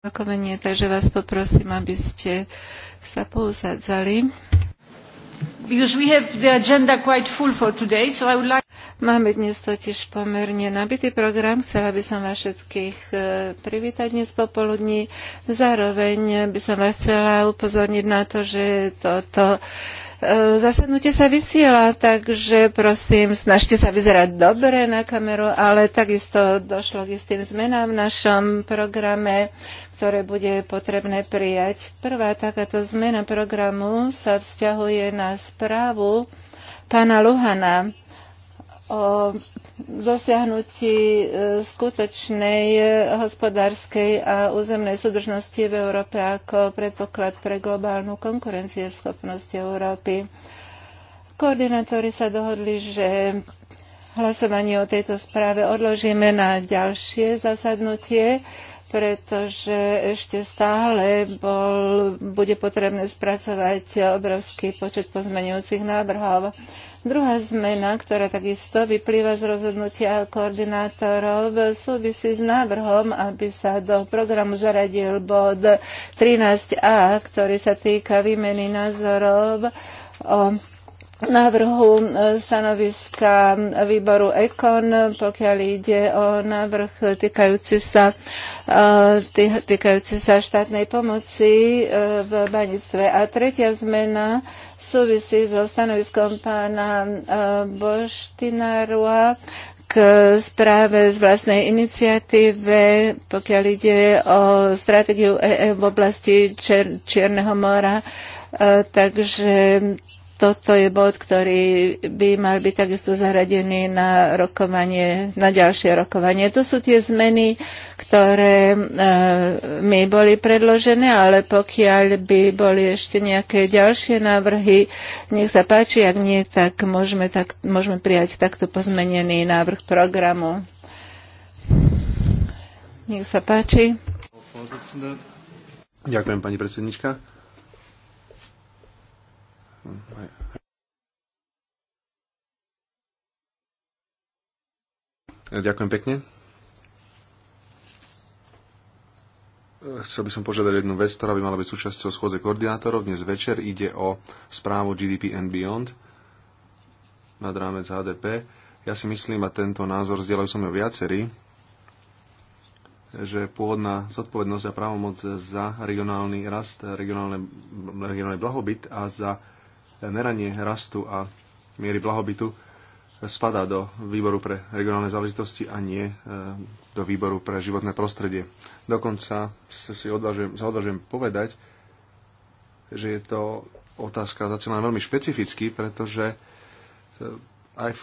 rokovanie, takže vás poprosím, aby ste sa pousadzali. Today, so like... Máme dnes totiž pomerne nabitý program. Chcela by som vás všetkých e, privítať dnes popoludní. Zároveň by som vás chcela upozorniť na to, že toto e, zasadnutie sa vysiela, takže prosím, snažte sa vyzerať dobre na kameru, ale takisto došlo k istým zmenám v našom programe ktoré bude potrebné prijať. Prvá takáto zmena programu sa vzťahuje na správu pána Luhana o dosiahnutí e, skutočnej hospodárskej a územnej súdržnosti v Európe ako predpoklad pre globálnu konkurencieschopnosť Európy. Koordinátori sa dohodli, že hlasovanie o tejto správe odložíme na ďalšie zasadnutie, pretože ešte stále bol, bude potrebné spracovať obrovský počet pozmenujúcich návrhov. Druhá zmena, ktorá takisto vyplýva z rozhodnutia koordinátorov, súvisí s návrhom, aby sa do programu zaradil bod 13a, ktorý sa týka výmeny názorov o návrhu e, stanoviska výboru EKON, pokiaľ ide o návrh týkajúci sa, e, týkajúci sa štátnej pomoci e, v banictve. A tretia zmena súvisí so stanoviskom pána Boštinárua, k správe z vlastnej iniciatíve, pokiaľ ide o stratégiu EE v oblasti Čier- Čierneho mora. Takže toto je bod, ktorý by mal byť takisto zahradený na rokovanie, na ďalšie rokovanie. To sú tie zmeny, ktoré e, mi boli predložené, ale pokiaľ by boli ešte nejaké ďalšie návrhy, nech sa páči, ak nie, tak môžeme, tak, môžeme prijať takto pozmenený návrh programu. Nech sa páči. Ďakujem, pani predsednička. Ďakujem pekne. Chcel by som požiadať jednu vec, ktorá by mala byť súčasťou schôdze koordinátorov. Dnes večer ide o správu GDP and Beyond nad rámec HDP. Ja si myslím, a tento názor zdieľajú som ju viacerí, že pôvodná zodpovednosť a právomoc za regionálny rast, regionálne, regionálny blahobyt a za meranie rastu a miery blahobytu spadá do výboru pre regionálne záležitosti a nie e, do výboru pre životné prostredie. Dokonca sa si odvážujem, sa odvážujem povedať, že je to otázka začína veľmi špecificky, pretože e, aj v,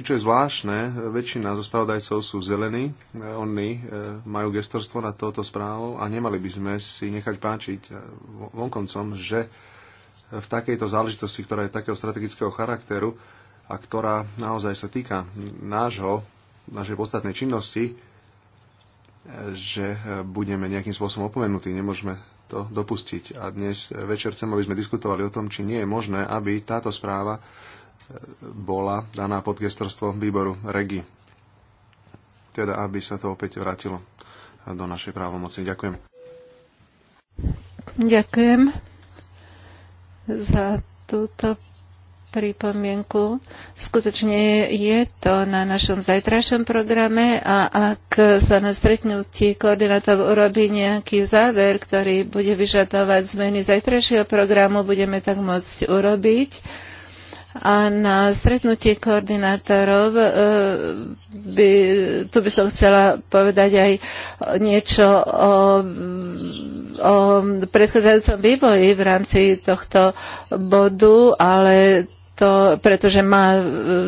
čo je zvláštne, väčšina zo spravodajcov sú zelení, e, oni majú gestorstvo nad touto správu a nemali by sme si nechať páčiť vonkoncom, že v takejto záležitosti, ktorá je takého strategického charakteru a ktorá naozaj sa týka nášho, našej podstatnej činnosti, e, že e, budeme nejakým spôsobom opomenutí. Nemôžeme to dopustiť. A dnes večer chcem, aby sme diskutovali o tom, či nie je možné, aby táto správa e, bola daná pod gestorstvo výboru REGI. Teda, aby sa to opäť vrátilo do našej právomoci. Ďakujem. Ďakujem za túto pripomienku. Skutočne je to na našom zajtrajšom programe a ak sa na stretnutí koordinátov urobí nejaký záver, ktorý bude vyžadovať zmeny zajtrajšieho programu, budeme tak môcť urobiť. A na stretnutie koordinátorov e, by, tu by som chcela povedať aj niečo o, o predchádzajúcom vývoji v rámci tohto bodu, ale to, pretože má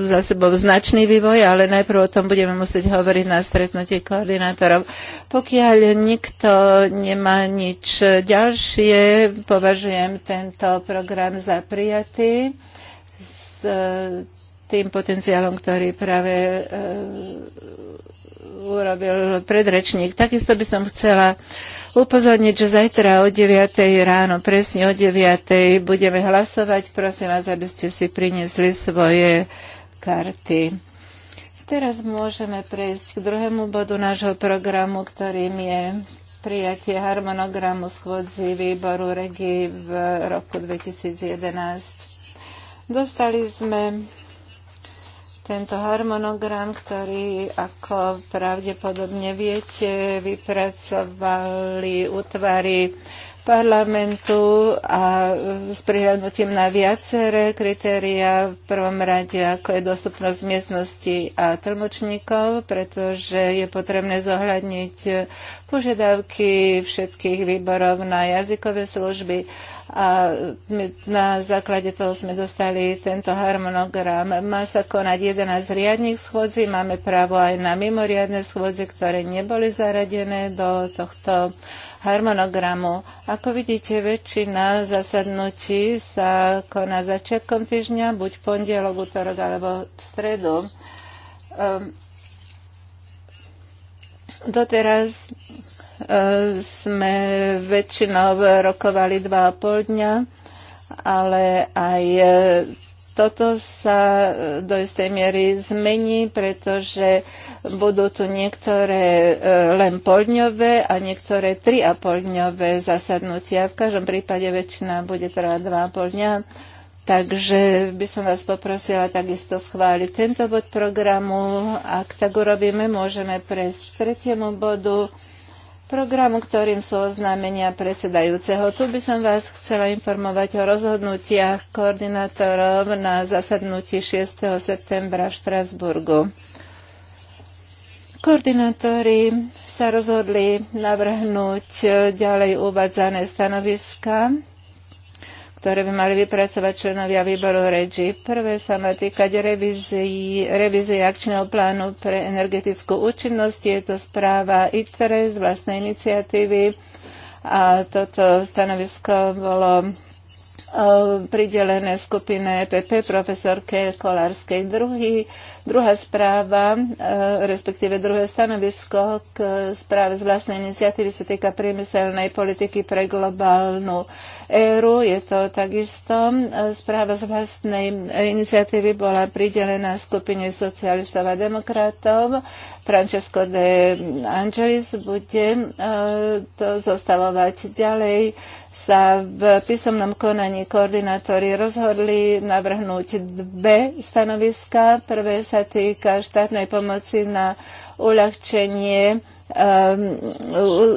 za sebou značný vývoj, ale najprv o tom budeme musieť hovoriť na stretnutí koordinátorov. Pokiaľ nikto nemá nič ďalšie, považujem tento program za prijatý s e, tým potenciálom, ktorý práve e, urobil predrečník. Takisto by som chcela upozorniť, že zajtra o 9. ráno, presne o 9. budeme hlasovať. Prosím vás, aby ste si priniesli svoje karty. Teraz môžeme prejsť k druhému bodu nášho programu, ktorým je prijatie harmonogramu schôdzi výboru REGI v roku 2011. Dostali sme tento harmonogram, ktorý, ako pravdepodobne viete, vypracovali útvary parlamentu a s prihľadnutím na viaceré kritéria v prvom rade, ako je dostupnosť miestnosti a tlmočníkov, pretože je potrebné zohľadniť požiadavky všetkých výborov na jazykové služby a na základe toho sme dostali tento harmonogram. Má sa konať 11 riadných schôdzi, máme právo aj na mimoriadne schôdze, ktoré neboli zaradené do tohto harmonogramu. Ako vidíte, väčšina zasadnutí sa koná začiatkom týždňa, buď pondelok, útorok alebo v stredu. Ehm, doteraz ehm, sme väčšinou rokovali dva a pol dňa, ale aj toto sa e, do istej miery zmení, pretože budú tu niektoré e, len poľňové a niektoré tri a poľňové zasadnutia. V každom prípade väčšina bude trvať dva a pol dňa. Takže by som vás poprosila takisto schváliť tento bod programu. Ak tak urobíme, môžeme prejsť k tretiemu bodu programu, ktorým sú oznámenia predsedajúceho. Tu by som vás chcela informovať o rozhodnutiach koordinátorov na zasadnutí 6. septembra v Štrasburgu. Koordinátori sa rozhodli navrhnúť ďalej uvádzané stanoviska ktoré by mali vypracovať členovia výboru REGI. Prvé sa má týkať revízie, akčného plánu pre energetickú účinnosť. Je to správa ITRE z vlastnej iniciatívy a toto stanovisko bolo e, pridelené skupine EPP profesorke Kolárskej druhy. Druhá správa, e, respektíve druhé stanovisko k správe z vlastnej iniciatívy sa týka priemyselnej politiky pre globálnu éru. Je to takisto. E, správa z vlastnej iniciatívy bola pridelená skupine socialistov a demokratov. Francesco de Angelis bude e, to zostavovať ďalej sa v písomnom konaní koordinátori rozhodli navrhnúť dve stanoviska. Prvé sa sa týka štátnej pomoci na uľahčenie ehm,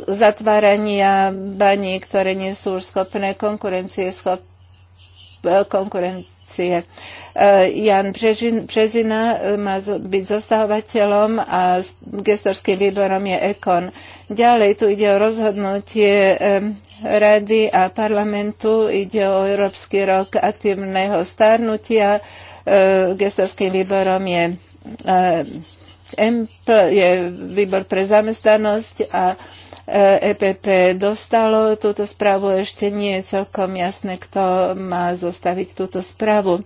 zatvárania baní, ktoré nie sú už schopné konkurencie, schop, e, konkurencie. E, Jan Březina e, má byť zostahovateľom a gestorským výborom je EKON. Ďalej tu ide o rozhodnutie ehm, rady a parlamentu, ide o Európsky rok aktívneho starnutia, E, gestorským výborom je, e, je výbor pre zamestnanosť a EPP e dostalo túto správu. Ešte nie je celkom jasné, kto má zostaviť túto správu.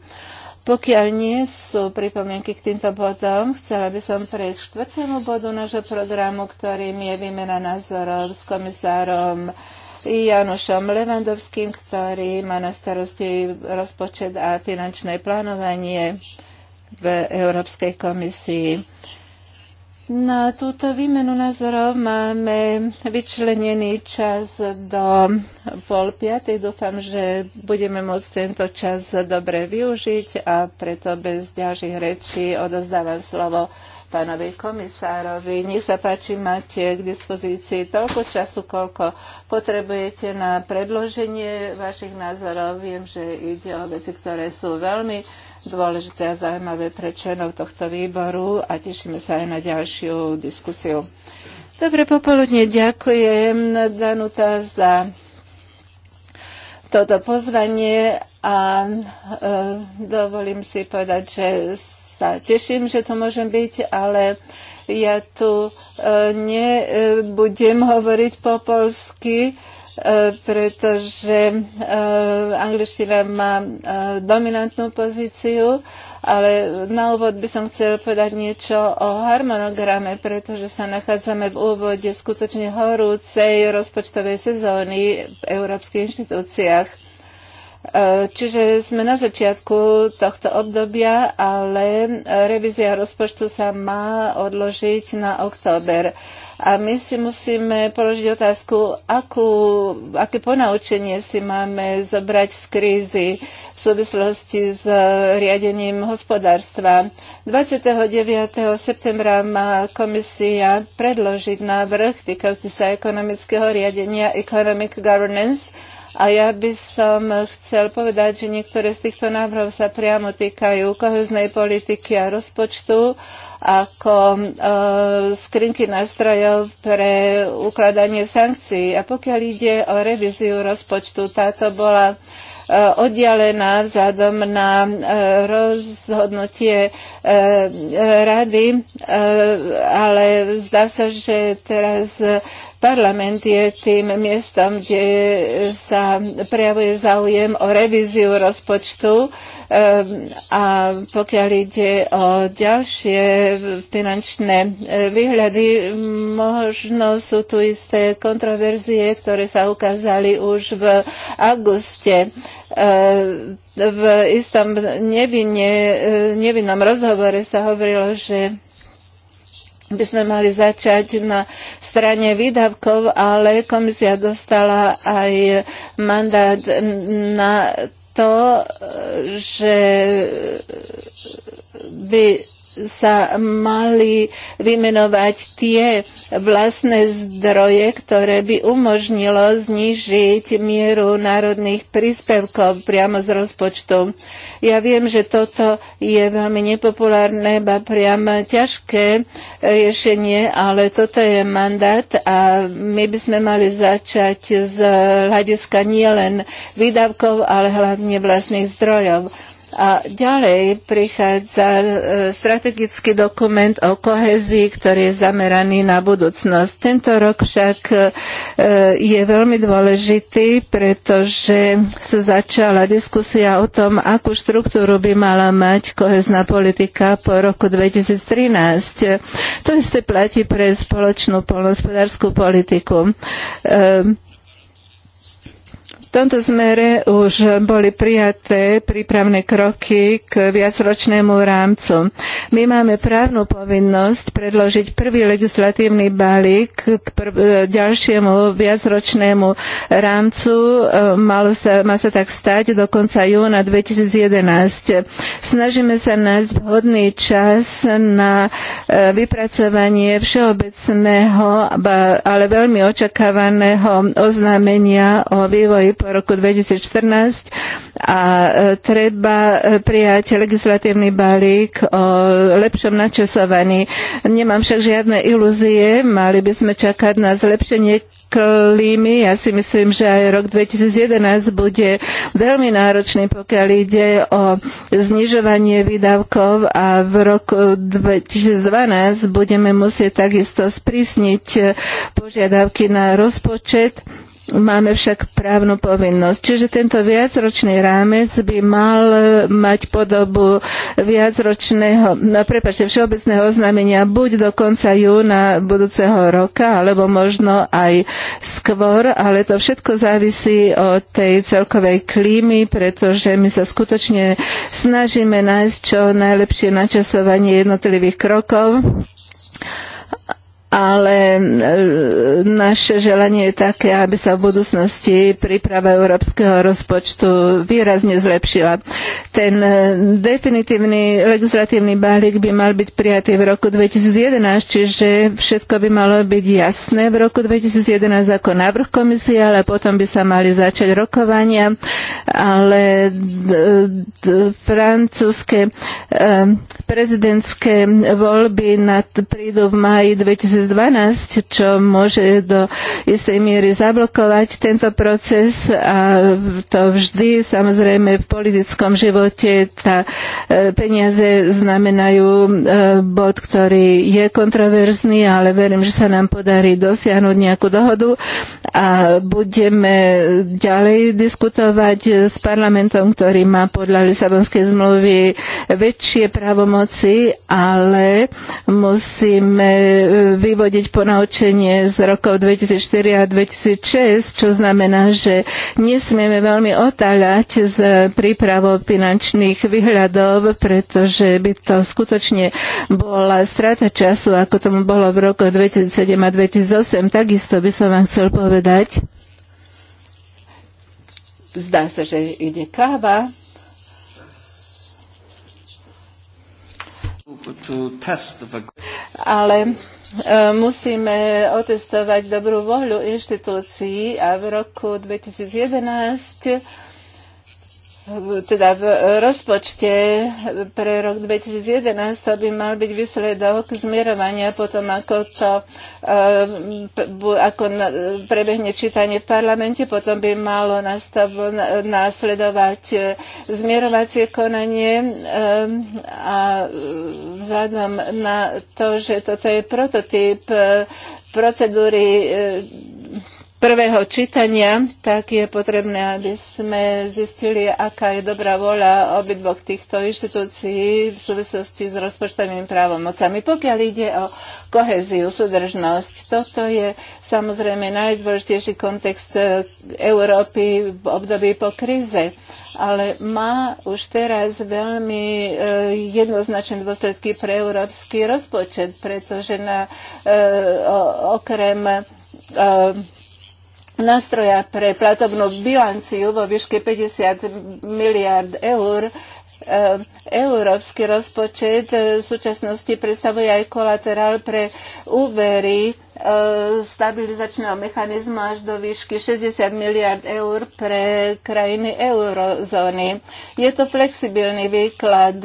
Pokiaľ nie sú pripomienky k týmto bodom, chcela by som prejsť k štvrtému bodu nášho programu, ktorým je výmena názorov s komisárom Janušom Levandovským, ktorý má na starosti rozpočet a finančné plánovanie v Európskej komisii. Na túto výmenu názorov máme vyčlenený čas do pol piatej. Dúfam, že budeme môcť tento čas dobre využiť a preto bez ďalších rečí odozdávam slovo pánovi komisárovi. Nech sa páči, máte k dispozícii toľko času, koľko potrebujete na predloženie vašich názorov. Viem, že ide o veci, ktoré sú veľmi dôležité a zaujímavé pre členov tohto výboru a tešíme sa aj na ďalšiu diskusiu. Dobre popoludne, ďakujem Danuta za toto pozvanie a e, dovolím si povedať, že sa teším, že to môžem byť, ale ja tu e, nebudem e, hovoriť po polsky, e, pretože angličtina má dominantnú pozíciu, ale na úvod by som chcel povedať niečo o harmonograme, pretože sa nachádzame v úvode skutočne horúcej rozpočtovej sezóny v európskych inštitúciách Čiže sme na začiatku tohto obdobia, ale revízia rozpočtu sa má odložiť na október. A my si musíme položiť otázku, akú, aké ponaučenie si máme zobrať z krízy v súvislosti s riadením hospodárstva. 29. septembra má komisia predložiť návrh týkajúci sa ekonomického riadenia Economic Governance a ja by som chcel povedať, že niektoré z týchto návrhov sa priamo týkajú koheznej politiky a rozpočtu ako e, skrinky nástrojov pre ukladanie sankcií. A pokiaľ ide o revíziu rozpočtu, táto bola e, oddialená vzhľadom na e, rozhodnutie rady, ale zdá sa, že teraz parlament je tým miestom, kde sa prejavuje záujem o revíziu rozpočtu Ehm, a pokiaľ ide o ďalšie finančné e, výhľady, možno sú tu isté kontroverzie, ktoré sa ukázali už v auguste ehm, v istom nevine, e, nevinnom rozhovore sa hovorilo, že by sme mali začať na strane výdavkov, ale komisia dostala aj mandát na to, že by sa mali vymenovať tie vlastné zdroje, ktoré by umožnilo znižiť mieru národných príspevkov priamo z rozpočtu. Ja viem, že toto je veľmi nepopulárne, ba priam ťažké riešenie, ale toto je mandát a my by sme mali začať z hľadiska nielen výdavkov, ale hlavne vlastných zdrojov. A ďalej prichádza e, strategický dokument o kohezii, ktorý je zameraný na budúcnosť. Tento rok však e, je veľmi dôležitý, pretože sa začala diskusia o tom, akú štruktúru by mala mať kohezná politika po roku 2013. To isté platí pre spoločnú polnospodárskú politiku e, v tomto smere už boli prijaté prípravné kroky k viacročnému rámcu. My máme právnu povinnosť predložiť prvý legislatívny balík k ďalšiemu viacročnému rámcu. E, malo sa, má sa tak stať do konca júna 2011. Snažíme sa nájsť vhodný čas na e, vypracovanie všeobecného, ale veľmi očakávaného oznámenia o vývoji po roku 2014 a e, treba e, prijať legislatívny balík o lepšom načasovaní. Nemám však žiadne ilúzie, mali by sme čakať na zlepšenie klímy. Ja si myslím, že aj rok 2011 bude veľmi náročný, pokiaľ ide o znižovanie výdavkov a v roku 2012 budeme musieť takisto sprísniť požiadavky na rozpočet Máme však právnu povinnosť. Čiže tento viacročný rámec by mal e, mať podobu viacročného, no, prepáčte, všeobecného oznámenia buď do konca júna budúceho roka, alebo možno aj skôr, ale to všetko závisí od tej celkovej klímy, pretože my sa skutočne snažíme nájsť čo najlepšie načasovanie jednotlivých krokov ale e, naše želanie je také, aby sa v budúcnosti príprava európskeho rozpočtu výrazne zlepšila. Ten e, definitívny legislatívny balík by mal byť prijatý v roku 2011, čiže všetko by malo byť jasné v roku 2011 ako návrh komisie, ale potom by sa mali začať rokovania, ale francúzske e, prezidentské voľby prídu v maji. 2011 2012, čo môže do istej miery zablokovať tento proces a to vždy samozrejme v politickom živote tá e, peniaze znamenajú e, bod, ktorý je kontroverzný, ale verím, že sa nám podarí dosiahnuť nejakú dohodu a budeme ďalej diskutovať s parlamentom, ktorý má podľa Lisabonskej zmluvy väčšie právomoci, ale musíme e, vyvodiť ponaučenie z rokov 2004 a 2006, čo znamená, že nesmieme veľmi otáľať s prípravou finančných výhľadov, pretože by to skutočne bola strata času, ako tomu bolo v roku 2007 a 2008. Takisto by som vám chcel povedať, zdá sa, že ide káva, Ale e, musíme otestovať dobrú voľu inštitúcií a v roku 2011 teda v rozpočte pre rok 2011 to by mal byť výsledok zmierovania potom, ako to e, ako prebehne čítanie v parlamente, potom by malo nasledovať e, zmierovacie konanie e, a vzhľadom na to, že toto je prototyp procedúry prvého čítania, tak je potrebné, aby sme zistili, aká je dobrá vola obidvoch týchto inštitúcií v súvislosti s rozpočtovými právomocami. Pokiaľ ide o koheziu, súdržnosť, toto je samozrejme najdôležitejší kontext Európy v období po kríze ale má už teraz veľmi e, jednoznačné dôsledky pre európsky rozpočet, pretože na, e, okrem e, nástroja pre platobnú bilanciu vo výške 50 miliard eur e, európsky rozpočet v súčasnosti predstavuje aj kolaterál pre úvery E, stabilizačného mechanizmu až do výšky 60 miliard eur pre krajiny eurozóny. Je to flexibilný výklad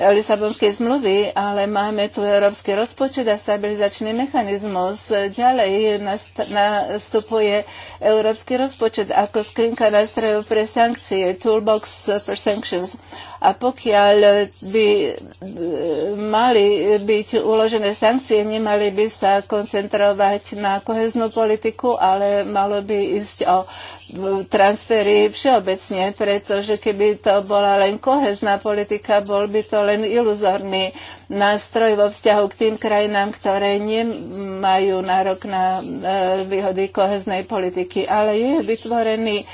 Lisabonskej zmluvy, ale máme tu európsky rozpočet a stabilizačný mechanizmus. Ďalej nastupuje európsky rozpočet ako skrinka nástrojov pre sankcie, toolbox for sanctions. A pokiaľ by e, mali byť uložené sankcie, nemali by sa koncentrovať na koheznú politiku, ale malo by ísť o e, transfery všeobecne, pretože keby to bola len kohezná politika, bol by to len iluzorný nástroj vo vzťahu k tým krajinám, ktoré nemajú nárok na e, výhody koheznej politiky. Ale je vytvorený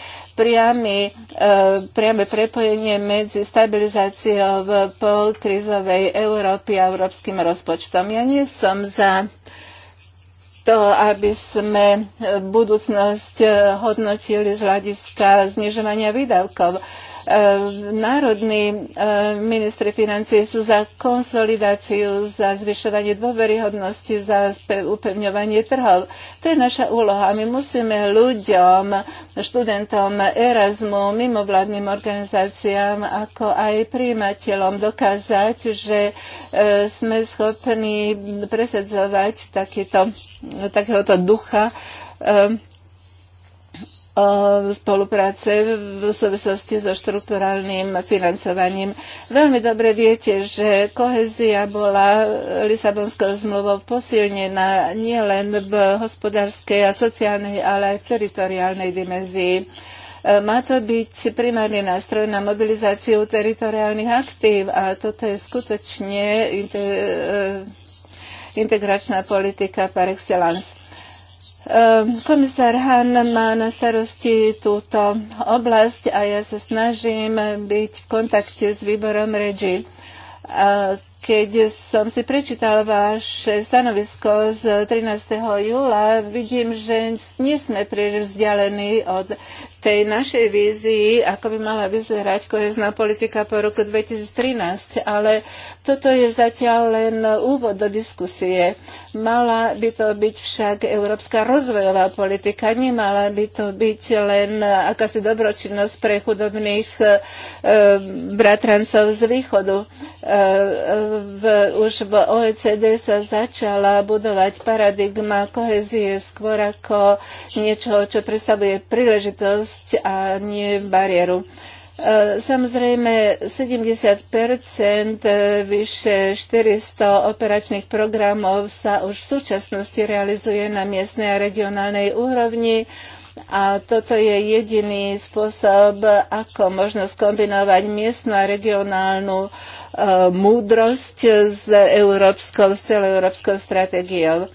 priame eh, priame prepojenie medzi stabilizáciou v polkrizovej Európy a európskym rozpočtom. Ja nie som za to, aby sme budúcnosť eh, hodnotili z hľadiska znižovania výdavkov Ehm, národní ehm, ministri financie sú za konsolidáciu, za zvyšovanie dôveryhodnosti, za upevňovanie trhov. To je naša úloha. My musíme ľuďom, študentom Erasmu, mimovládnym organizáciám, ako aj príjimateľom dokázať, že ehm, sme schopní presadzovať takýto, takéhoto ducha o spolupráce v súvislosti so štruktúrálnym financovaním. Veľmi dobre viete, že kohezia bola Lisabonskou zmluvou posilnená nielen v hospodárskej a sociálnej, ale aj v teritoriálnej dimenzii. E, má to byť primárny nástroj na mobilizáciu teritoriálnych aktív a toto je skutočne e, integračná politika par excellence. Ehm, komisár Han má na starosti túto oblasť a ja sa snažím byť v kontakte s výborom REGI. Keď som si prečítal vaše stanovisko z 13. júla, vidím, že nie sme príliš vzdialení od tej našej vízii, ako by mala vyzerať kohezná politika po roku 2013, ale toto je zatiaľ len úvod do diskusie. Mala by to byť však európska rozvojová politika, nemala by to byť len akási dobročinnosť pre chudobných e, bratrancov z východu. E, v, už v OECD sa začala budovať paradigma kohezie skôr ako niečo, čo predstavuje príležitosť a nie bariéru. E, E, samozrejme, 70 e, vyše 400 operačných programov sa už v súčasnosti realizuje na miestnej a regionálnej úrovni. A toto je jediný spôsob, ako možno skombinovať miestnu a regionálnu e, múdrosť s európskou, s celoeurópskou stratégiou.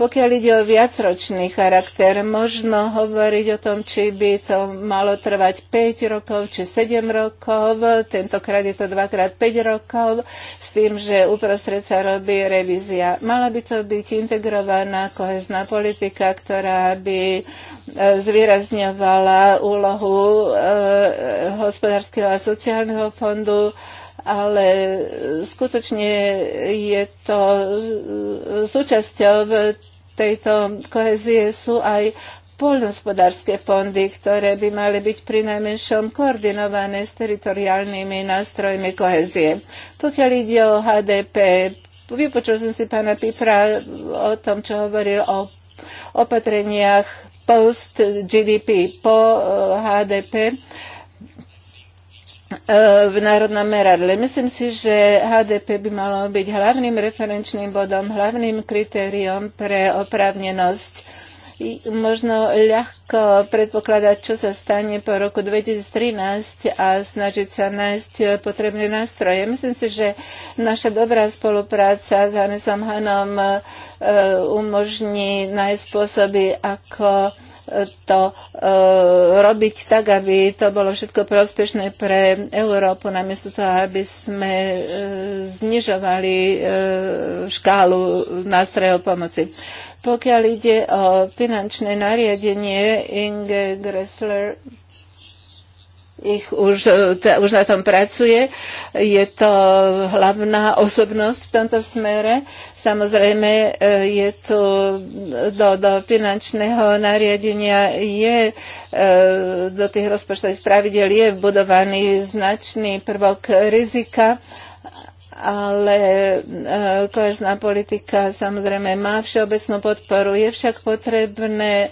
Pokiaľ ide o viacročný charakter, možno hovoriť o tom, či by to malo trvať 5 rokov či 7 rokov. Tentokrát je to dvakrát 5 rokov s tým, že uprostred sa robí revízia. Mala by to byť integrovaná kohezná politika, ktorá by e, zvýrazňovala úlohu e, hospodárskeho a sociálneho fondu, ale skutočne je to e, súčasťou tejto kohezie sú aj poľnohospodárske fondy, ktoré by mali byť pri najmenšom koordinované s teritoriálnymi nástrojmi kohezie. Pokiaľ ide o HDP, vypočul som si pána Pipra o tom, čo hovoril o opatreniach post GDP, po e, HDP E, v národnom meradle. Myslím si, že HDP by malo byť hlavným referenčným bodom, hlavným kritériom pre oprávnenosť. Možno ľahko predpokladať, čo sa stane po roku 2013 a snažiť sa nájsť potrebné nástroje. Myslím si, že naša dobrá spolupráca s Hanesom Hanom e, umožní nájsť spôsoby, ako to e, robiť tak, aby to bolo všetko prospešné pre Európu, namiesto toho, aby sme e, znižovali e, škálu nástrojov pomoci. Pokiaľ ide o finančné nariadenie, Inge Gressler ich už, teda už na tom pracuje. Je to hlavná osobnosť v tomto smere. Samozrejme, e, je tu do, do finančného nariadenia je e, do tých rozpočtových pravidel je budovaný značný prvok rizika ale eh, kohezná politika samozrejme má všeobecnú podporu. Je však potrebné eh,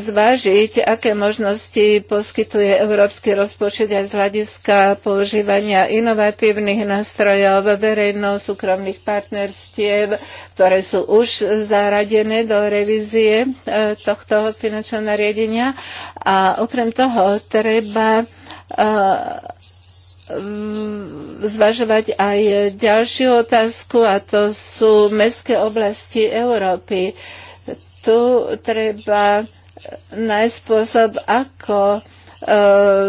zvážiť, aké možnosti poskytuje európsky rozpočet aj z hľadiska používania inovatívnych nástrojov verejno-súkromných partnerstiev, ktoré sú už zaradené do revízie eh, tohto finančného nariadenia. A okrem toho treba Mm, zvažovať aj ďalšiu otázku a to sú mestské oblasti Európy. Tu treba nájsť spôsob, ako e,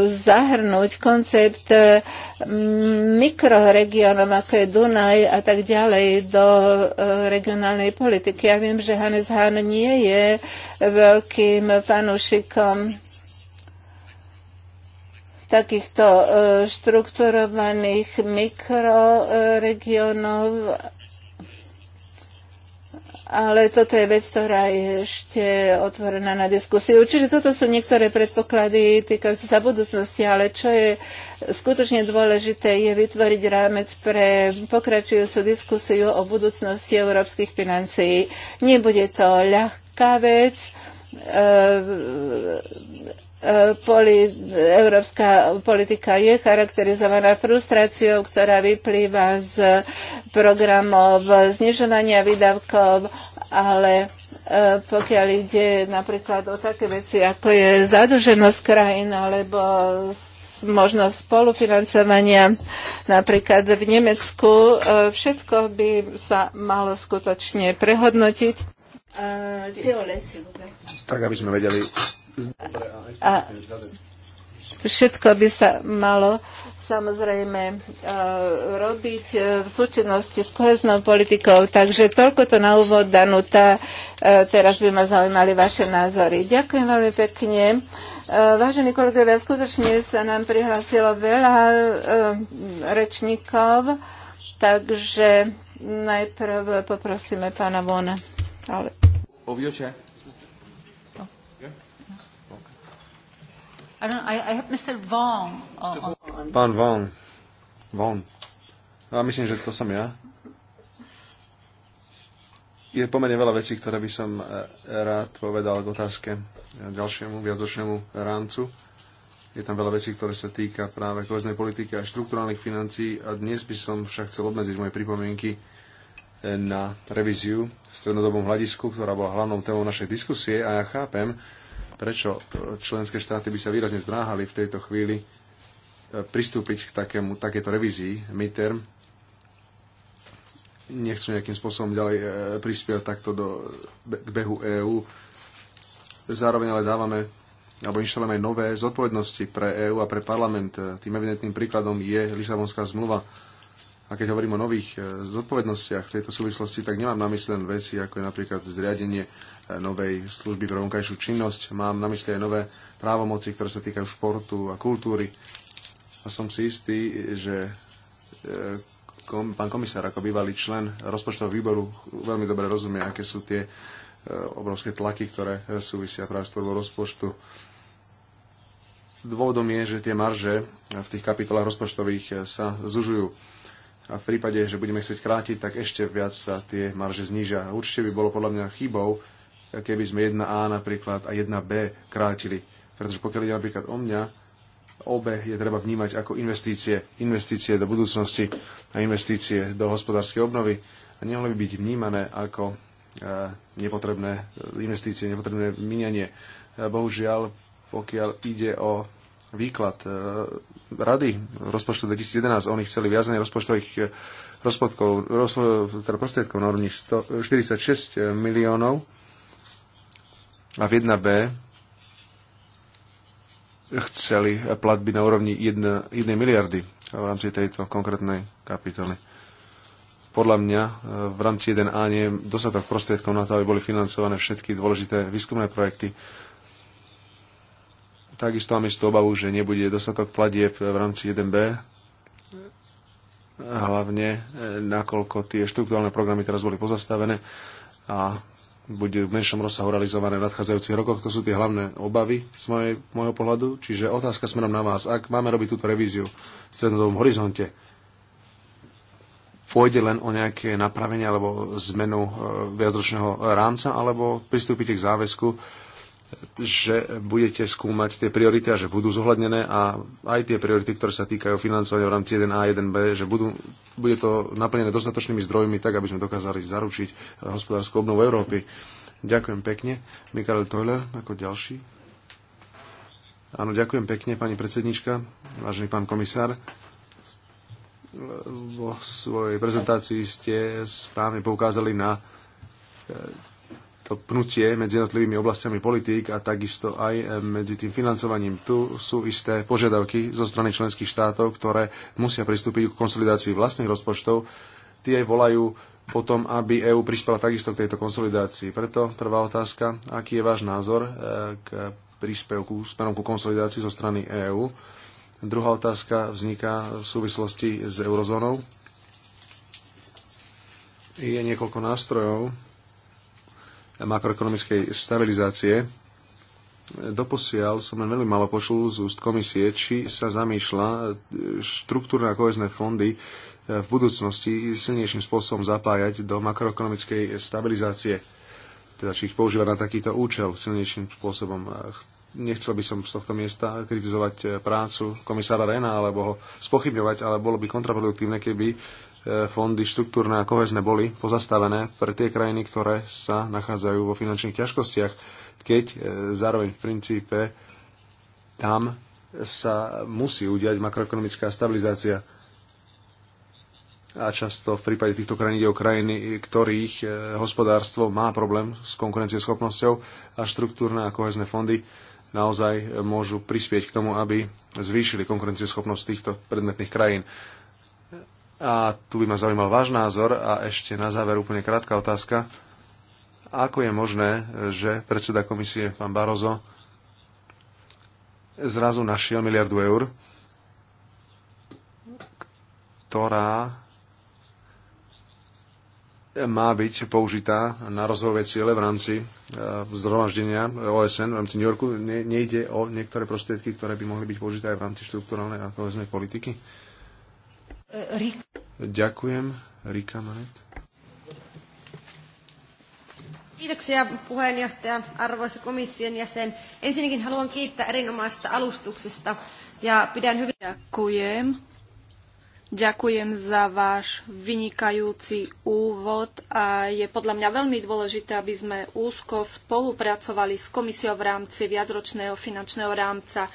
zahrnúť koncept e, mikroregiónom, ako je Dunaj a tak ďalej do e, regionálnej politiky. Ja viem, že Hannes Hahn nie je veľkým fanúšikom takýchto e, štrukturovaných mikroregiónov ale toto je vec, ktorá je ešte otvorená na diskusiu. Čiže toto sú niektoré predpoklady týkajúce sa budúcnosti, ale čo je skutočne dôležité, je vytvoriť rámec pre pokračujúcu diskusiu o budúcnosti európskych financií. Nebude to ľahká vec. E, poli, európska politika je charakterizovaná frustráciou, ktorá vyplýva z programov znižovania výdavkov, ale e, pokiaľ ide napríklad o také veci, ako je zadlženosť krajín alebo možnosť spolufinancovania napríklad v Nemecku, e, všetko by sa malo skutočne prehodnotiť. E, tak, aby sme vedeli, a všetko by sa malo samozrejme e, robiť e, v súčinnosti s koheznou politikou. Takže toľko to na úvod, Danuta. E, teraz by ma zaujímali vaše názory. Ďakujem veľmi pekne. Vážení kolegovia, skutočne sa nám prihlásilo veľa rečníkov, takže najprv poprosíme pána Vona. Ale... I don't, I, I have Mr. Vaughan. Pán Vaughan. Vaughan. Ja myslím, že to som ja. Je pomerne veľa vecí, ktoré by som e, rád povedal k otázke e, ďalšiemu viacočnému rámcu. Je tam veľa vecí, ktoré sa týka práve koheznej politiky a štruktúrálnych financií a dnes by som však chcel obmedziť moje pripomienky e, na revíziu v strednodobom hľadisku, ktorá bola hlavnou témou našej diskusie a ja chápem, prečo členské štáty by sa výrazne zdráhali v tejto chvíli e, pristúpiť k takému, takéto revízii midterm. Nechcú nejakým spôsobom ďalej e, prispievať takto do, k behu EÚ. Zároveň ale dávame alebo inštalujeme aj nové zodpovednosti pre EÚ a pre parlament. E, tým evidentným príkladom je Lisabonská zmluva. A keď hovorím o nových zodpovednostiach v tejto súvislosti, tak nemám na mysli len veci, ako je napríklad zriadenie novej služby pre vonkajšiu činnosť. Mám na mysli aj nové právomoci, ktoré sa týkajú športu a kultúry. A som si istý, že e, kom, pán komisár ako bývalý člen rozpočtového výboru veľmi dobre rozumie, aké sú tie e, obrovské tlaky, ktoré súvisia práve s tvorbou rozpočtu. Dôvodom je, že tie marže v tých kapitolách rozpočtových e, sa zužujú a v prípade, že budeme chcieť krátiť, tak ešte viac sa tie marže znížia. Určite by bolo podľa mňa chybou keby sme jedna a napríklad a jedna b krátili. Pretože pokiaľ ide napríklad o mňa, obe je treba vnímať ako investície. Investície do budúcnosti a investície do hospodárskej obnovy. A nemohli by byť vnímané ako e, nepotrebné investície, nepotrebné minianie. E, bohužiaľ, pokiaľ ide o výklad e, rady rozpočtu 2011, oni chceli viazanie rozpočtových rozpočtkov, teda prostriedkov na úrovni 146 miliónov a v 1B chceli platby na úrovni 1, 1 miliardy v rámci tejto konkrétnej kapitoly. Podľa mňa e, v rámci 1A nie je dostatok prostriedkov na to, aby boli financované všetky dôležité výskumné projekty. Takisto mám istú obavu, že nebude dostatok platieb v rámci 1B, hlavne e, nakoľko tie štruktúrálne programy teraz boli pozastavené a bude v menšom rozsahu realizované v nadchádzajúcich rokoch. To sú tie hlavné obavy z mojej, môjho pohľadu. Čiže otázka smerom na vás. Ak máme robiť túto revíziu v strednodobom horizonte, pôjde len o nejaké napravenie alebo zmenu e, viacročného rámca, alebo pristúpite k záväzku že budete skúmať tie priority a že budú zohľadnené a aj tie priority, ktoré sa týkajú financovania v rámci 1A, 1B, že budú, bude to naplnené dostatočnými zdrojmi, tak aby sme dokázali zaručiť hospodárskú obnovu Európy. Ďakujem pekne. Mikael Toiler ako ďalší. Áno, ďakujem pekne, pani predsednička, vážený pán komisár. Vo svojej prezentácii ste správne poukázali na to pnutie medzi jednotlivými oblastiami politík a takisto aj eh, medzi tým financovaním. Tu sú isté požiadavky zo strany členských štátov, ktoré musia pristúpiť k konsolidácii vlastných rozpočtov. Tie volajú potom, aby EÚ prispela takisto k tejto konsolidácii. Preto prvá otázka, aký je váš názor eh, k príspevku smerom ku konsolidácii zo strany EÚ? Druhá otázka vzniká v súvislosti s eurozónou. Je niekoľko nástrojov, makroekonomickej stabilizácie. Doposiaľ som len veľmi malo počul z úst komisie, či sa zamýšľa e, štruktúrne a kohezné fondy e, v budúcnosti silnejším spôsobom zapájať do makroekonomickej stabilizácie. Teda či ich používa na takýto účel silnejším spôsobom. Nechcel by som z tohto miesta kritizovať e, prácu komisára Rena alebo ho spochybňovať, ale bolo by kontraproduktívne, keby E, fondy štruktúrne a kohezne boli pozastavené pre tie krajiny, ktoré sa nachádzajú vo finančných ťažkostiach, keď e, zároveň v princípe tam sa musí udiať makroekonomická stabilizácia. A často v prípade týchto krajín ide o krajiny, ktorých e, hospodárstvo má problém s konkurencieschopnosťou a štruktúrne a kohezné fondy naozaj môžu prispieť k tomu, aby zvýšili konkurencieschopnosť týchto predmetných krajín. A tu by ma zaujímal váš názor a ešte na záver úplne krátka otázka. Ako je možné, že predseda komisie, pán Barozo, zrazu našiel miliardu eur, ktorá má byť použitá na rozvojové ciele v rámci e, zhromaždenia OSN v rámci New Yorku. Ne, nejde o niektoré prostriedky, ktoré by mohli byť použité aj v rámci štruktúralnej a koheznej politiky? Ďakujem. Rika Manet. Kiitoksia puheenjohtaja, arvoisa komission jäsen. Ensinnäkin haluan kiittää erinomaisesta alustuksesta ja pidän hyvin... Ďakujem. Ďakujem za váš vynikajúci úvod a je podľa mňa veľmi dôležité, aby sme úzko spolupracovali s komisiou v rámci viacročného finančného rámca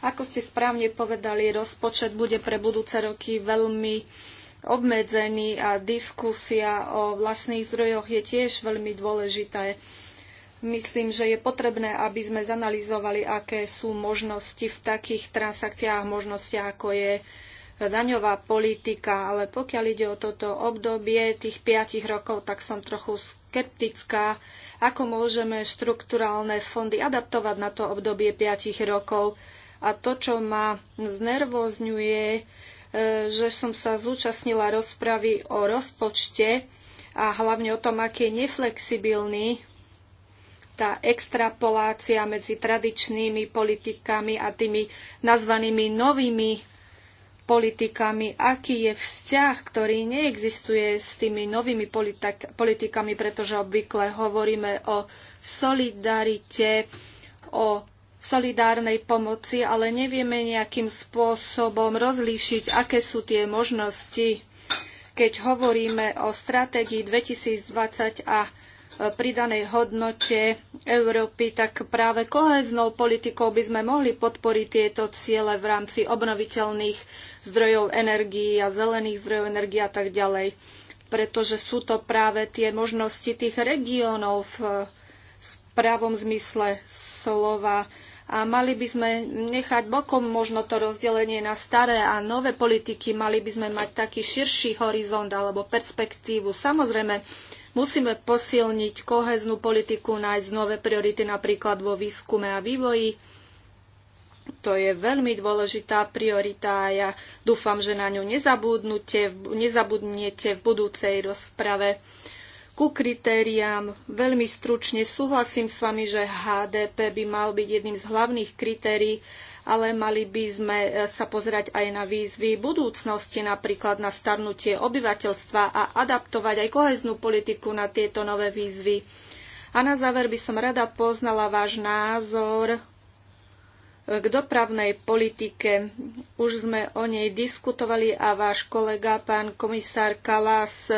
ako ste správne povedali, rozpočet bude pre budúce roky veľmi obmedzený a diskusia o vlastných zdrojoch je tiež veľmi dôležitá. Myslím, že je potrebné, aby sme zanalizovali, aké sú možnosti v takých transakciách, možnostiach, ako je daňová politika, ale pokiaľ ide o toto obdobie tých 5 rokov, tak som trochu skeptická, ako môžeme štrukturálne fondy adaptovať na to obdobie 5 rokov. A to, čo ma znervozňuje, e, že som sa zúčastnila rozpravy o rozpočte a hlavne o tom, aký je neflexibilný tá extrapolácia medzi tradičnými politikami a tými nazvanými novými politikami, aký je vzťah, ktorý neexistuje s tými novými politikami, pretože obvykle hovoríme o solidarite, o solidárnej pomoci, ale nevieme nejakým spôsobom rozlíšiť, aké sú tie možnosti, keď hovoríme o stratégii 2020 a e, pridanej hodnote Európy, tak práve koheznou politikou by sme mohli podporiť tieto ciele v rámci obnoviteľných zdrojov energií a zelených zdrojov energií a tak ďalej. Pretože sú to práve tie možnosti tých regiónov v e, právom zmysle slova a mali by sme nechať bokom možno to rozdelenie na staré a nové politiky, mali by sme mať taký širší horizont alebo perspektívu. Samozrejme, musíme posilniť koheznú politiku, nájsť nové priority napríklad vo výskume a vývoji. To je veľmi dôležitá priorita a ja dúfam, že na ňu nezabudnete v budúcej rozprave ku kritériám veľmi stručne súhlasím s vami, že HDP by mal byť jedným z hlavných kritérií, ale mali by sme e, sa pozerať aj na výzvy budúcnosti, napríklad na starnutie obyvateľstva a adaptovať aj koheznú politiku na tieto nové výzvy. A na záver by som rada poznala váš názor e, k dopravnej politike. Už sme o nej diskutovali a váš kolega, pán komisár Kalas,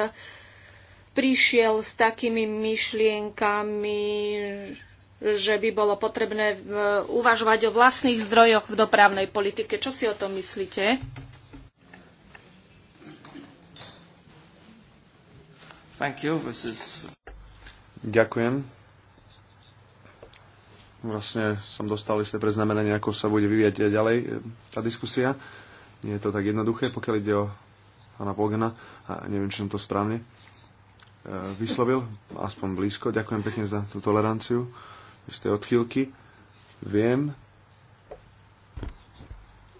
prišiel s takými myšlienkami, že by bolo potrebné e, uvažovať o vlastných zdrojoch v dopravnej politike. Čo si o tom myslíte? Thank you. This is... Ďakujem. Vlastne som dostal isté preznamenanie, ako sa bude vyvíjať ďalej e, tá diskusia. Nie je to tak jednoduché, pokiaľ ide o pána Pogana. A neviem, či som to správne Eh, vyslovil, aspoň blízko. Ďakujem pekne za tú toleranciu, z tej odchýlky. Viem,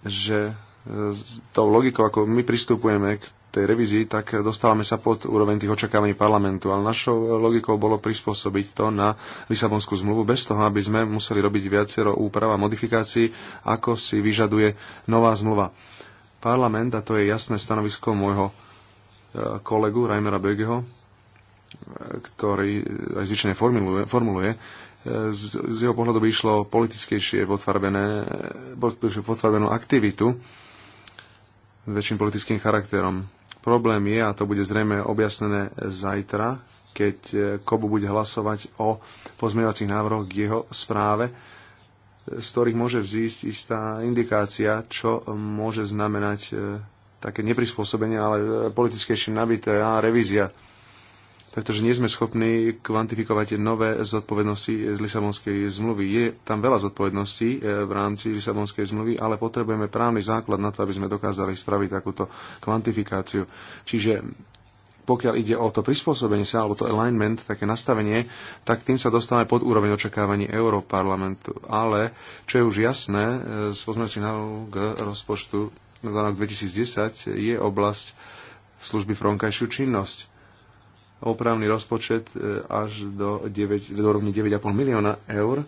že eh, s tou logikou, ako my pristupujeme k tej revízii, tak dostávame sa pod úroveň tých očakávaní parlamentu. Ale našou logikou bolo prispôsobiť to na Lisabonskú zmluvu bez toho, aby sme museli robiť viacero úprav a modifikácií, ako si vyžaduje nová zmluva. Parlament, a to je jasné stanovisko môjho eh, kolegu Reimera Bögeho, ktorý aj zvyčajne formuluje, formuluje e, z, z jeho pohľadu by išlo politickejšie potvarbenú aktivitu s väčším politickým charakterom. Problém je, a to bude zrejme objasnené zajtra, keď e, Kobu bude hlasovať o pozmeňovacích návrhoch k jeho správe, z ktorých môže vzísť istá indikácia, čo môže znamenať e, také neprispôsobenie, ale politickejšie nabité a revízia pretože nie sme schopní kvantifikovať nové zodpovednosti z Lisabonskej zmluvy. Je tam veľa zodpovedností e, v rámci Lisabonskej zmluvy, ale potrebujeme právny základ na to, aby sme dokázali spraviť takúto kvantifikáciu. Čiže pokiaľ ide o to prispôsobenie sa, alebo to alignment, také nastavenie, tak tým sa dostávame pod úroveň očakávaní Európarlamentu. Ale, čo je už jasné, e, z pozmeňujúcich k rozpočtu za rok 2010 je oblasť služby frontkajšiu činnosť opravný rozpočet e, až do, 9, do rovni 9,5 milióna eur. E,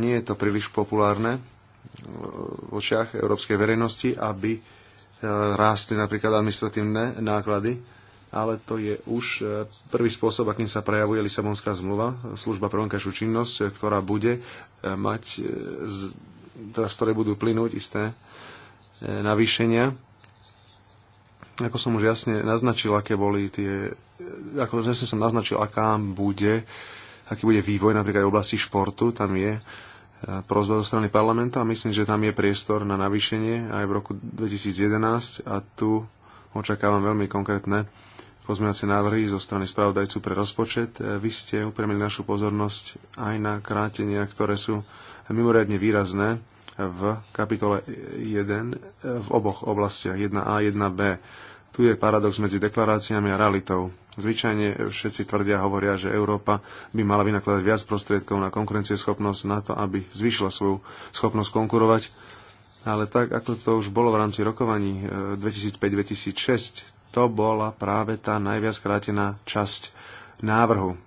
nie je to príliš populárne e, v očiach európskej verejnosti, aby rástli napríklad administratívne náklady, ale to je už prvý spôsob, akým sa prejavuje Lisabonská zmluva, služba pre vonkajšiu činnosť, ktorá bude mať, z, teda z ktorej budú plynúť isté navýšenia ako som už jasne naznačil, aké boli tie, ako jasne som naznačil, aká bude, aký bude vývoj napríklad v oblasti športu, tam je e, prozba zo strany parlamenta a myslím, že tam je priestor na navýšenie aj v roku 2011 a tu očakávam veľmi konkrétne pozmeňovacie návrhy zo strany spravodajcu pre rozpočet. E, vy ste upremili našu pozornosť aj na krátenia, ktoré sú mimoriadne výrazné v kapitole 1 e, v oboch oblastiach 1a a 1b. Tu je paradox medzi deklaráciami a realitou. Zvyčajne všetci tvrdia, hovoria, že Európa by mala vynakladať viac prostriedkov na konkurencieschopnosť, na to, aby zvýšila svoju schopnosť konkurovať. Ale tak, ako to už bolo v rámci rokovaní 2005-2006, e, to bola práve tá najviac krátená časť návrhu.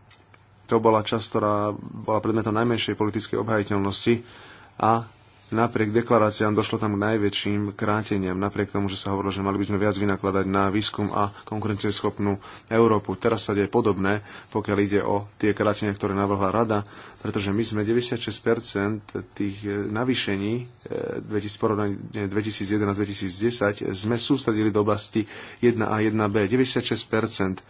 To bola časť, ktorá bola predmetom najmenšej politickej obhajiteľnosti a Napriek deklaráciám došlo tam k najväčším kráteniam, napriek tomu, že sa hovorilo, že mali by sme viac vynakladať na výskum a konkurencieschopnú Európu. Teraz sa deje podobné, pokiaľ ide o tie krátenia, ktoré navrhla Rada, pretože my sme 96% tých eh, navýšení eh, porovnaní 2011-2010 sme sústredili do oblasti 1 a 1b. 96%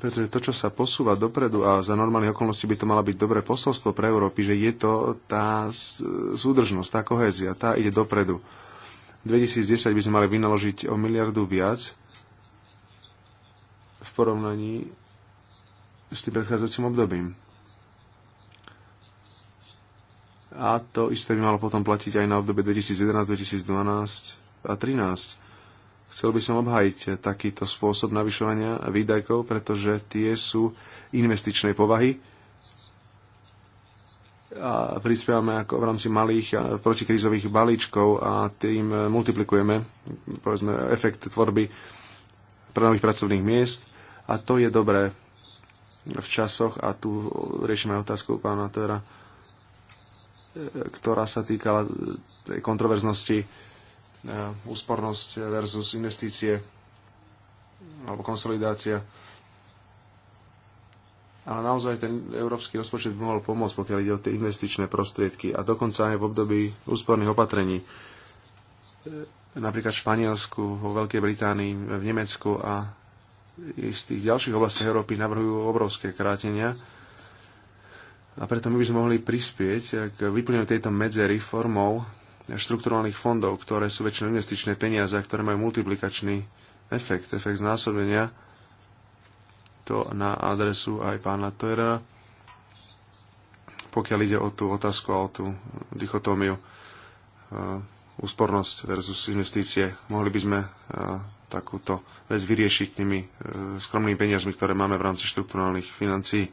pretože to, čo sa posúva dopredu a za normálnych okolnosti by to mala byť dobré posolstvo pre Európy, že je to tá súdržnosť, tá kohézia, tá ide dopredu. 2010 by sme mali vynaložiť o miliardu viac v porovnaní s tým predchádzajúcim obdobím. A to isté by malo potom platiť aj na obdobie 2011, 2012 a 2013 Chcel by som obhajiť takýto spôsob navyšovania výdajkov, pretože tie sú investičnej povahy a prispievame ako v rámci malých protikrízových balíčkov a tým multiplikujeme povedzme, efekt tvorby pre nových pracovných miest a to je dobré v časoch a tu riešime otázku pána Tera, e, e, ktorá sa týkala tej kontroverznosti E, úspornosť versus investície alebo konsolidácia. Ale naozaj ten európsky rozpočet by mohol pomôcť, pokiaľ ide o tie investičné prostriedky a dokonca aj v období úsporných opatrení. E, napríklad v Španielsku, vo Veľkej Británii, v Nemecku a z tých ďalších oblastí Európy navrhujú obrovské krátenia. A preto my by sme mohli prispieť k vyplneniu tejto medzery formou štrukturálnych fondov, ktoré sú väčšinou investičné peniaze, ktoré majú multiplikačný efekt, efekt znásobenia, to na adresu aj pána Tera. pokiaľ ide o tú otázku a o tú dichotómiu e, úspornosť versus investície. Mohli by sme e, takúto vec vyriešiť tými e, skromnými peniazmi, ktoré máme v rámci štrukturálnych financií.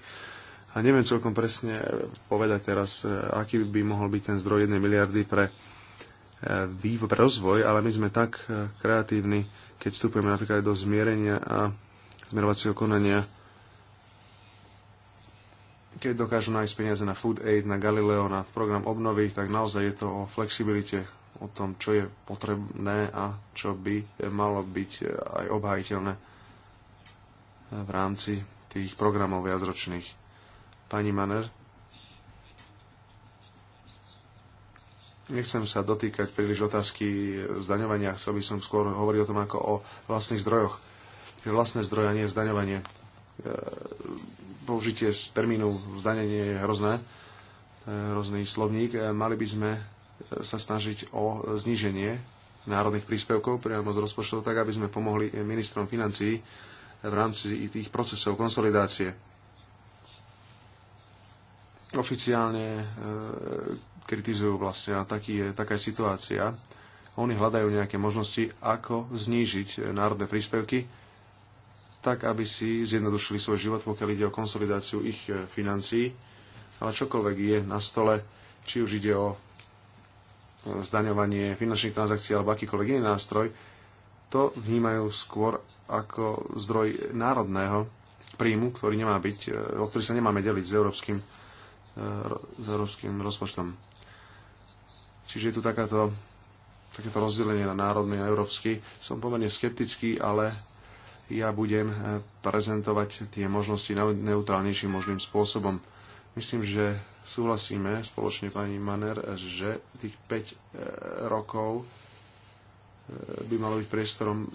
A neviem celkom presne povedať teraz, e, aký by mohol byť ten zdroj 1 miliardy pre e, vývoj, pre rozvoj, ale my sme tak e, kreatívni, keď vstupujeme napríklad do zmierenia a zmerovacieho konania, keď dokážu nájsť peniaze na Food Aid, na Galileo, na program obnovy, tak naozaj je to o flexibilite, o tom, čo je potrebné a čo by malo byť aj obhajiteľné v rámci tých programov viacročných. Pani Maner. Nechcem sa dotýkať príliš otázky zdaňovania, chcel by som skôr hovoriť o tom ako o vlastných zdrojoch. Že vlastné zdroje a nie zdaňovanie. E, použitie z termínu zdanenie je hrozné, hrozný slovník. E, mali by sme e, sa snažiť o zníženie národných príspevkov priamo z rozpočtov, tak aby sme pomohli ministrom financií v rámci tých procesov konsolidácie oficiálne e, kritizujú vlastne a taký je, taká je situácia. Oni hľadajú nejaké možnosti, ako znížiť e, národné príspevky, tak aby si zjednodušili svoj život, pokiaľ ide o konsolidáciu ich e, financií. Ale čokoľvek je na stole, či už ide o zdaňovanie finančných transakcií alebo akýkoľvek iný nástroj, to vnímajú skôr ako zdroj národného príjmu, ktorý nemá byť, o ktorý sa nemáme deliť s európskym E, s európskym rozpočtom. Čiže je tu takáto, takéto rozdelenie na národný a európsky. Som pomerne skeptický, ale ja budem e, prezentovať tie možnosti neutrálnejším možným spôsobom. Myslím, že súhlasíme spoločne pani Maner, že tých 5 e, rokov by malo byť priestorom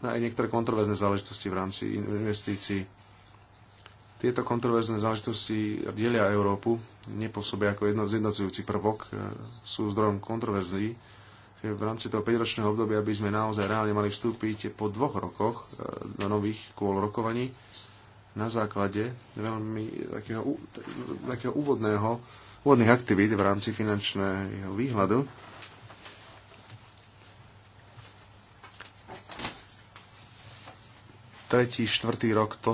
na aj niektoré kontroverzné záležitosti v rámci investícií tieto kontroverzné záležitosti delia Európu, nepôsobia ako jedno, zjednocujúci prvok, e, sú zdrojom kontroverzí. V rámci toho 5-ročného obdobia by sme naozaj reálne mali vstúpiť po dvoch rokoch e, do nových kôl rokovaní na základe veľmi takého, takého úvodného, úvodných aktivít v rámci finančného výhľadu tretí, štvrtý rok, to,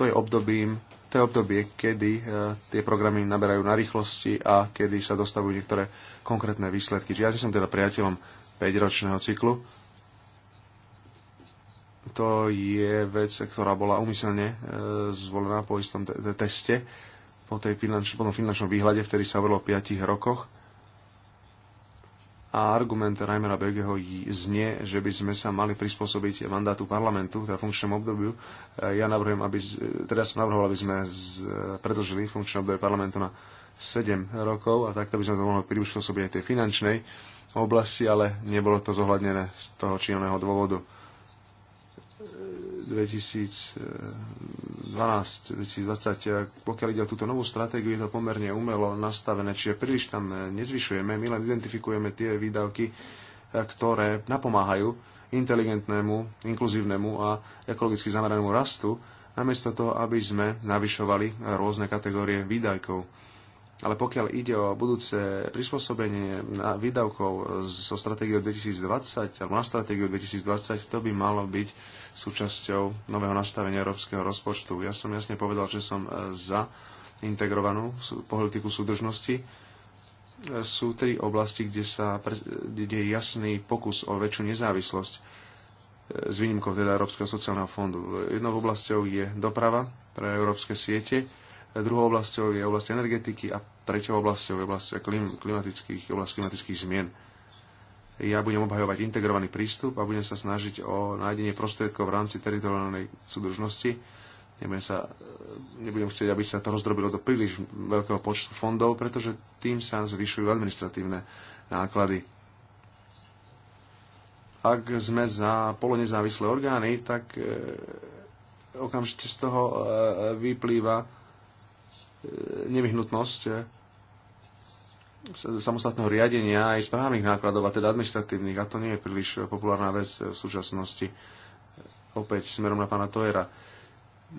to, je, obdobím, to je obdobie, kedy eh, tie programy naberajú na rýchlosti a kedy sa dostavujú niektoré konkrétne výsledky. Čiže ja som teda priateľom 5-ročného cyklu. To je vec, ktorá bola umyselne eh, zvolená po istom teste, po, tej finanč- po tom finančnom výhľade, vtedy sa hovorilo o 5 rokoch a argument Reimera Begeho znie, že by sme sa mali prispôsobiť mandátu parlamentu, teda funkčnému obdobiu. E, ja navrhujem, aby, e, teda som navrhoval, aby sme z, e, predlžili funkčné obdobie parlamentu na 7 rokov a takto by sme to mohli prispôsobiť aj tej finančnej oblasti, ale nebolo to zohľadnené z toho či dôvodu 2012-2020. Pokiaľ ide o túto novú stratégiu, je to pomerne umelo nastavené, čiže príliš tam nezvyšujeme, my len identifikujeme tie výdavky, ktoré napomáhajú inteligentnému, inkluzívnemu a ekologicky zameranému rastu, namiesto toho, aby sme navyšovali rôzne kategórie výdajkov ale pokiaľ ide o budúce prispôsobenie výdavkov so stratégiou 2020 alebo na stratégiu 2020, to by malo byť súčasťou nového nastavenia európskeho rozpočtu. Ja som jasne povedal, že som e, za integrovanú politiku súdržnosti. E, sú tri oblasti, kde, sa, kde je jasný pokus o väčšiu nezávislosť e, s výnimkou teda Európskeho sociálneho fondu. Jednou oblasťou je doprava pre európske siete Druhou oblasťou je oblasť energetiky a treťou oblasťou je oblasť klimatických, oblasť klimatických zmien. Ja budem obhajovať integrovaný prístup a budem sa snažiť o nájdenie prostriedkov v rámci teritoriálnej súdržnosti. Nebudem, sa, nebudem chcieť, aby sa to rozdrobilo do príliš veľkého počtu fondov, pretože tým sa zvyšujú administratívne náklady ak sme za polonezávislé orgány, tak e, okamžite z toho e, vyplýva nevyhnutnosť eh, samostatného riadenia aj správnych nákladov, a teda administratívnych, a to nie je príliš eh, populárna vec eh, v súčasnosti. Opäť smerom na pána Tojera.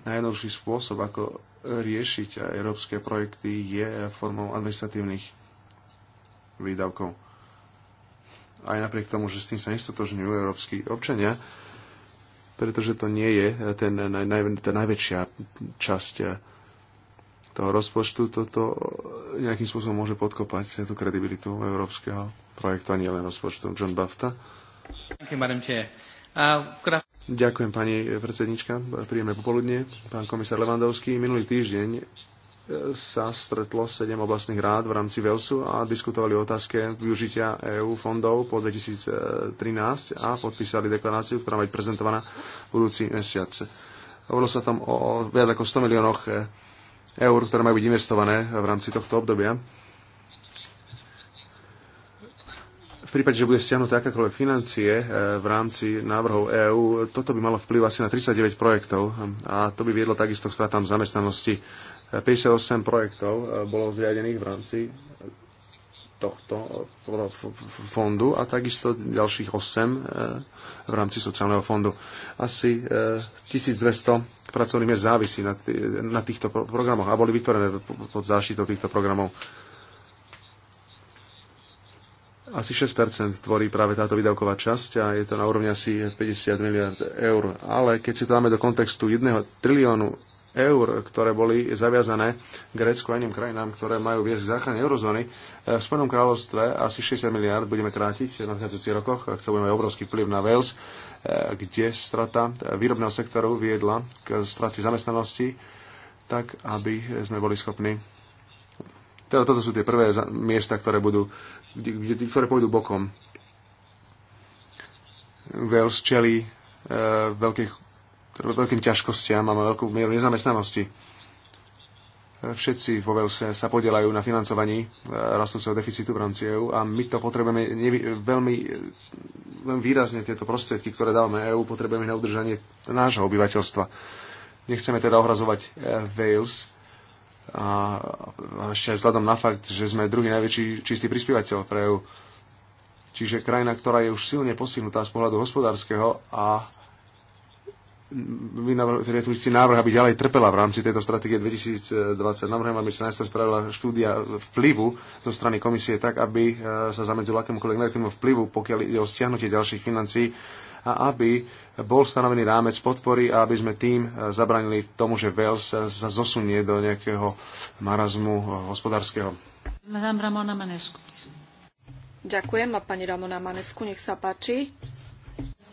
Najjednoduchší spôsob, ako riešiť európske projekty, je formou administratívnych výdavkov. Aj napriek tomu, že s tým sa nestotožňujú európsky občania, pretože to nie je ten, tá najväčšia časť toho rozpočtu, toto nejakým spôsobom môže podkopať tú kredibilitu európskeho projektu a nie len rozpočtu. John Bafta. Uh, Ďakujem, pani predsednička. Príjemné popoludne. Pán komisár Levandovský, minulý týždeň eh, sa stretlo sedem oblastných rád v rámci Velsu a diskutovali o otázke využitia EÚ fondov po 2013 a podpísali deklaráciu, ktorá má byť prezentovaná budúci mesiace. Hovorilo sa tam o viac ako 100 miliónoch eh, eur, ktoré majú byť investované v rámci tohto obdobia. V prípade, že bude stiahnuté akákoľvek financie eh, v rámci návrhov EÚ, toto by malo vplyv asi na 39 projektov a to by viedlo takisto k stratám zamestnanosti. 58 eh, projektov eh, bolo zriadených v rámci tohto fondu a takisto ďalších 8 e, v rámci sociálneho fondu. Asi 1200 e, pracovných miest závisí na, týchto programoch a boli vytvorené pod záštitou týchto programov. Asi 6% tvorí práve táto výdavková časť a je to na úrovni asi 50 miliard eur. Ale keď si to dáme do kontextu 1 triliónu eur, ktoré boli zaviazané Grécku a iným krajinám, ktoré majú viesť k záchrane eurozóny. E, v Spojenom kráľovstve asi 60 miliard budeme krátiť v nadchádzajúcich rokoch, ak to budeme obrovský vplyv na Wales, e, kde strata výrobného sektoru viedla k strate zamestnanosti, tak aby sme boli schopní teda toto sú tie prvé miesta, ktoré, budú, ktoré pôjdu bokom. Wales čelí e, veľkej veľkým ťažkostiam, máme veľkú mieru nezamestnanosti. Všetci vo Velse sa podielajú na financovaní e, rastúceho deficitu v rámci EU a my to potrebujeme veľmi, veľmi výrazne, tieto prostriedky, ktoré dávame EU, potrebujeme na udržanie nášho obyvateľstva. Nechceme teda ohrazovať e, Wales a, a ešte aj vzhľadom na fakt, že sme druhý najväčší čistý prispievateľ pre EU. Čiže krajina, ktorá je už silne postihnutá z pohľadu hospodárskeho a vynavrhujúci teda návrh, aby ďalej trpela v rámci tejto stratégie 2020. Navrhujem, aby sa najskôr spravila štúdia vplyvu zo strany komisie tak, aby e, sa zamedzilo akémukoľvek negatívnemu vplyvu, pokiaľ ide o stiahnutie ďalších financí a aby bol stanovený rámec podpory a aby sme tým e, zabranili tomu, že Wales sa zosunie do nejakého marazmu e, hospodárskeho. Ďakujem a pani Ramona Manescu, nech sa páči.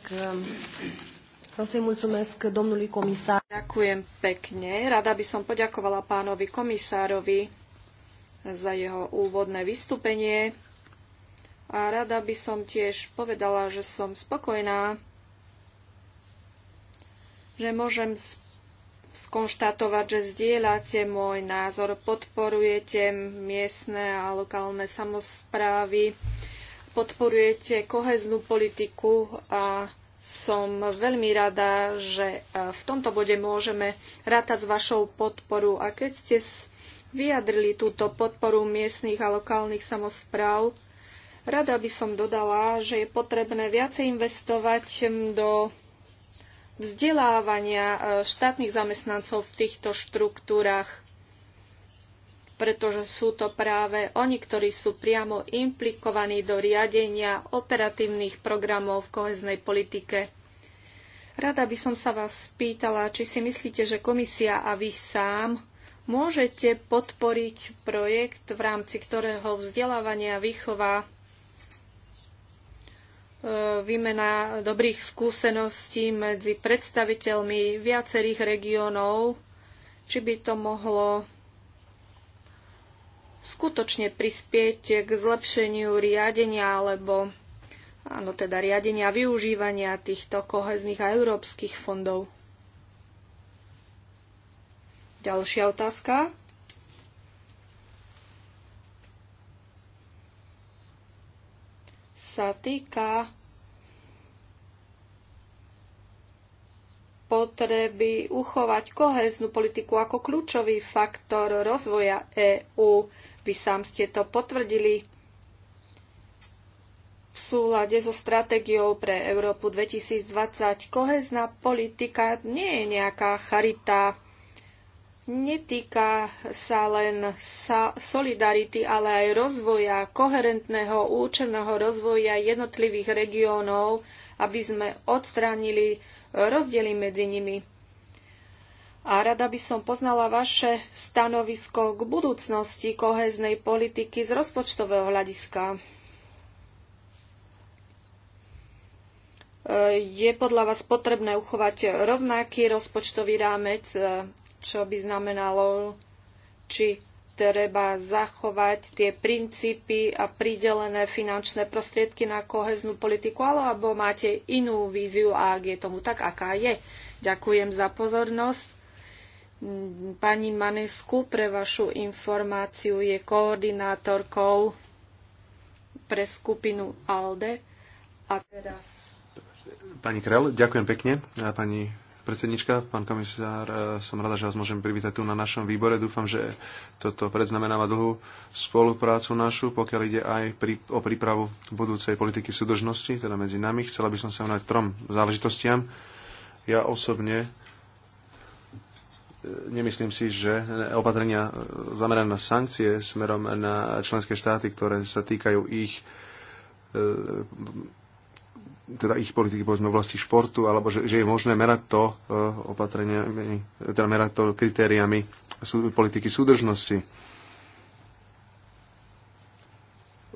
Ďakujem. Ďakujem pekne. Rada by som poďakovala pánovi komisárovi za jeho úvodné vystúpenie. A rada by som tiež povedala, že som spokojná, že môžem skonštatovať, že zdieľate môj názor, podporujete miestne a lokálne samozprávy, podporujete koheznú politiku a som veľmi rada, že e, v tomto bode môžeme rátať s vašou podporu. A keď ste vyjadrili túto podporu miestnych a lokálnych samozpráv, rada by som dodala, že je potrebné viacej investovať do vzdelávania e, štátnych zamestnancov v týchto štruktúrach pretože sú to práve oni, ktorí sú priamo implikovaní do riadenia operatívnych programov v koheznej politike. Rada by som sa vás spýtala, či si myslíte, že komisia a vy sám môžete podporiť projekt, v rámci ktorého vzdelávania výchova e, výmena dobrých skúseností medzi predstaviteľmi viacerých regiónov, či by to mohlo skutočne prispieť k zlepšeniu riadenia alebo áno, teda riadenia využívania týchto kohezných a európskych fondov. Ďalšia otázka. sa týka potreby uchovať koheznú politiku ako kľúčový faktor rozvoja EÚ. Vy sám ste to potvrdili v súlade so stratégiou pre Európu 2020. Kohezná politika nie je nejaká charita, netýka sa len sa solidarity, ale aj rozvoja, koherentného, účelného rozvoja jednotlivých regiónov, aby sme odstránili rozdiely medzi nimi a rada by som poznala vaše stanovisko k budúcnosti koheznej politiky z rozpočtového hľadiska. E, je podľa vás potrebné uchovať rovnaký rozpočtový rámec, e, čo by znamenalo, či treba zachovať tie princípy a pridelené finančné prostriedky na koheznú politiku, alebo máte inú víziu a ak je tomu tak, aká je. Ďakujem za pozornosť Pani Manesku, pre vašu informáciu, je koordinátorkou pre skupinu ALDE. A teraz... Pani Krel, ďakujem pekne. Pani predsednička, pán komisár, e, som rada, že vás môžem privítať tu na našom výbore. Dúfam, že toto predznamenáva dlhú spoluprácu našu, pokiaľ ide aj pri, o prípravu budúcej politiky súdržnosti, teda medzi nami. Chcela by som sa venovať trom záležitostiam. Ja osobne nemyslím si, že opatrenia zamerané na sankcie smerom na členské štáty, ktoré sa týkajú ich e, teda ich politiky povedzme v oblasti športu, alebo že, že je možné merať to e, opatreniami, teda merať to kritériami politiky súdržnosti.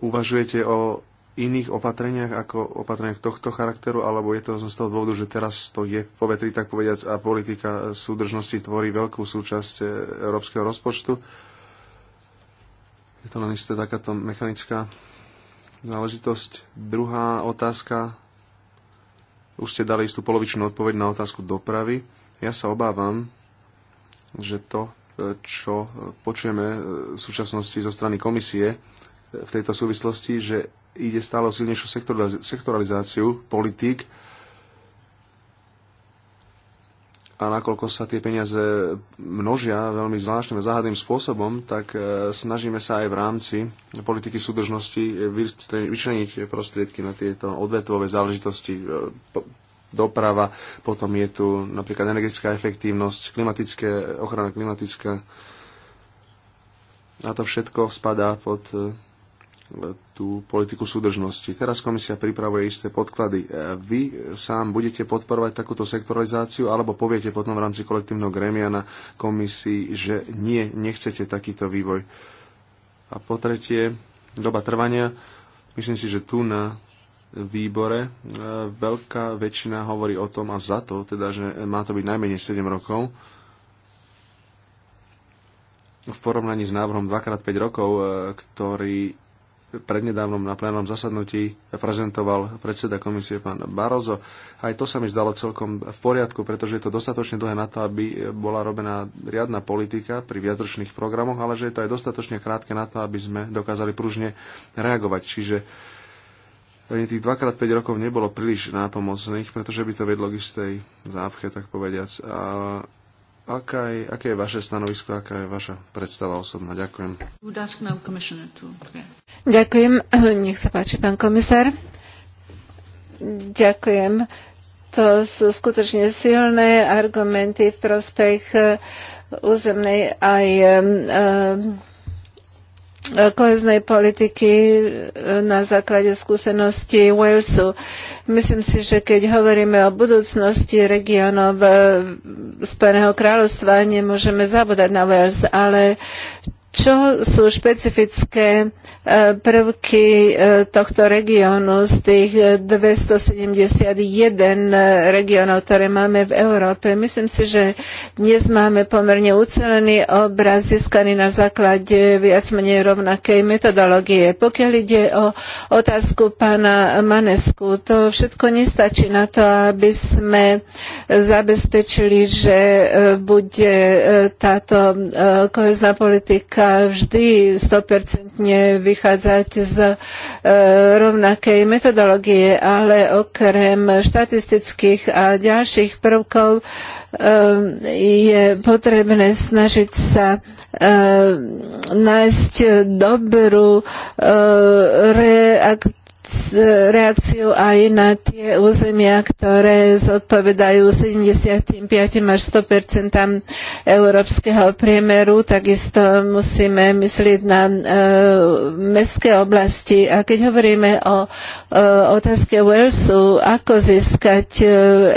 Uvažujete o iných opatreniach ako opatreniach tohto charakteru, alebo je to z toho dôvodu, že teraz to je po vetri, tak povediac, a politika súdržnosti tvorí veľkú súčasť e, európskeho rozpočtu? Je to len isté takáto mechanická záležitosť. Druhá otázka. Už ste dali istú polovičnú odpoveď na otázku dopravy. Ja sa obávam, že to, e, čo počujeme e, v súčasnosti zo strany komisie v tejto súvislosti, že ide stále o silnejšiu sektoralizáciu politík a nakoľko sa tie peniaze množia veľmi zvláštnym a záhadným spôsobom, tak e, snažíme sa aj v rámci politiky súdržnosti e, vyčleniť prostriedky na tieto odvetvové záležitosti e, doprava, potom je tu napríklad energetická efektívnosť, klimatické, ochrana klimatická a to všetko spadá pod tú politiku súdržnosti. Teraz komisia pripravuje isté podklady. E, vy sám budete podporovať takúto sektoralizáciu alebo poviete potom v rámci kolektívneho grémia na komisii, že nie, nechcete takýto vývoj. A po tretie, doba trvania. Myslím si, že tu na výbore e, veľká väčšina hovorí o tom a za to, teda, že má to byť najmenej 7 rokov v porovnaní s návrhom 2x5 rokov, e, ktorý prednedávnom na plénom zasadnutí prezentoval predseda komisie pán Barozo. Aj to sa mi zdalo celkom v poriadku, pretože je to dostatočne dlhé na to, aby bola robená riadna politika pri viacročných programoch, ale že je to aj dostatočne krátke na to, aby sme dokázali pružne reagovať. Čiže ani tých 2x5 rokov nebolo príliš nápomocných, pretože by to vedlo k istej zápche, tak povediac. A Aká je, aké je vaše stanovisko, aká je vaša predstava osobná? Ďakujem. Ďakujem. Nech sa páči, pán komisár. Ďakujem. To sú skutočne silné argumenty v prospech eh, územnej aj eh, koheznej politiky e, na základe skúseností Walesu. Myslím si, že keď hovoríme o budúcnosti regionov e, Spojeného kráľovstva, nemôžeme zabúdať na Wales, ale čo sú špecifické e, prvky e, tohto regiónu z tých 271 e, regiónov, ktoré máme v Európe? Myslím si, že dnes máme pomerne ucelený obraz získaný na základe viac menej rovnakej metodológie. Pokiaľ ide o otázku pána Manesku, to všetko nestačí na to, aby sme zabezpečili, že bude táto kohezná politika vždy 100% vychádzať z e, rovnakej metodológie, ale okrem štatistických a ďalších prvkov e, je potrebné snažiť sa e, nájsť dobrú reakciu s reakciou aj na tie územia, ktoré zodpovedajú 75 až 100 európskeho priemeru. Takisto musíme myslieť na e, mestské oblasti. A keď hovoríme o e, otázke Walesu, ako získať e,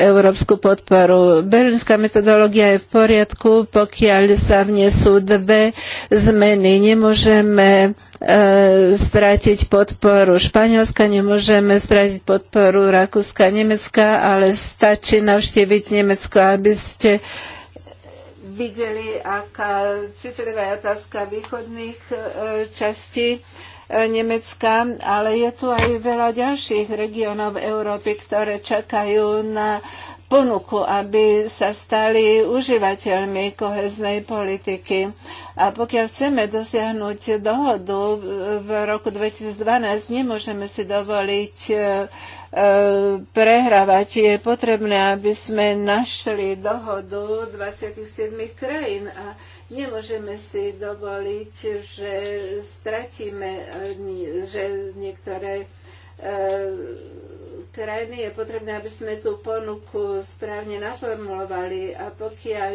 európsku podporu. Berlínska metodológia je v poriadku, pokiaľ sa vnesú dve zmeny. Nemôžeme e, strátiť podporu Španielska Rakúska. Nemôžeme stratiť podporu Rakúska a Nemecka, ale stačí navštíviť Nemecko, aby ste videli, aká citlivá je otázka východných e, častí e, Nemecka, ale je tu aj veľa ďalších regiónov Európy, ktoré čakajú na ponuku, aby sa stali užívateľmi koheznej politiky. A pokiaľ chceme dosiahnuť dohodu v roku 2012, nemôžeme si dovoliť e, e, prehrávať. Je potrebné, aby sme našli dohodu 27 krajín a nemôžeme si dovoliť, že stratíme, e, že niektoré krajiny, je potrebné, aby sme tú ponuku správne naformulovali a pokiaľ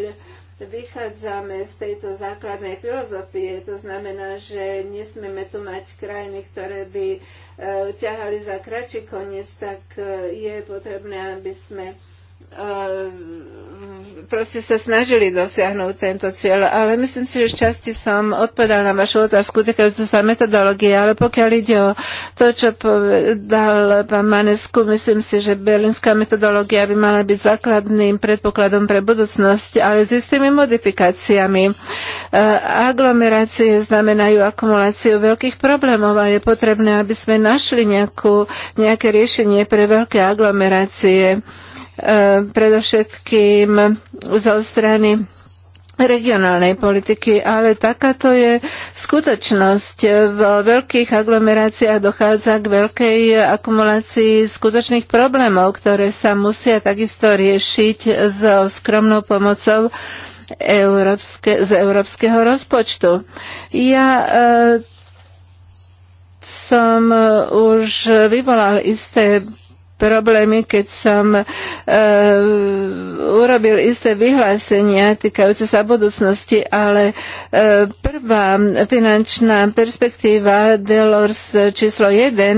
vychádzame z tejto základnej filozofie. To znamená, že nesmieme tu mať krajiny, ktoré by e, ťahali za kračí koniec, tak e, je potrebné, aby sme E, proste sa snažili dosiahnuť tento cieľ, ale myslím si, že v časti som odpovedal na vašu otázku týkajúcu sa metodológie, ale pokiaľ ide o to, čo povedal pán Manesku, myslím si, že berlínska metodológia by mala byť základným predpokladom pre budúcnosť, ale s istými modifikáciami. E, aglomerácie znamenajú akumuláciu veľkých problémov a je potrebné, aby sme našli nejakú, nejaké riešenie pre veľké aglomerácie. Eh, predovšetkým zo strany regionálnej politiky, ale takáto je skutočnosť. V veľkých aglomeráciách dochádza k veľkej akumulácii skutočných problémov, ktoré sa musia takisto riešiť so skromnou pomocou európske, z európskeho rozpočtu. Ja e, som už vyvolal isté problémy, keď som e, urobil isté vyhlásenia týkajúce sa budúcnosti, ale e, prvá finančná perspektíva Delors číslo 1, e,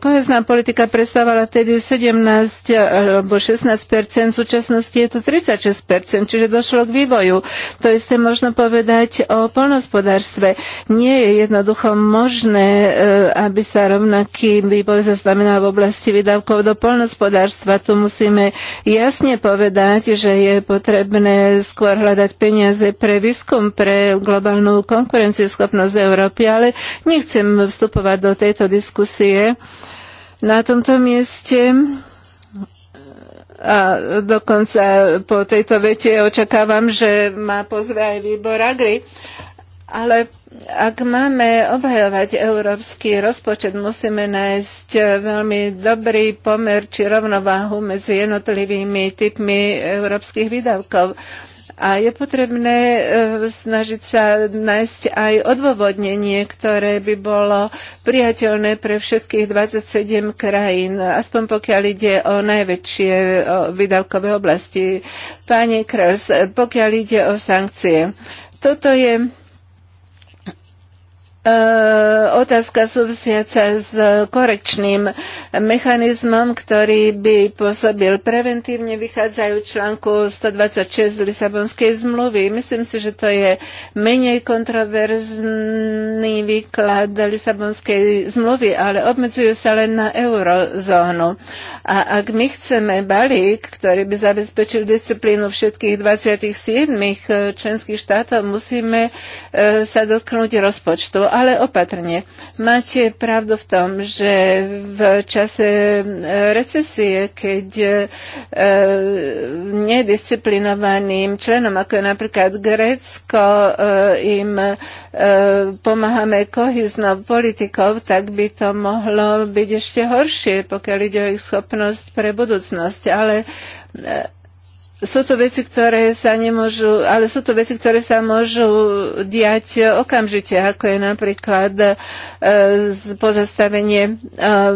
kohezná politika predstavovala vtedy 17 alebo 16 v súčasnosti je to 36 čiže došlo k vývoju. To isté možno povedať o polnospodárstve. Nie je jednoducho možné, e, aby sa rovnaký vývoj zaznamenal v oblasti výdavkov do polnospodárstva. Tu musíme jasne povedať, že je potrebné skôr hľadať peniaze pre výskum, pre globálnu konkurencieschopnosť Európy, ale nechcem vstupovať do tejto diskusie na tomto mieste a dokonca po tejto vete očakávam, že ma pozve aj výbor Agri. Ale ak máme obhajovať európsky rozpočet, musíme nájsť veľmi dobrý pomer či rovnováhu medzi jednotlivými typmi európskych výdavkov. A je potrebné e, snažiť sa nájsť aj odôvodnenie, ktoré by bolo priateľné pre všetkých 27 krajín, aspoň pokiaľ ide o najväčšie e, výdavkové oblasti. Pani Krls, pokiaľ ide o sankcie, toto je otázka súvisiaca s korekčným mechanizmom, ktorý by pôsobil preventívne, vychádzajú článku 126 Lisabonskej zmluvy. Myslím si, že to je menej kontroverzný výklad Lisabonskej zmluvy, ale obmedzujú sa len na eurozónu. A ak my chceme balík, ktorý by zabezpečil disciplínu všetkých 27 eh, členských štátov, musíme eh, sa dotknúť rozpočtu ale opatrne. Máte pravdu v tom, že v čase e, recesie, keď e, nedisciplinovaným členom, ako je napríklad Grécko, e, im pomáhame kohiznou politikou, tak by to mohlo byť ešte horšie, pokiaľ ide o ich schopnosť pre budúcnosť. Ale sú to veci, ktoré sa nemôžu, ale sú to veci, ktoré sa môžu diať okamžite, ako je napríklad e, pozastavenie e, e,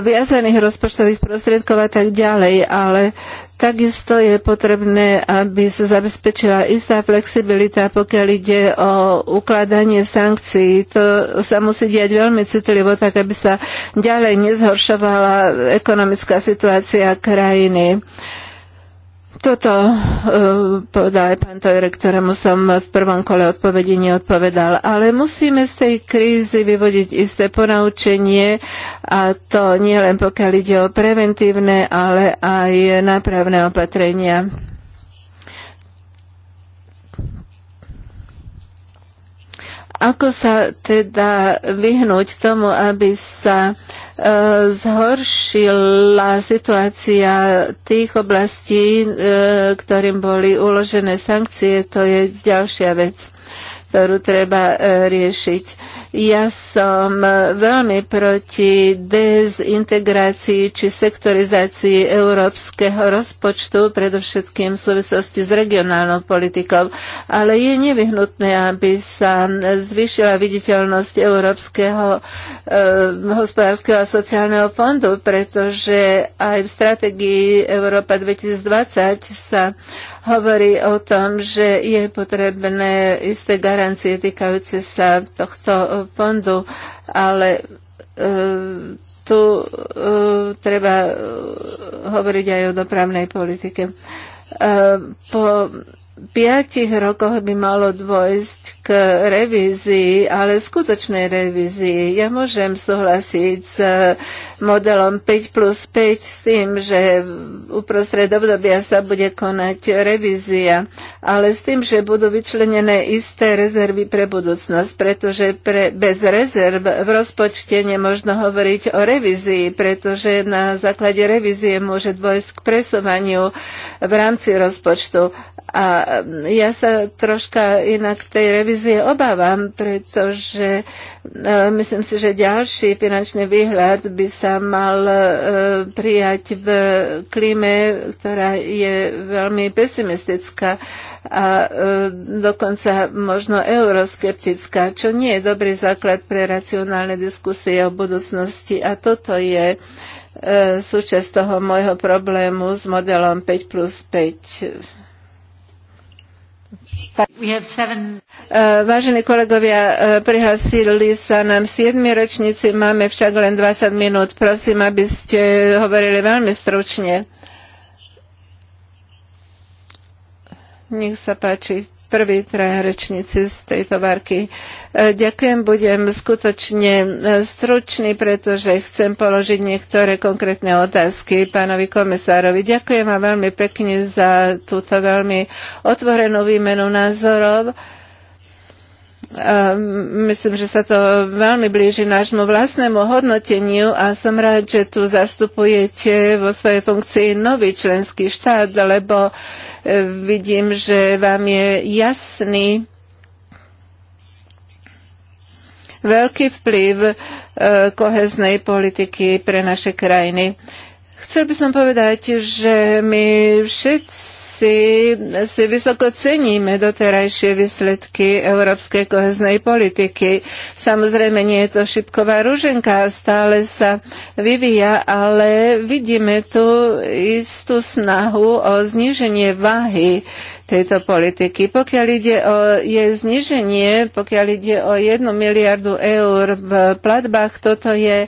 viazaných rozpočtových prostriedkov a tak ďalej, ale takisto je potrebné, aby sa zabezpečila istá flexibilita, pokiaľ ide o ukladanie sankcií. To sa musí diať veľmi citlivo, tak aby sa ďalej nezhoršovala ekonomická situácia krajiny. Uh, toto eh, povedal aj pán Tojre, ktorému som v prvom kole odpovedi neodpovedal. Ale musíme z tej krízy vyvodiť isté ponaučenie a to nie len pokiaľ ide o preventívne, ale aj nápravné opatrenia. Ako sa teda vyhnúť tomu, aby sa uh, E, zhoršila situácia tých oblastí, e, ktorým boli uložené sankcie. To je ďalšia vec, ktorú treba e, riešiť ja som veľmi proti dezintegrácii či sektorizácii európskeho rozpočtu, predovšetkým v súvislosti s regionálnou politikou, ale je nevyhnutné, aby sa zvýšila viditeľnosť Európskeho e, hospodárskeho a sociálneho fondu, pretože aj v stratégii Európa 2020 sa hovorí o tom, že je potrebné isté garancie týkajúce sa tohto fondu, ale e, tu e, treba e, hovoriť aj o dopravnej politike. Po piatich rokoch by malo dôjsť k revízii, ale skutočnej revízii. Ja môžem súhlasiť s eh, modelom 5 plus 5 s tým, že uprostred obdobia sa bude konať revízia, ale s tým, že budú vyčlenené isté rezervy pre budúcnosť, pretože pre, bez rezerv v rozpočte nemôžno hovoriť o revízii, pretože na základe revízie môže dôjsť k presovaniu v rámci rozpočtu. A eh, ja sa troška inak tej revízii revízie obávam, pretože e, myslím si, že ďalší finančný výhľad by sa mal e, prijať v klíme, ktorá je veľmi pesimistická a e, dokonca možno euroskeptická, čo nie je dobrý základ pre racionálne diskusie o budúcnosti. A toto je súčasť toho môjho problému s modelom 5 plus 5. E, vážení kolegovia, e, prihlasili sa nám siedmi rečníci, máme však len 20 minút. Prosím, aby ste hovorili veľmi stručne. Nech sa páči prví traja rečníci z tejto várky. E, ďakujem, budem skutočne e, stručný, pretože chcem položiť niektoré konkrétne otázky pánovi komisárovi. Ďakujem vám veľmi pekne za túto veľmi otvorenú výmenu názorov Myslím, že sa to veľmi blíži nášmu vlastnému hodnoteniu a som rád, že tu zastupujete vo svojej funkcii nový členský štát, lebo e, vidím, že vám je jasný veľký vplyv e, koheznej politiky pre naše krajiny. Chcel by som povedať, že my všetci si si vysoko ceníme doterajšie výsledky európskej koheznej politiky. Samozrejme, nie je to šipková ruženka, stále sa vyvíja, ale vidíme tu istú snahu o zníženie váhy tejto politiky. Pokiaľ ide o jej zniženie, pokiaľ ide o jednu miliardu eur v platbách, toto je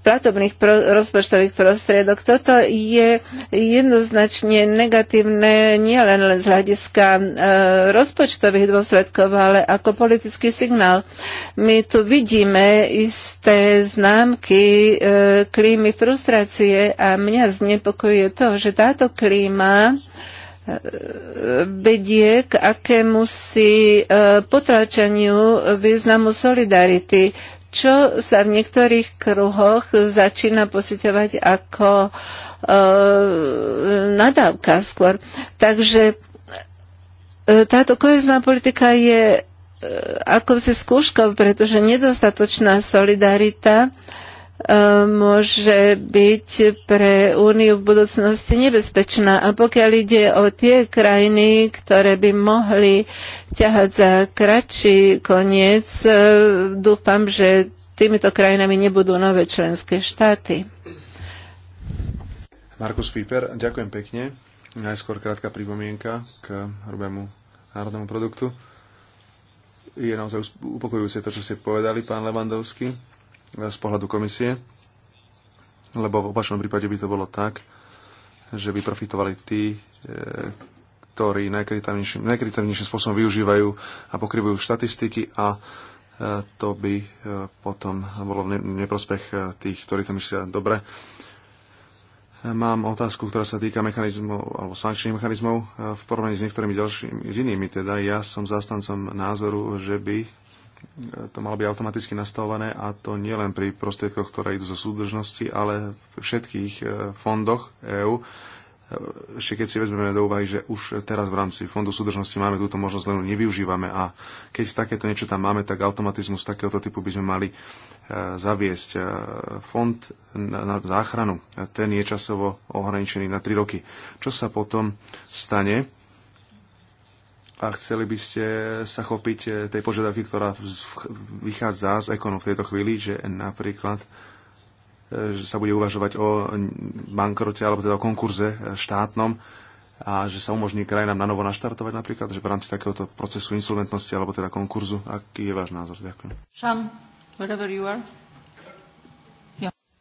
platobných pro, rozpočtových prostriedok. Toto je jednoznačne negatívne nielen z hľadiska e, rozpočtových dôsledkov, ale ako politický signál. My tu vidíme isté známky e, klímy frustrácie a mňa znepokojuje to, že táto klíma e, vedie k akému si e, potlačaniu významu solidarity čo sa v niektorých kruhoch začína pocitovať ako e, nadávka skôr. Takže e, táto kohezná politika je e, ako si skúškov, pretože nedostatočná solidarita e, E, môže byť pre Úniu v budúcnosti nebezpečná. A pokiaľ ide o tie krajiny, ktoré by mohli ťahať za kratší koniec, e, dúfam, že týmito krajinami nebudú nové členské štáty. Markus Piper, ďakujem pekne. Najskôr krátka pripomienka k hrubému národnému produktu. Je naozaj upokojujúce to, čo ste povedali, pán Levandovský z pohľadu komisie, lebo v opačnom prípade by to bolo tak, že by profitovali tí, e, ktorí najkreditavnejším, najkreditavnejším spôsobom využívajú a pokrývajú štatistiky a e, to by e, potom bolo v neprospech tých, ktorí to myslia dobre. Mám otázku, ktorá sa týka mechanizmov alebo sankčných mechanizmov v porovnaní s niektorými ďalšími, s inými. Teda ja som zástancom názoru, že by to malo byť automaticky nastavované a to nie len pri prostriedkoch, ktoré idú zo súdržnosti, ale v všetkých e, fondoch EÚ. E, ešte keď si vezmeme do úvahy, že už teraz v rámci Fondu súdržnosti máme túto možnosť, len nevyužívame a keď takéto niečo tam máme, tak automatizmus takéhoto typu by sme mali e, zaviesť. Fond na záchranu, ten je časovo ohraničený na 3 roky. Čo sa potom stane? a chceli by ste sa chopiť eh, tej požiadavky, ktorá vychádza z ekonu v tejto chvíli, že napríklad eh, že sa bude uvažovať o bankrote alebo teda o konkurze eh, štátnom a že sa umožní krajinám na novo naštartovať napríklad, že v rámci takéhoto procesu insolventnosti alebo teda konkurzu. Aký je váš názor? Ďakujem. Sean, wherever you are.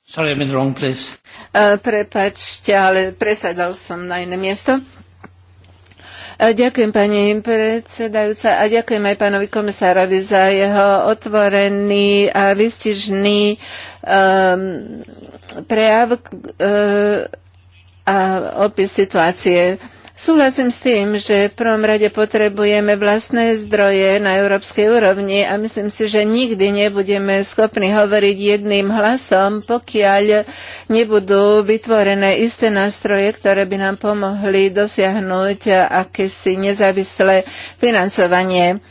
Sorry, wrong place. Uh, prepačte, ale presadal som na iné miesto. Ďakujem pani predsedajúca a ďakujem aj pánovi komisárovi za jeho otvorený a vystižný um, prejav uh, a opis situácie. Súhlasím s tým, že v prvom rade potrebujeme vlastné zdroje na európskej úrovni a myslím si, že nikdy nebudeme schopní hovoriť jedným hlasom, pokiaľ nebudú vytvorené isté nástroje, ktoré by nám pomohli dosiahnuť akési nezávislé financovanie.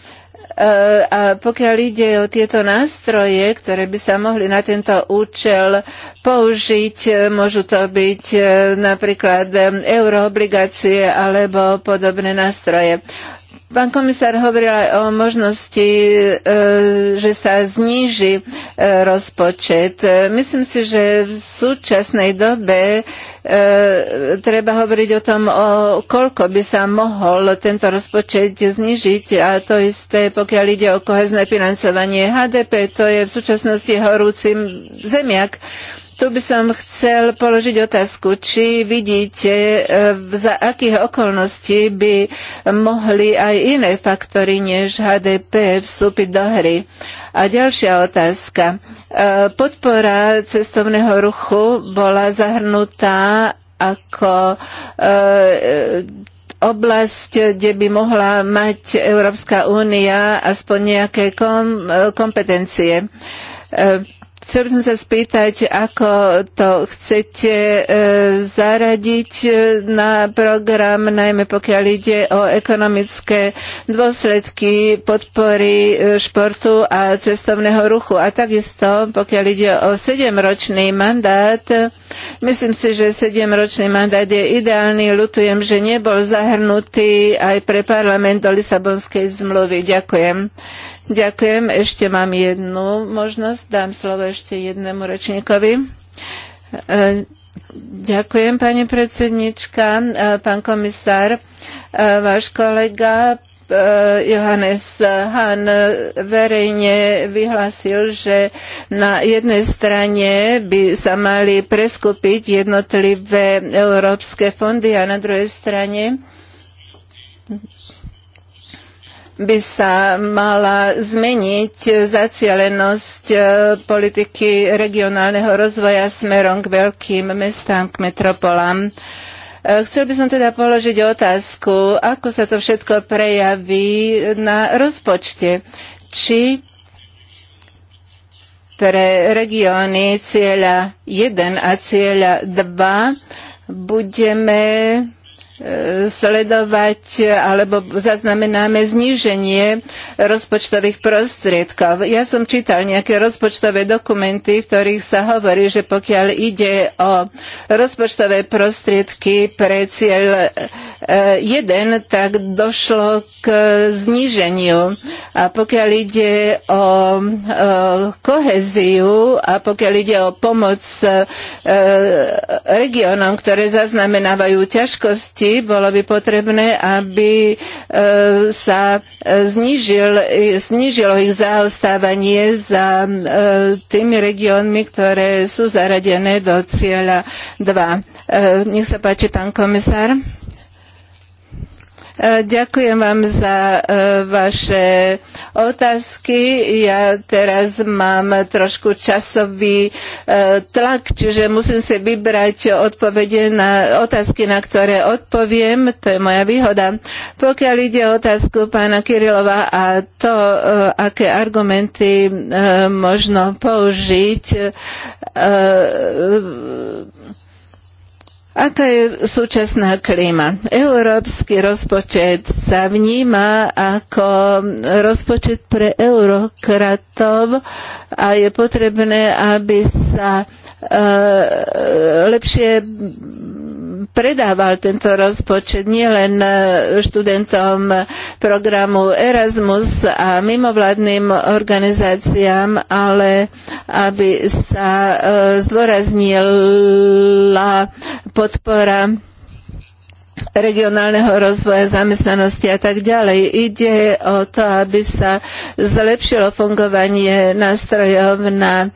E, a pokiaľ ide o tieto nástroje, ktoré by sa mohli na tento účel použiť, e, môžu to byť e, napríklad euroobligácie alebo podobné nástroje. Pán komisár hovoril aj o možnosti, e, že sa zníži e, rozpočet. E, myslím si, že v súčasnej dobe treba hovoriť o tom, o koľko by sa mohol tento rozpočet znížiť a to isté, pokiaľ ide o kohezné financovanie HDP, to je v súčasnosti horúci zemiak. Tu by som chcel položiť otázku, či vidíte, e, za akých okolností by mohli aj iné faktory než HDP vstúpiť do hry. A ďalšia otázka. E, podpora cestovného ruchu bola zahrnutá ako e, oblasť, kde by mohla mať Európska únia aspoň nejaké kom, kompetencie. Chcel som sa spýtať, ako to chcete e, zaradiť e, na program, najmä pokiaľ ide o ekonomické dôsledky podpory e, športu a cestovného ruchu. A takisto, pokiaľ ide o sedemročný mandát, myslím si, že sedemročný mandát je ideálny. Lutujem, že nebol zahrnutý aj pre parlament do Lisabonskej zmluvy. Ďakujem. Ďakujem. Ešte mám jednu možnosť. Dám slovo ešte jednému rečníkovi. E, ďakujem, pani predsednička, e, pán komisár, e, váš kolega Johannes Hahn verejne vyhlásil, že na jednej strane by sa mali preskupiť jednotlivé európske fondy a na druhej strane by sa mala zmeniť zacielenosť e, politiky regionálneho rozvoja smerom k veľkým mestám, k metropolám. E, chcel by som teda položiť otázku, ako sa to všetko prejaví na rozpočte. Či pre regióny cieľa 1 a cieľa 2 budeme E, sledovať alebo zaznamenáme zníženie rozpočtových prostriedkov. Ja som čítal nejaké rozpočtové dokumenty, v ktorých sa hovorí, že pokiaľ ide o rozpočtové prostriedky pre cieľ 1, e, tak došlo k zníženiu. A pokiaľ ide o e, koheziu a pokiaľ ide o pomoc regionom, ktoré zaznamenávajú ťažkosti, oblasti bolo by potrebné, aby e, sa znižil, znižilo ich zaostávanie za e, tými regiónmi, ktoré sú zaradené do cieľa 2. E, nech sa páči, pán komisár. E, ďakujem vám za e, vaše otázky. Ja teraz mám trošku časový e, tlak, čiže musím si vybrať odpovede na otázky, na ktoré odpoviem. To je moja výhoda. Pokiaľ ide o otázku pána Kirilova a to, aké argumenty možno použiť, Aká je súčasná klíma? Európsky rozpočet sa vníma ako rozpočet pre eurokratov a je potrebné, aby sa eh, lepšie predával tento rozpočet nielen e, študentom programu Erasmus a mimovládnym organizáciám, ale aby sa e, zdôraznila podpora regionálneho rozvoja, zamestnanosti a tak ďalej. Ide o to, aby sa zlepšilo fungovanie nástrojov na uh,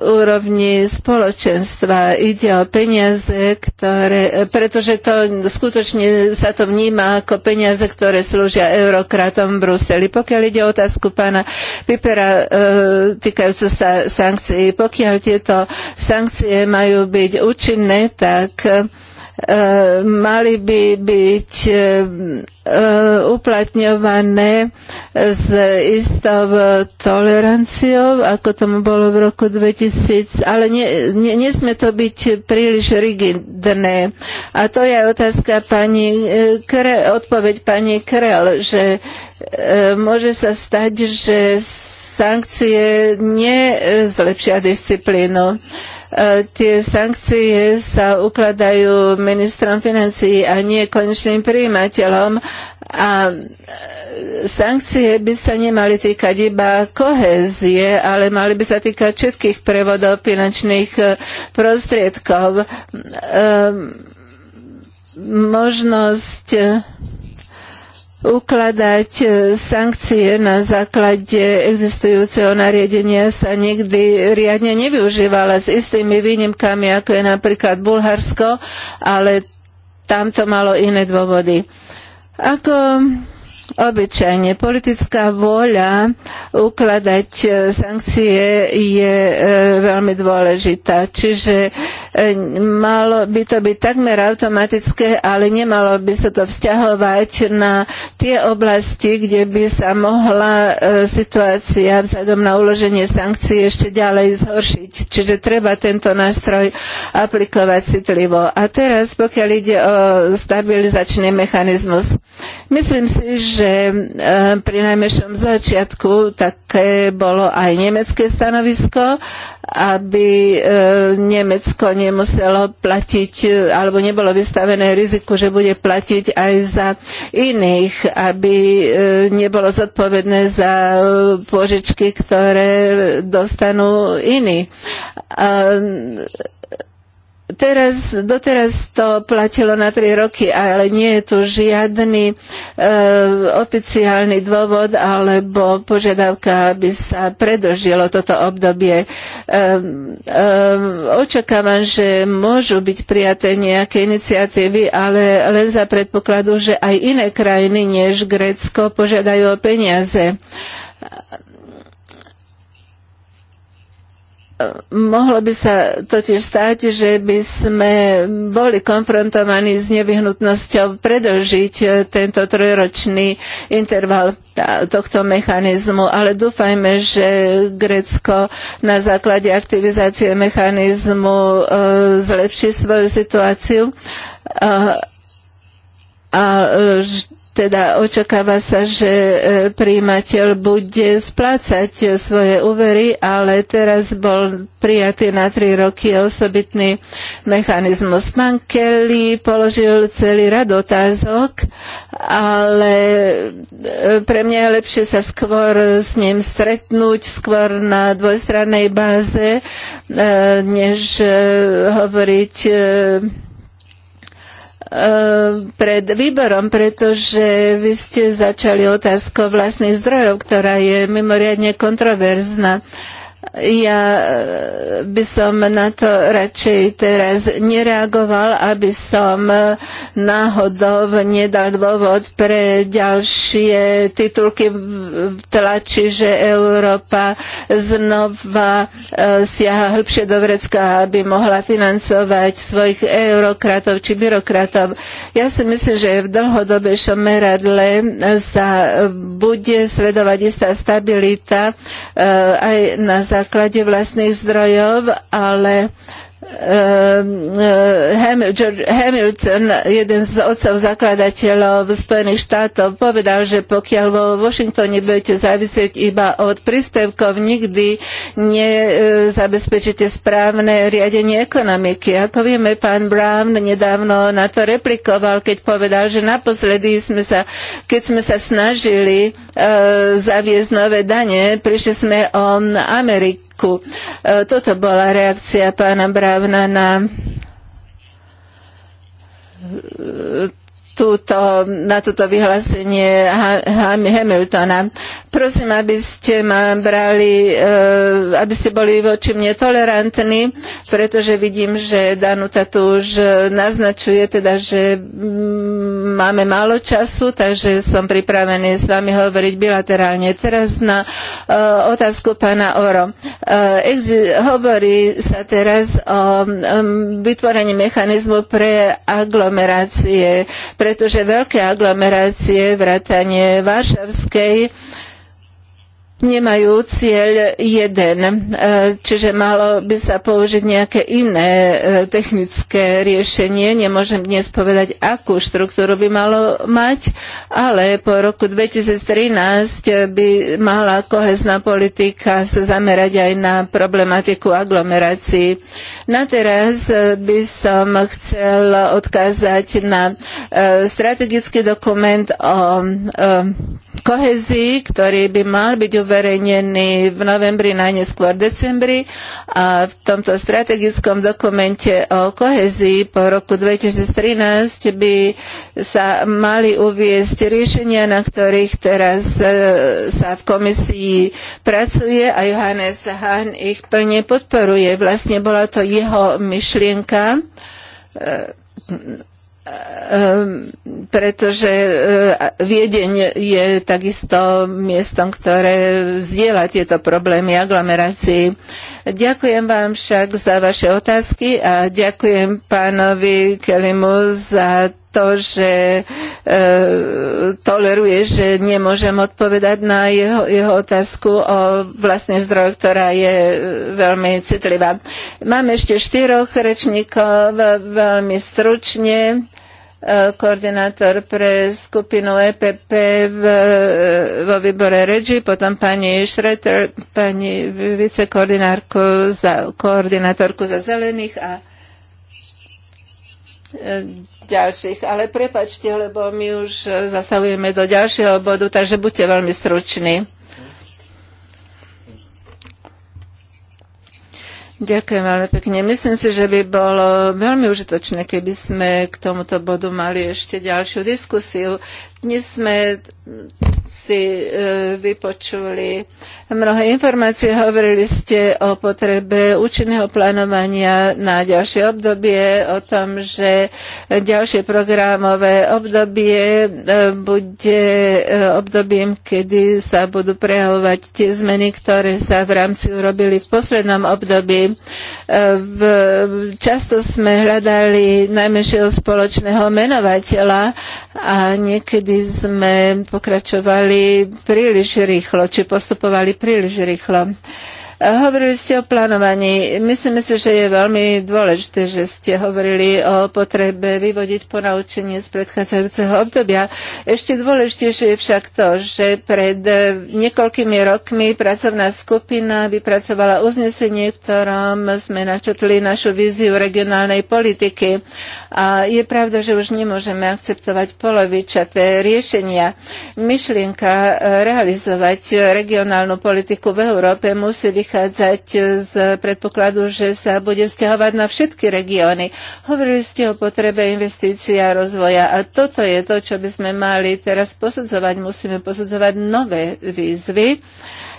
úrovni spoločenstva. Ide o peniaze, ktoré, pretože to skutočne sa to vníma ako peniaze, ktoré slúžia eurokratom v Bruseli. Pokiaľ ide o otázku pána Pipera uh, eh, týkajúcu sa sankcií, pokiaľ tieto sankcie majú byť účinné, tak uh, Eh, mali by byť eh, uplatňované s istou toleranciou, ako tomu bolo v roku 2000, ale nie, nie, to byť príliš rigidné. A to je otázka pani eh, Kre, odpoveď pani Krel, že môže sa stať, že sankcie nezlepšia disciplínu. E, E, tie sankcie sa ukladajú ministrom financií a nie konečným príjimateľom a e, sankcie by sa nemali týkať iba kohézie, ale mali by sa týkať všetkých prevodov finančných e, prostriedkov. Možnosť ukladať e, sankcie na základe existujúceho nariadenia sa nikdy riadne nevyužívala s istými výnimkami, ako je napríklad Bulharsko, ale tam to malo iné dôvody. Ako Obyčajne politická vôľa ukladať e, sankcie je e, veľmi dôležitá. Čiže e, malo by to byť takmer automatické, ale nemalo by sa to vzťahovať na tie oblasti, kde by sa mohla situácia vzhľadom na uloženie sankcií ešte ďalej zhoršiť. Čiže treba tento nástroj aplikovať citlivo. A teraz, pokiaľ ide o stabilizačný mechanizmus, myslím si, že že eh, pri najmäšom začiatku také bolo aj nemecké stanovisko, aby eh, Nemecko nemuselo platiť eh, alebo nebolo vystavené riziku, že bude platiť aj za iných, aby nebolo zodpovedné za pôžičky, ktoré dostanú iní. Teraz, doteraz to platilo na tri roky, ale nie je tu žiadny e, oficiálny dôvod alebo požiadavka, aby sa predlžilo toto obdobie. E, e, očakávam, že môžu byť prijaté nejaké iniciatívy, ale len za predpokladu, že aj iné krajiny než Grécko požiadajú o peniaze Mohlo by sa totiž stať, že by sme boli konfrontovaní s nevyhnutnosťou predlžiť tento trojročný interval tohto mechanizmu, ale dúfajme, že Grécko na základe aktivizácie mechanizmu e, zlepší svoju situáciu e, a e, teda očakáva sa, že e, príjimateľ bude splácať svoje úvery, ale teraz bol prijatý na tri roky osobitný mechanizmus. Pán Kelly položil celý rad otázok, ale e, pre mňa je lepšie sa skôr s ním stretnúť, skôr na dvojstrannej báze, než hovoriť E, pred výborom, pretože vy ste začali otázkou vlastných zdrojov, ktorá je mimoriadne kontroverzná. Uh, ja eh, by som na to radšej teraz nereagoval, aby som eh, náhodou nedal dôvod pre ďalšie titulky v tlači, že Európa znova eh, siaha hĺbšie do vrecka, aby mohla financovať svojich eurokratov či byrokratov. Ja si myslím, že v dlhodobejšom meradle sa bude sledovať istá stabilita aj na základe vlastných zdrojov, ale Ehm, eh, Hamilton, jeden z otcov zakladateľov Spojených štátov, povedal, že pokiaľ vo Washingtone budete závisieť iba od príspevkov, nikdy nezabezpečíte eh, správne riadenie ekonomiky. Ako vieme, pán Brown nedávno na to replikoval, keď povedal, že naposledy sme sa, keď sme sa snažili eh, zaviesť nové dane, prišli sme o Ameriku poriadku. E, toto bola reakcia pána Brávna na e, túto, na toto vyhlásenie Hamiltona. Prosím, aby ste ma brali, eh, aby ste boli voči mne tolerantní, pretože vidím, že Danuta tu už naznačuje, teda, že mm, máme málo času, takže som pripravený s vami hovoriť bilaterálne. Teraz na eh, otázku pána Oro. Eh, hovorí sa teraz o mm, vytvorení mechanizmu pre aglomerácie, pretože veľké aglomerácie, vrátanie Varšavskej, nemajú cieľ jeden, e, čiže malo by sa použiť nejaké iné e, technické riešenie. Nemôžem dnes povedať, akú štruktúru by malo mať, ale po roku 2013 by mala kohezná politika sa zamerať aj na problematiku aglomerácií. Na teraz e, by som chcel odkázať na strategický dokument o kohezii, ktorý by mal byť uvedený zverejnený v novembri, najneskôr decembri a v tomto strategickom dokumente o kohezii po roku 2013 by sa mali uviesť riešenia, na ktorých teraz e, sa v komisii pracuje a Johannes Hahn ich plne podporuje. Vlastne bola to jeho myšlienka e, Ehm, pretože e, Viedeň je takisto miestom, ktoré zdieľa tieto problémy aglomerácií. Ďakujem vám však za vaše otázky a ďakujem pánovi Kelimu za to, že e, toleruje, že nemôžem odpovedať na jeho, jeho otázku o vlastných zdrojoch, ktorá je e, veľmi citlivá. Máme ešte štyroch rečníkov, veľmi stručne koordinátor pre skupinu EPP v, vo výbore REGI, potom pani Šreter, pani vicekoordinátorku za, koordinátorku za zelených a e, ďalších. Ale prepačte, lebo my už zasahujeme do ďalšieho bodu, takže buďte veľmi struční. Ďakujem veľmi pekne. Myslím si, že by bolo veľmi užitočné, keby sme k tomuto bodu mali ešte ďalšiu diskusiu. Dnes sme si e, vypočuli mnohé informácie. Hovorili ste o potrebe účinného plánovania na ďalšie obdobie, o tom, že ďalšie programové obdobie e, bude e, obdobím, kedy sa budú prejavovať tie zmeny, ktoré sa v rámci urobili v poslednom období. často sme hľadali najmäšieho spoločného menovateľa a niekedy aby sme pokračovali príliš rýchlo, či postupovali príliš rýchlo. Uh, Hovorili ste o plánovaní. Myslím si, že je veľmi dôležité, že ste hovorili o potrebe vyvodiť ponaučenie z predchádzajúceho obdobia. Ešte dôležitejšie je však to, že pred niekoľkými rokmi pracovná skupina vypracovala uznesenie, v ktorom sme načetli našu víziu regionálnej politiky. A je pravda, že už nemôžeme akceptovať polovičaté riešenia. Myšlienka realizovať regionálnu politiku v Európe musí vychádzať z predpokladu, že sa bude vzťahovať na všetky regióny. Hovorili ste o potrebe investícií a rozvoja a toto je to, čo by sme mali teraz posudzovať. Musíme posudzovať nové výzvy.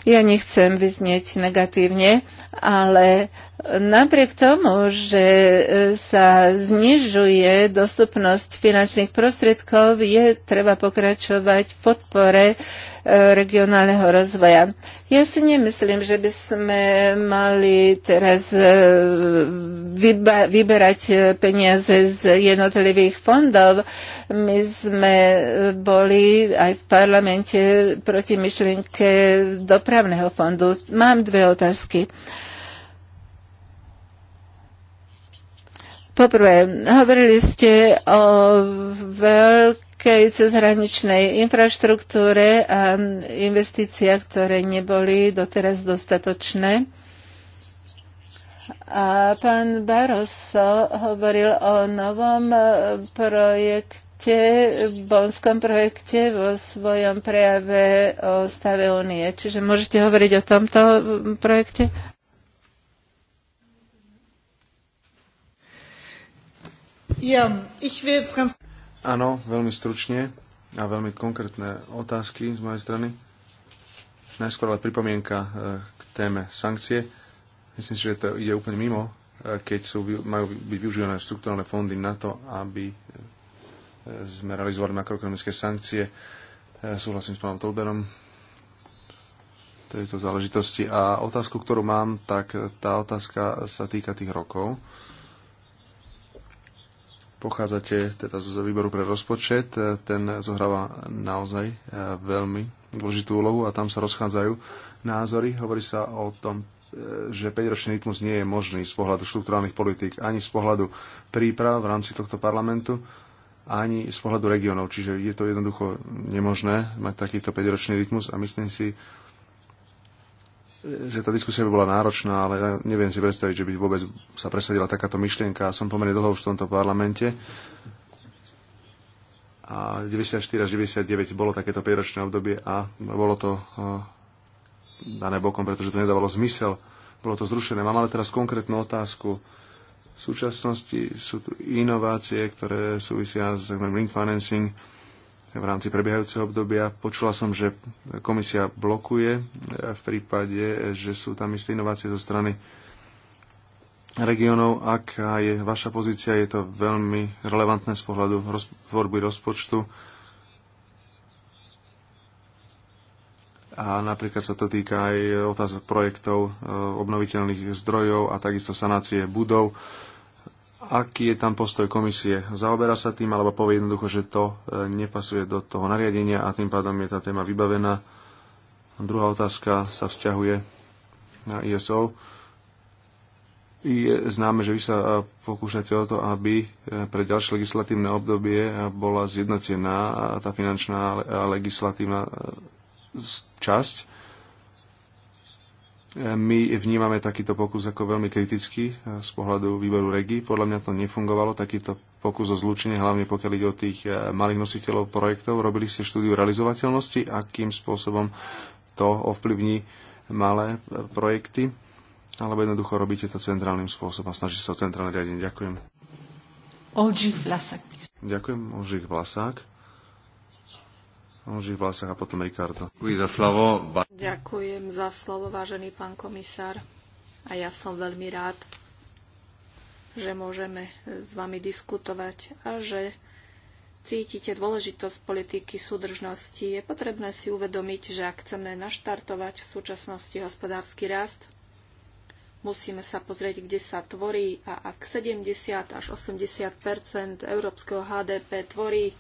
Ja nechcem vyznieť negatívne, ale Napriek tomu, že e, sa znižuje dostupnosť finančných prostriedkov, je treba pokračovať v podpore e, regionálneho rozvoja. Ja si nemyslím, že by sme mali teraz e, vyberať peniaze z jednotlivých fondov. My sme boli aj v parlamente proti myšlienke dopravného fondu. Mám dve otázky. Poprvé, hovorili ste o veľkej cezhraničnej infraštruktúre a investíciách, ktoré neboli doteraz dostatočné. A pán Barroso hovoril o novom projekte, bonskom projekte vo svojom prejave o stave únie. Čiže môžete hovoriť o tomto projekte? Áno, veľmi stručne a veľmi konkrétne otázky z mojej strany. Najskôr ale pripomienka eh, k téme sankcie. Myslím si, že to ide úplne mimo, eh, keď sú, majú byť využívané štruktúrne fondy na to, aby eh, sme realizovali makroekonomické sankcie. Súhlasím s pánom Tolberom tejto záležitosti. A otázku, ktorú mám, tak tá otázka sa týka tých rokov Pochádzate teda z výboru pre rozpočet, ten zohráva naozaj eh, veľmi dôležitú úlohu a tam sa rozchádzajú názory. Hovorí sa o tom, eh, že 5-ročný rytmus nie je možný z pohľadu štruktúrálnych politík, ani z pohľadu príprav v rámci tohto parlamentu, ani z pohľadu regiónov. Čiže je to jednoducho nemožné mať takýto 5-ročný rytmus a myslím si, že tá diskusia by bola náročná, ale ja neviem si predstaviť, že by vôbec sa presadila takáto myšlienka. Som pomerne dlho už v tomto parlamente. A 94 až 99 bolo takéto 5-ročné obdobie a bolo to eh, dané bokom, pretože to nedávalo zmysel. Bolo to zrušené. Mám ale teraz konkrétnu otázku. V súčasnosti sú tu inovácie, ktoré súvisia s ring financing, v rámci prebiehajúceho obdobia. Počula som, že komisia blokuje e, v prípade, e, že sú tam isté inovácie zo strany regionov. Aká je vaša pozícia? Je to veľmi relevantné z pohľadu roz- tvorby rozpočtu. A napríklad sa to týka aj otázok projektov e, obnoviteľných zdrojov a takisto sanácie budov aký je tam postoj komisie. Zaoberá sa tým, alebo povie jednoducho, že to e, nepasuje do toho nariadenia a tým pádom je tá téma vybavená. Druhá otázka sa vzťahuje na ISO. Je známe, že vy sa e, pokúšate o to, aby e, pre ďalšie legislatívne obdobie bola zjednotená tá finančná a legislatívna časť my vnímame takýto pokus ako veľmi kritický eh, z pohľadu výboru REGI. Podľa mňa to nefungovalo, takýto pokus o zlúčenie, hlavne pokiaľ ide o tých eh, malých nositeľov projektov. Robili ste štúdiu realizovateľnosti, akým spôsobom to ovplyvní malé eh, projekty, alebo jednoducho robíte to centrálnym spôsobom a snažíte sa o centrálne riadenie. Ďakujem. Olžich Vlasák. Ďakujem, Olžich Vlasák. Ožich a potom Ricardo. Ďakujem za slovo. Ďakujem za slovo, vážený pán komisár. A ja som veľmi rád, že môžeme s vami diskutovať a že cítite dôležitosť politiky súdržnosti. Je potrebné si uvedomiť, že ak chceme naštartovať v súčasnosti hospodársky rast, musíme sa pozrieť, kde sa tvorí a ak 70 až 80 európskeho HDP tvorí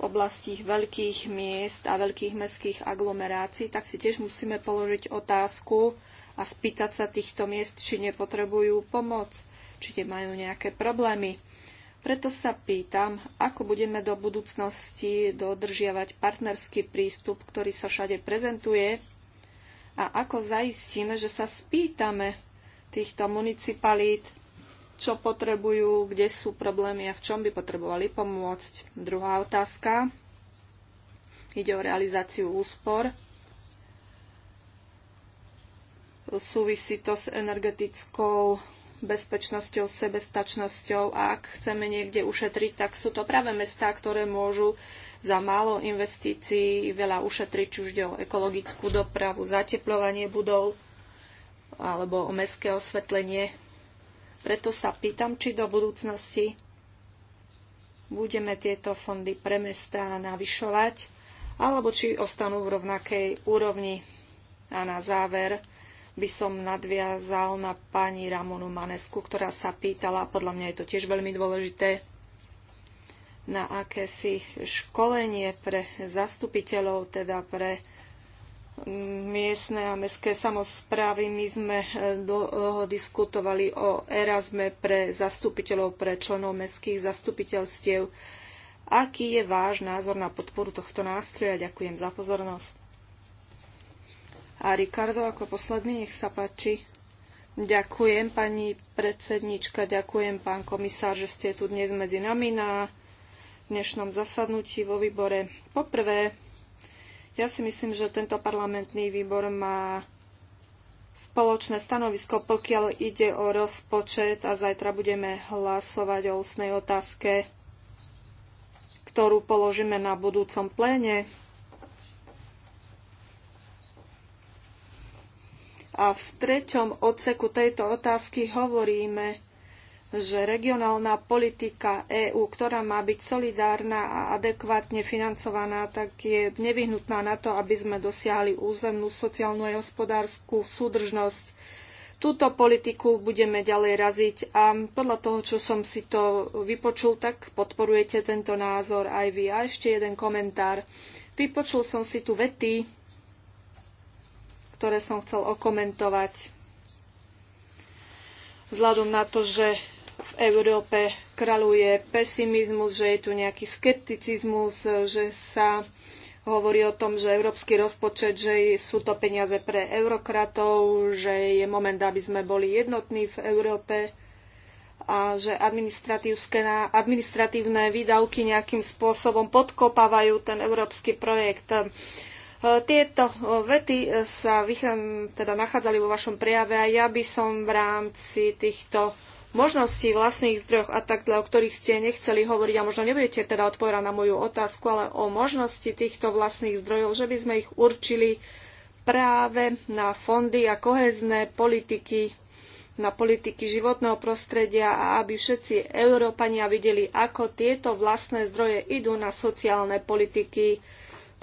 oblastí veľkých miest a veľkých mestských aglomerácií, tak si tiež musíme položiť otázku a spýtať sa týchto miest, či nepotrebujú pomoc, či nemajú nejaké problémy. Preto sa pýtam, ako budeme do budúcnosti dodržiavať partnerský prístup, ktorý sa všade prezentuje a ako zaistíme, že sa spýtame týchto municipalít, čo potrebujú, kde sú problémy a v čom by potrebovali pomôcť. Druhá otázka. Ide o realizáciu úspor. Súvisí to s energetickou bezpečnosťou, sebestačnosťou a ak chceme niekde ušetriť, tak sú to práve mestá, ktoré môžu za málo investícií veľa ušetriť, či už ide o ekologickú dopravu, zateplovanie budov alebo o mestské osvetlenie preto sa pýtam, či do budúcnosti budeme tieto fondy pre mesta navyšovať, alebo či ostanú v rovnakej úrovni. A na záver by som nadviazal na pani Ramonu Manesku, ktorá sa pýtala, podľa mňa je to tiež veľmi dôležité, na akési školenie pre zastupiteľov, teda pre miestne a mestské samozprávy. My sme e, dlho diskutovali o Erasme pre zastupiteľov, pre členov mestských zastupiteľstiev. Aký je váš názor na podporu tohto nástroja? Ďakujem za pozornosť. A Ricardo ako posledný, nech sa páči. Ďakujem, pani predsednička, ďakujem, pán komisár, že ste tu dnes medzi nami na dnešnom zasadnutí vo výbore. Poprvé, ja si myslím, že tento parlamentný výbor má spoločné stanovisko, pokiaľ ide o rozpočet a zajtra budeme hlasovať o ústnej otázke, ktorú položíme na budúcom pléne. A v treťom odseku tejto otázky hovoríme, že regionálna politika EÚ, ktorá má byť solidárna a adekvátne financovaná, tak je nevyhnutná na to, aby sme dosiahli územnú, sociálnu a hospodárskú súdržnosť. Túto politiku budeme ďalej raziť a podľa toho, čo som si to vypočul, tak podporujete tento názor aj vy. A ešte jeden komentár. Vypočul som si tu vety, ktoré som chcel okomentovať vzhľadom na to, že v Európe kraluje pesimizmus, že je tu nejaký skepticizmus, že sa hovorí o tom, že európsky rozpočet, že sú to peniaze pre eurokratov, že je moment, aby sme boli jednotní v Európe a že administratívne výdavky nejakým spôsobom podkopávajú ten európsky projekt. E, tieto e, vety e, sa teda nachádzali vo vašom prejave a ja by som v rámci týchto možností vlastných zdrojov a tak, o ktorých ste nechceli hovoriť a možno nebudete teda odpovedať na moju otázku, ale o možnosti týchto vlastných zdrojov, že by sme ich určili práve na fondy a kohezné politiky, na politiky životného prostredia a aby všetci Európania videli, ako tieto vlastné zdroje idú na sociálne politiky,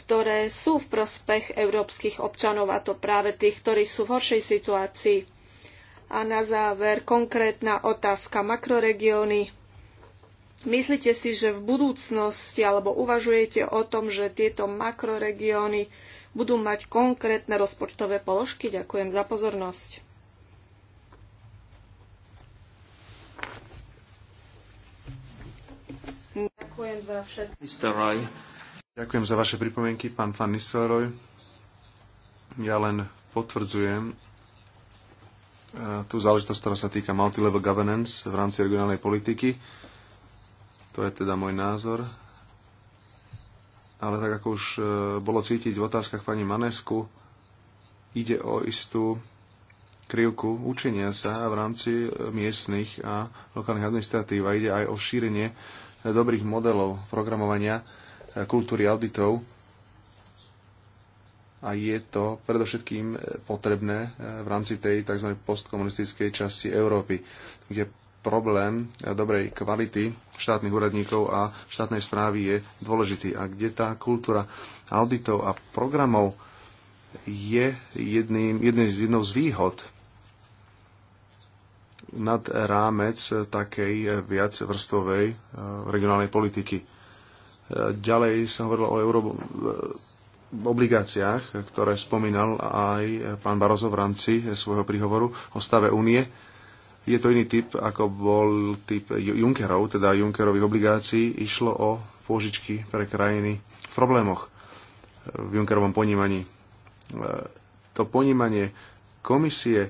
ktoré sú v prospech európskych občanov a to práve tých, ktorí sú v horšej situácii. A na záver konkrétna otázka makroregióny. Myslíte si, že v budúcnosti alebo uvažujete o tom, že tieto makroregióny budú mať konkrétne rozpočtové položky? Ďakujem za pozornosť. Ďakujem za všetky. Ďakujem za vaše pripomienky, pán Fan Nistelrooy. Ja len potvrdzujem, tú záležitosť, ktorá sa týka multilevel governance v rámci regionálnej politiky. To je teda môj názor. Ale tak ako už e, bolo cítiť v otázkach pani Manesku, ide o istú krivku učenia sa v rámci e, miestnych a lokálnych administratív a ide aj o šírenie dobrých modelov programovania e, kultúry auditov a je to predovšetkým e, potrebné e, v rámci tej tzv. postkomunistickej časti Európy, kde problém e, dobrej kvality štátnych úradníkov a štátnej správy je dôležitý a kde tá kultúra auditov a programov je jedným, jedným z jednou z výhod nad rámec takej viacvrstovej regionálnej politiky. Ďalej sa hovorilo o euro, obligáciách, ktoré spomínal aj pán Barozo v rámci svojho príhovoru o stave únie. Je to iný typ, ako bol typ Junckerov, teda Junckerových obligácií. Išlo o pôžičky pre krajiny v problémoch v Junckerovom ponímaní. To ponímanie komisie e,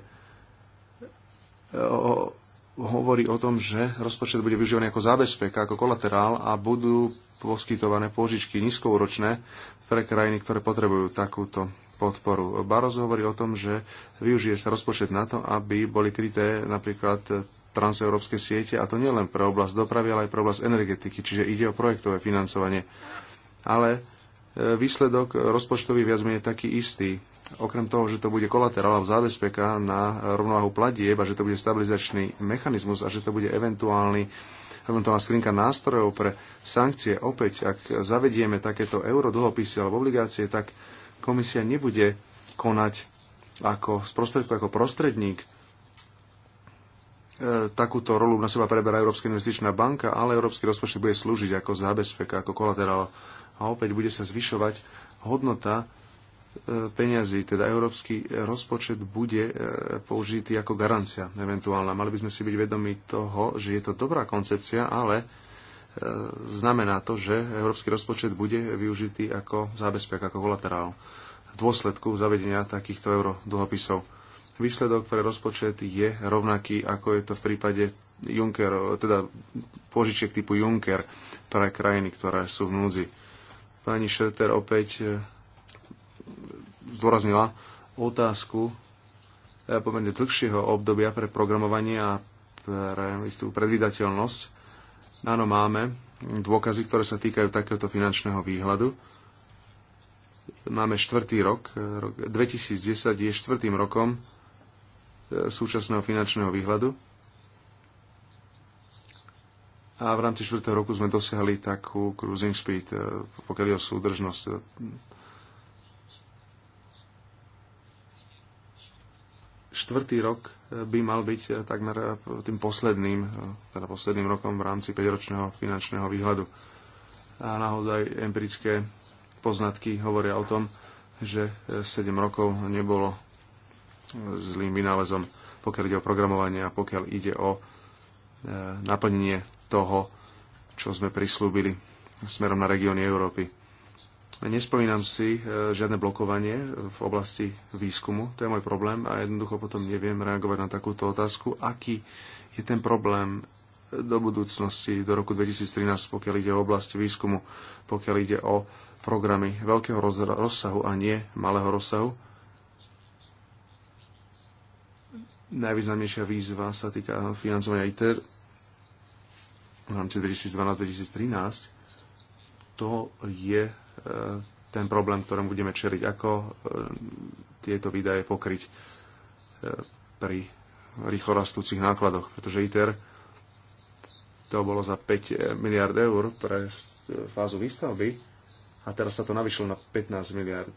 hovorí o tom, že rozpočet bude využívaný ako zábezpeka, ako kolaterál a budú poskytované pôžičky nízkouročné pre krajiny, ktoré potrebujú takúto podporu. Baroz hovorí o tom, že využije sa rozpočet na to, aby boli kryté napríklad transeurópske siete, a to nielen pre oblasť dopravy, ale aj pre oblasť energetiky, čiže ide o projektové financovanie. Ale e, výsledok rozpočtový viac menej taký istý. Okrem toho, že to bude kolaterálna zábezpeka na rovnováhu platieb a že to bude stabilizačný mechanizmus a že to bude eventuálny rovnotová skrinka nástrojov pre sankcie. Opäť, ak zavedieme takéto euro dlhopisy alebo obligácie, tak komisia nebude konať ako, ako prostredník. E, takúto rolu na seba preberá Európska investičná banka, ale Európsky rozpočet bude slúžiť ako zábezpeka, ako kolaterál. A opäť bude sa zvyšovať hodnota peňazí, teda európsky rozpočet bude e, použitý ako garancia eventuálna. Mali by sme si byť vedomi toho, že je to dobrá koncepcia, ale e, znamená to, že európsky rozpočet bude využitý ako zábezpek, ako kolaterál v dôsledku zavedenia takýchto eurodlhopisov. Výsledok pre rozpočet je rovnaký, ako je to v prípade Juncker, e, teda požičiek typu Juncker pre krajiny, ktoré sú v núdzi. Pani Šreter opäť zdôraznila otázku e, pomerne dlhšieho obdobia pre programovanie a pre istú predvydateľnosť. Áno, máme dôkazy, ktoré sa týkajú takéhoto finančného výhľadu. Máme štvrtý rok. E, rok 2010 je štvrtým rokom e, súčasného finančného výhľadu. A v rámci čtvrtého roku sme dosiahli takú cruising speed, pokiaľ je o súdržnosť štvrtý rok eh, by mal byť eh, takmer eh, tým posledným, teda posledným rokom v rámci 5-ročného finančného výhľadu. A naozaj empirické poznatky hovoria o tom, že 7 rokov nebolo zlým vynálezom, pokiaľ ide o programovanie a pokiaľ ide o naplnenie toho, čo sme prislúbili smerom na regióny Európy. Nespomínam si e, žiadne blokovanie v oblasti výskumu, to je môj problém a jednoducho potom neviem reagovať na takúto otázku, aký je ten problém do budúcnosti, do roku 2013, pokiaľ ide o oblasti výskumu, pokiaľ ide o programy veľkého rozsahu a nie malého rozsahu. Najvýznamnejšia výzva sa týka financovania ITER v rámci 2012-2013. To je E, ten problém, ktorom budeme čeliť, ako e, tieto výdaje pokryť e, pri rýchlo rastúcich nákladoch, pretože ITER to bolo za 5 miliard eur pre fázu výstavby a teraz sa to navýšilo na 15 miliard.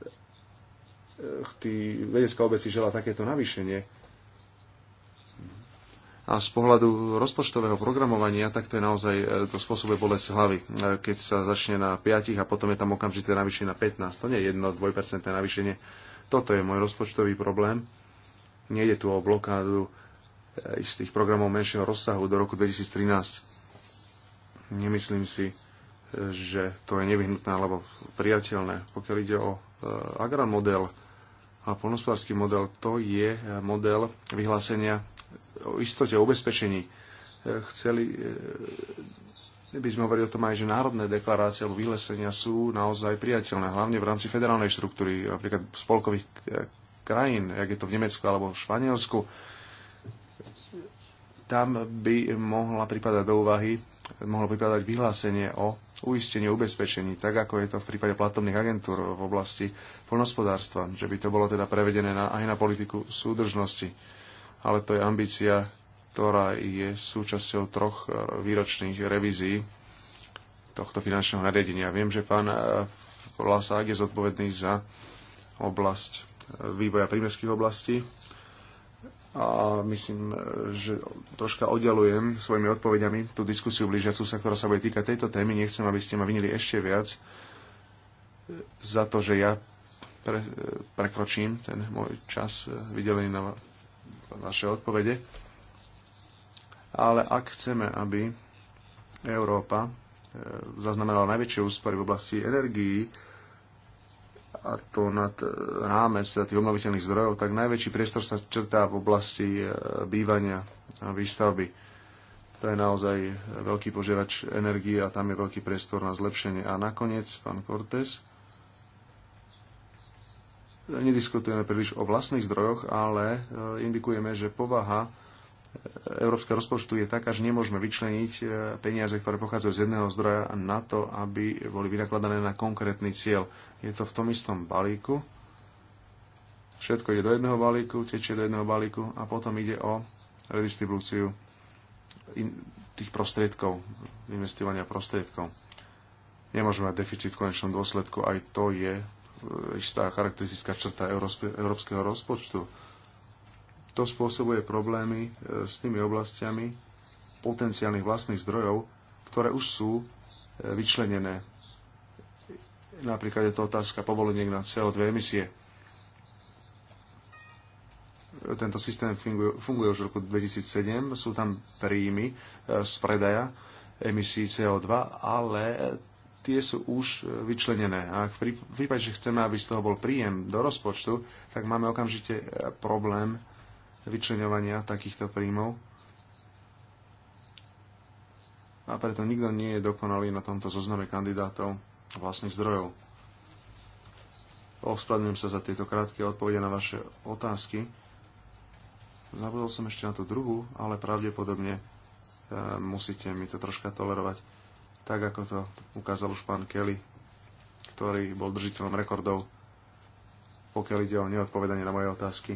vedecká obec si žela takéto navýšenie a z pohľadu rozpočtového programovania, tak to je naozaj, e, to spôsobuje bolesť hlavy, e, keď sa začne na 5 a potom je tam okamžité navýšenie na 15. To nie je 1-2% navýšenie. Toto je môj rozpočtový problém. Nejde tu o blokádu e, istých programov menšieho rozsahu do roku 2013. Nemyslím si, že to je nevyhnutné alebo priateľné. Pokiaľ ide o agrán model a polnospodársky model, to je model vyhlásenia o istote, o ubezpečení. E, chceli e, by sme hovorili o tom aj, že národné deklarácie alebo vyhlesenia sú naozaj priateľné, hlavne v rámci federálnej štruktúry, napríklad spolkových e, krajín, jak je to v Nemecku alebo v Španielsku. Tam by mohla pripadať do úvahy, mohlo pripadať vyhlásenie o uistení, ubezpečení, tak ako je to v prípade platobných agentúr v oblasti poľnohospodárstva, že by to bolo teda prevedené na, aj na politiku súdržnosti ale to je ambícia, ktorá je súčasťou troch eh, výročných revízií tohto finančného nariadenia. Viem, že pán eh, Vlasák je zodpovedný za oblasť eh, vývoja prímeských oblastí a myslím, že troška oddelujem svojimi odpovediami tú diskusiu blížiacu sa, ktorá sa bude týkať tejto témy. Nechcem, aby ste ma vinili ešte viac za to, že ja pre, prekročím ten môj čas vydelený na naše odpovede. Ale ak chceme, aby Európa e, zaznamenala najväčšie úspory v oblasti energií, a to nad e, rámec teda tých obnoviteľných zdrojov, tak najväčší priestor sa črtá v oblasti e, bývania a výstavby to je naozaj veľký požerač energie a tam je veľký priestor na zlepšenie. A nakoniec, pán Cortés nediskutujeme príliš o vlastných zdrojoch, ale e, indikujeme, že povaha e, európskeho rozpočtu je taká, že nemôžeme vyčleniť e, peniaze, ktoré pochádzajú z jedného zdroja na to, aby boli vynakladané na konkrétny cieľ. Je to v tom istom balíku. Všetko ide do jedného balíku, tečie do jedného balíku a potom ide o redistribúciu tých prostriedkov, investovania prostriedkov. Nemôžeme mať deficit v konečnom dôsledku, aj to je istá charakteristická črta európskeho rozpočtu. To spôsobuje problémy e, s tými oblastiami potenciálnych vlastných zdrojov, ktoré už sú e, vyčlenené. Napríklad je to otázka povoleniek na CO2 emisie tento systém funguje, funguje už v roku 2007, sú tam príjmy e, z predaja emisí CO2, ale tie sú už e, vyčlenené. A v prípade, že chceme, aby z toho bol príjem do rozpočtu, tak máme okamžite e, problém vyčlenovania takýchto príjmov. A preto nikto nie je dokonalý na tomto zozname kandidátov vlastných zdrojov. Ospravedlňujem sa za tieto krátke odpovede na vaše otázky. Zabudol som ešte na tú druhú, ale pravdepodobne e, musíte mi to troška tolerovať tak ako to ukázal už pán Kelly, ktorý bol držiteľom rekordov, pokiaľ ide o neodpovedanie na moje otázky.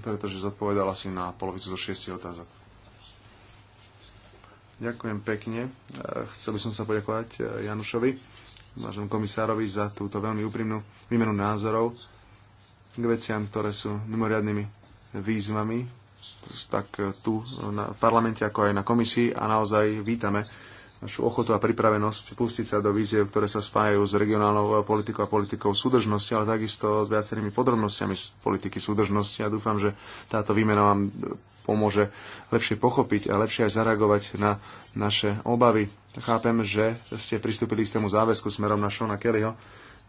Pretože zodpovedal asi na polovicu zo šiestich otázok. Ďakujem pekne. Chcel by som sa poďakovať eh, Janušovi, vášom komisárovi, za túto veľmi úprimnú výmenu názorov k veciam, ktoré sú mimoriadnými výzvami tak tu na parlamente, ako aj na komisii a naozaj vítame našu ochotu a pripravenosť pustiť sa do vízie, ktoré sa spájajú s regionálnou politikou a politikou súdržnosti, ale takisto s viacerými podrobnostiami z politiky súdržnosti. A ja dúfam, že táto výmena vám pomôže lepšie pochopiť a lepšie aj zareagovať na naše obavy. Chápem, že ste pristúpili k tému záväzku smerom na Šona Kellyho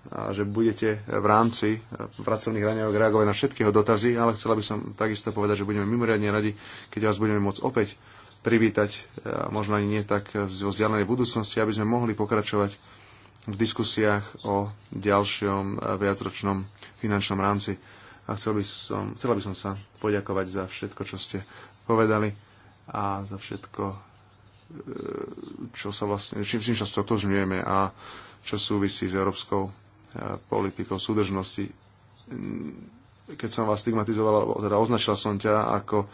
a že budete v rámci e, pracovných raňajok reagovať na všetkého dotazy, ale chcela by som takisto povedať, že budeme mimoriadne radi, keď vás budeme môcť opäť privítať, e, možno ani nie tak zo vzdialenej budúcnosti, aby sme mohli pokračovať v diskusiách o ďalšom e, viacročnom finančnom rámci. A chcel by som, chcela by som sa poďakovať za všetko, čo ste povedali a za všetko, čo sa vlastne, čím, čím sa stotožňujeme a čo súvisí s európskou politikou súdržnosti. Keď som vás stigmatizoval, teda označil som ťa ako e,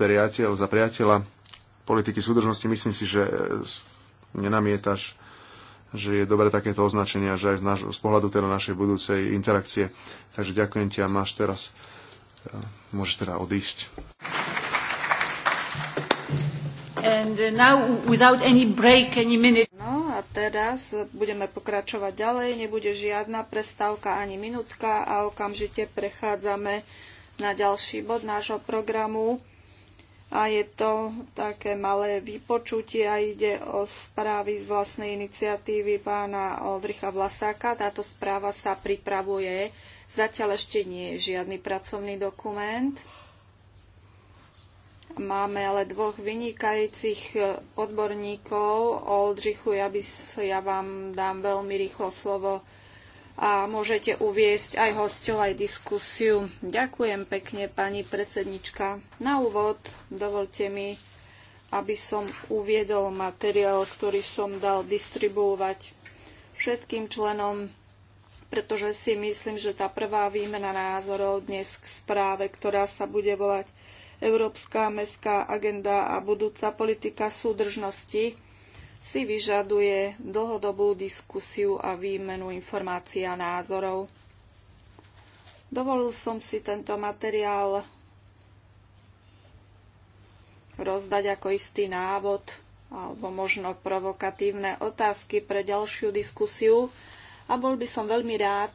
priateľ, za priateľa politiky súdržnosti, myslím si, že nenamietaš, že je dobré takéto označenia, že aj z, z pohľadu teda našej budúcej interakcie. Takže ďakujem ti a máš teraz, e, môžeš teda odísť. And uh, now, without any break, any minute. No a teraz budeme pokračovať ďalej, nebude žiadna prestávka ani minútka a okamžite prechádzame na ďalší bod nášho programu. A je to také malé vypočutie a ide o správy z vlastnej iniciatívy pána Oldricha Vlasáka. Táto správa sa pripravuje. Zatiaľ ešte nie je žiadny pracovný dokument. Máme ale dvoch vynikajúcich e, odborníkov. O Oldřichu, ja, by, ja vám dám veľmi rýchlo slovo a môžete uviesť aj hosťov, aj diskusiu. Ďakujem pekne, pani predsednička. Na úvod dovolte mi, aby som uviedol materiál, ktorý som dal distribuovať všetkým členom, pretože si myslím, že tá prvá výmena názorov dnes k správe, ktorá sa bude volať Európska mestská agenda a budúca politika súdržnosti si vyžaduje dlhodobú diskusiu a výmenu informácií a názorov. Dovolil som si tento materiál rozdať ako istý návod alebo možno provokatívne otázky pre ďalšiu diskusiu a bol by som veľmi rád,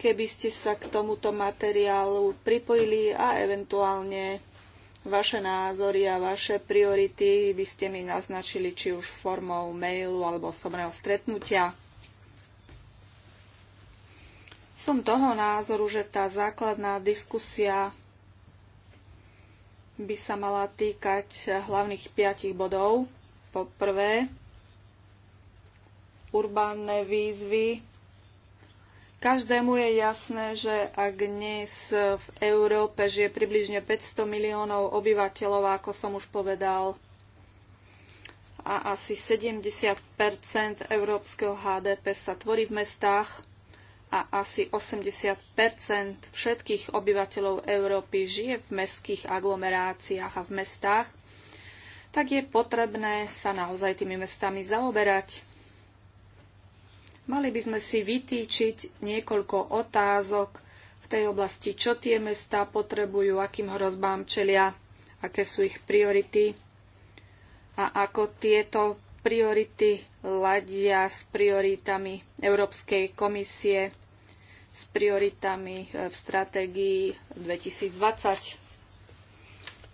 keby ste sa k tomuto materiálu pripojili a eventuálne vaše názory a vaše priority by ste mi naznačili či už formou mailu alebo osobného stretnutia. Som toho názoru, že tá základná diskusia by sa mala týkať hlavných piatich bodov. Po prvé, urbánne výzvy Každému je jasné, že ak dnes v Európe žije približne 500 miliónov obyvateľov, ako som už povedal, a asi 70 európskeho HDP sa tvorí v mestách a asi 80 všetkých obyvateľov Európy žije v mestských aglomeráciách a v mestách, tak je potrebné sa naozaj tými mestami zaoberať. Mali by sme si vytýčiť niekoľko otázok v tej oblasti, čo tie mestá potrebujú, akým hrozbám čelia, aké sú ich priority a ako tieto priority ladia s prioritami Európskej komisie, s prioritami e, v stratégii 2020.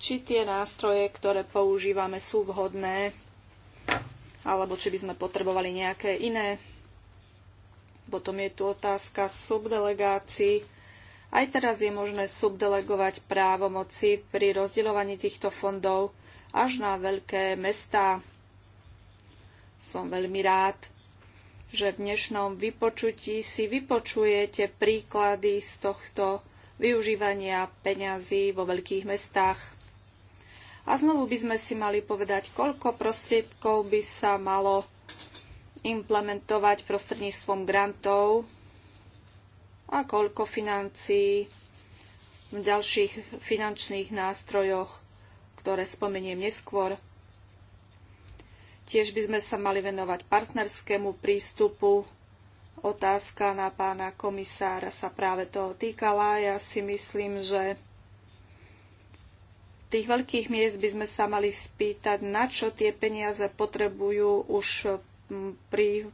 Či tie nástroje, ktoré používame, sú vhodné, alebo či by sme potrebovali nejaké iné. Potom je tu otázka subdelegácií. Aj teraz je možné subdelegovať právomoci pri rozdeľovaní týchto fondov až na veľké mestá. Som veľmi rád, že v dnešnom vypočutí si vypočujete príklady z tohto využívania peňazí vo veľkých mestách. A znovu by sme si mali povedať, koľko prostriedkov by sa malo implementovať prostredníctvom grantov a koľko financií v ďalších finančných nástrojoch, ktoré spomeniem neskôr. Tiež by sme sa mali venovať partnerskému prístupu. Otázka na pána komisára sa práve toho týkala. Ja si myslím, že tých veľkých miest by sme sa mali spýtať, na čo tie peniaze potrebujú už pri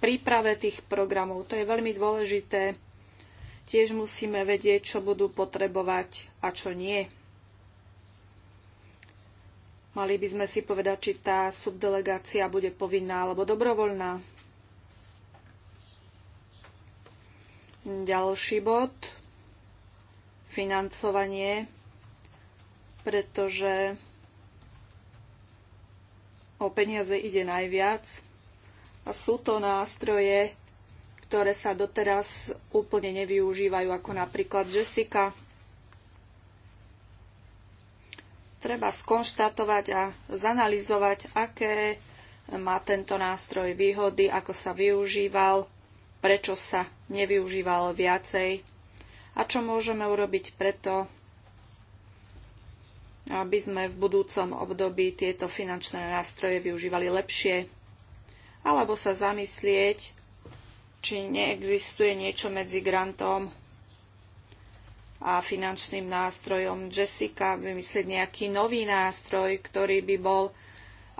príprave tých programov. To je veľmi dôležité. Tiež musíme vedieť, čo budú potrebovať a čo nie. Mali by sme si povedať, či tá subdelegácia bude povinná alebo dobrovoľná. Ďalší bod. Financovanie. Pretože o peniaze ide najviac. A sú to nástroje, ktoré sa doteraz úplne nevyužívajú, ako napríklad Jessica. Treba skonštatovať a zanalizovať, aké má tento nástroj výhody, ako sa využíval, prečo sa nevyužíval viacej a čo môžeme urobiť preto, aby sme v budúcom období tieto finančné nástroje využívali lepšie alebo sa zamyslieť, či neexistuje niečo medzi grantom a finančným nástrojom Jessica vymyslieť nejaký nový nástroj, ktorý by bol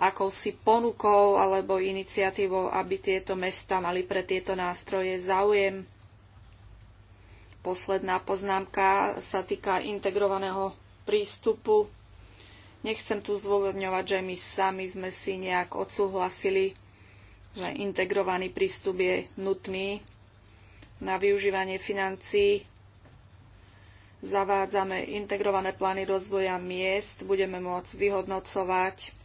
akousi ponukou alebo iniciatívou, aby tieto mesta mali pre tieto nástroje záujem. Posledná poznámka sa týka integrovaného prístupu. Nechcem tu zvôvodňovať, že my sami sme si nejak odsúhlasili že integrovaný prístup je nutný na využívanie financií. Zavádzame integrované plány rozvoja miest, budeme môcť vyhodnocovať,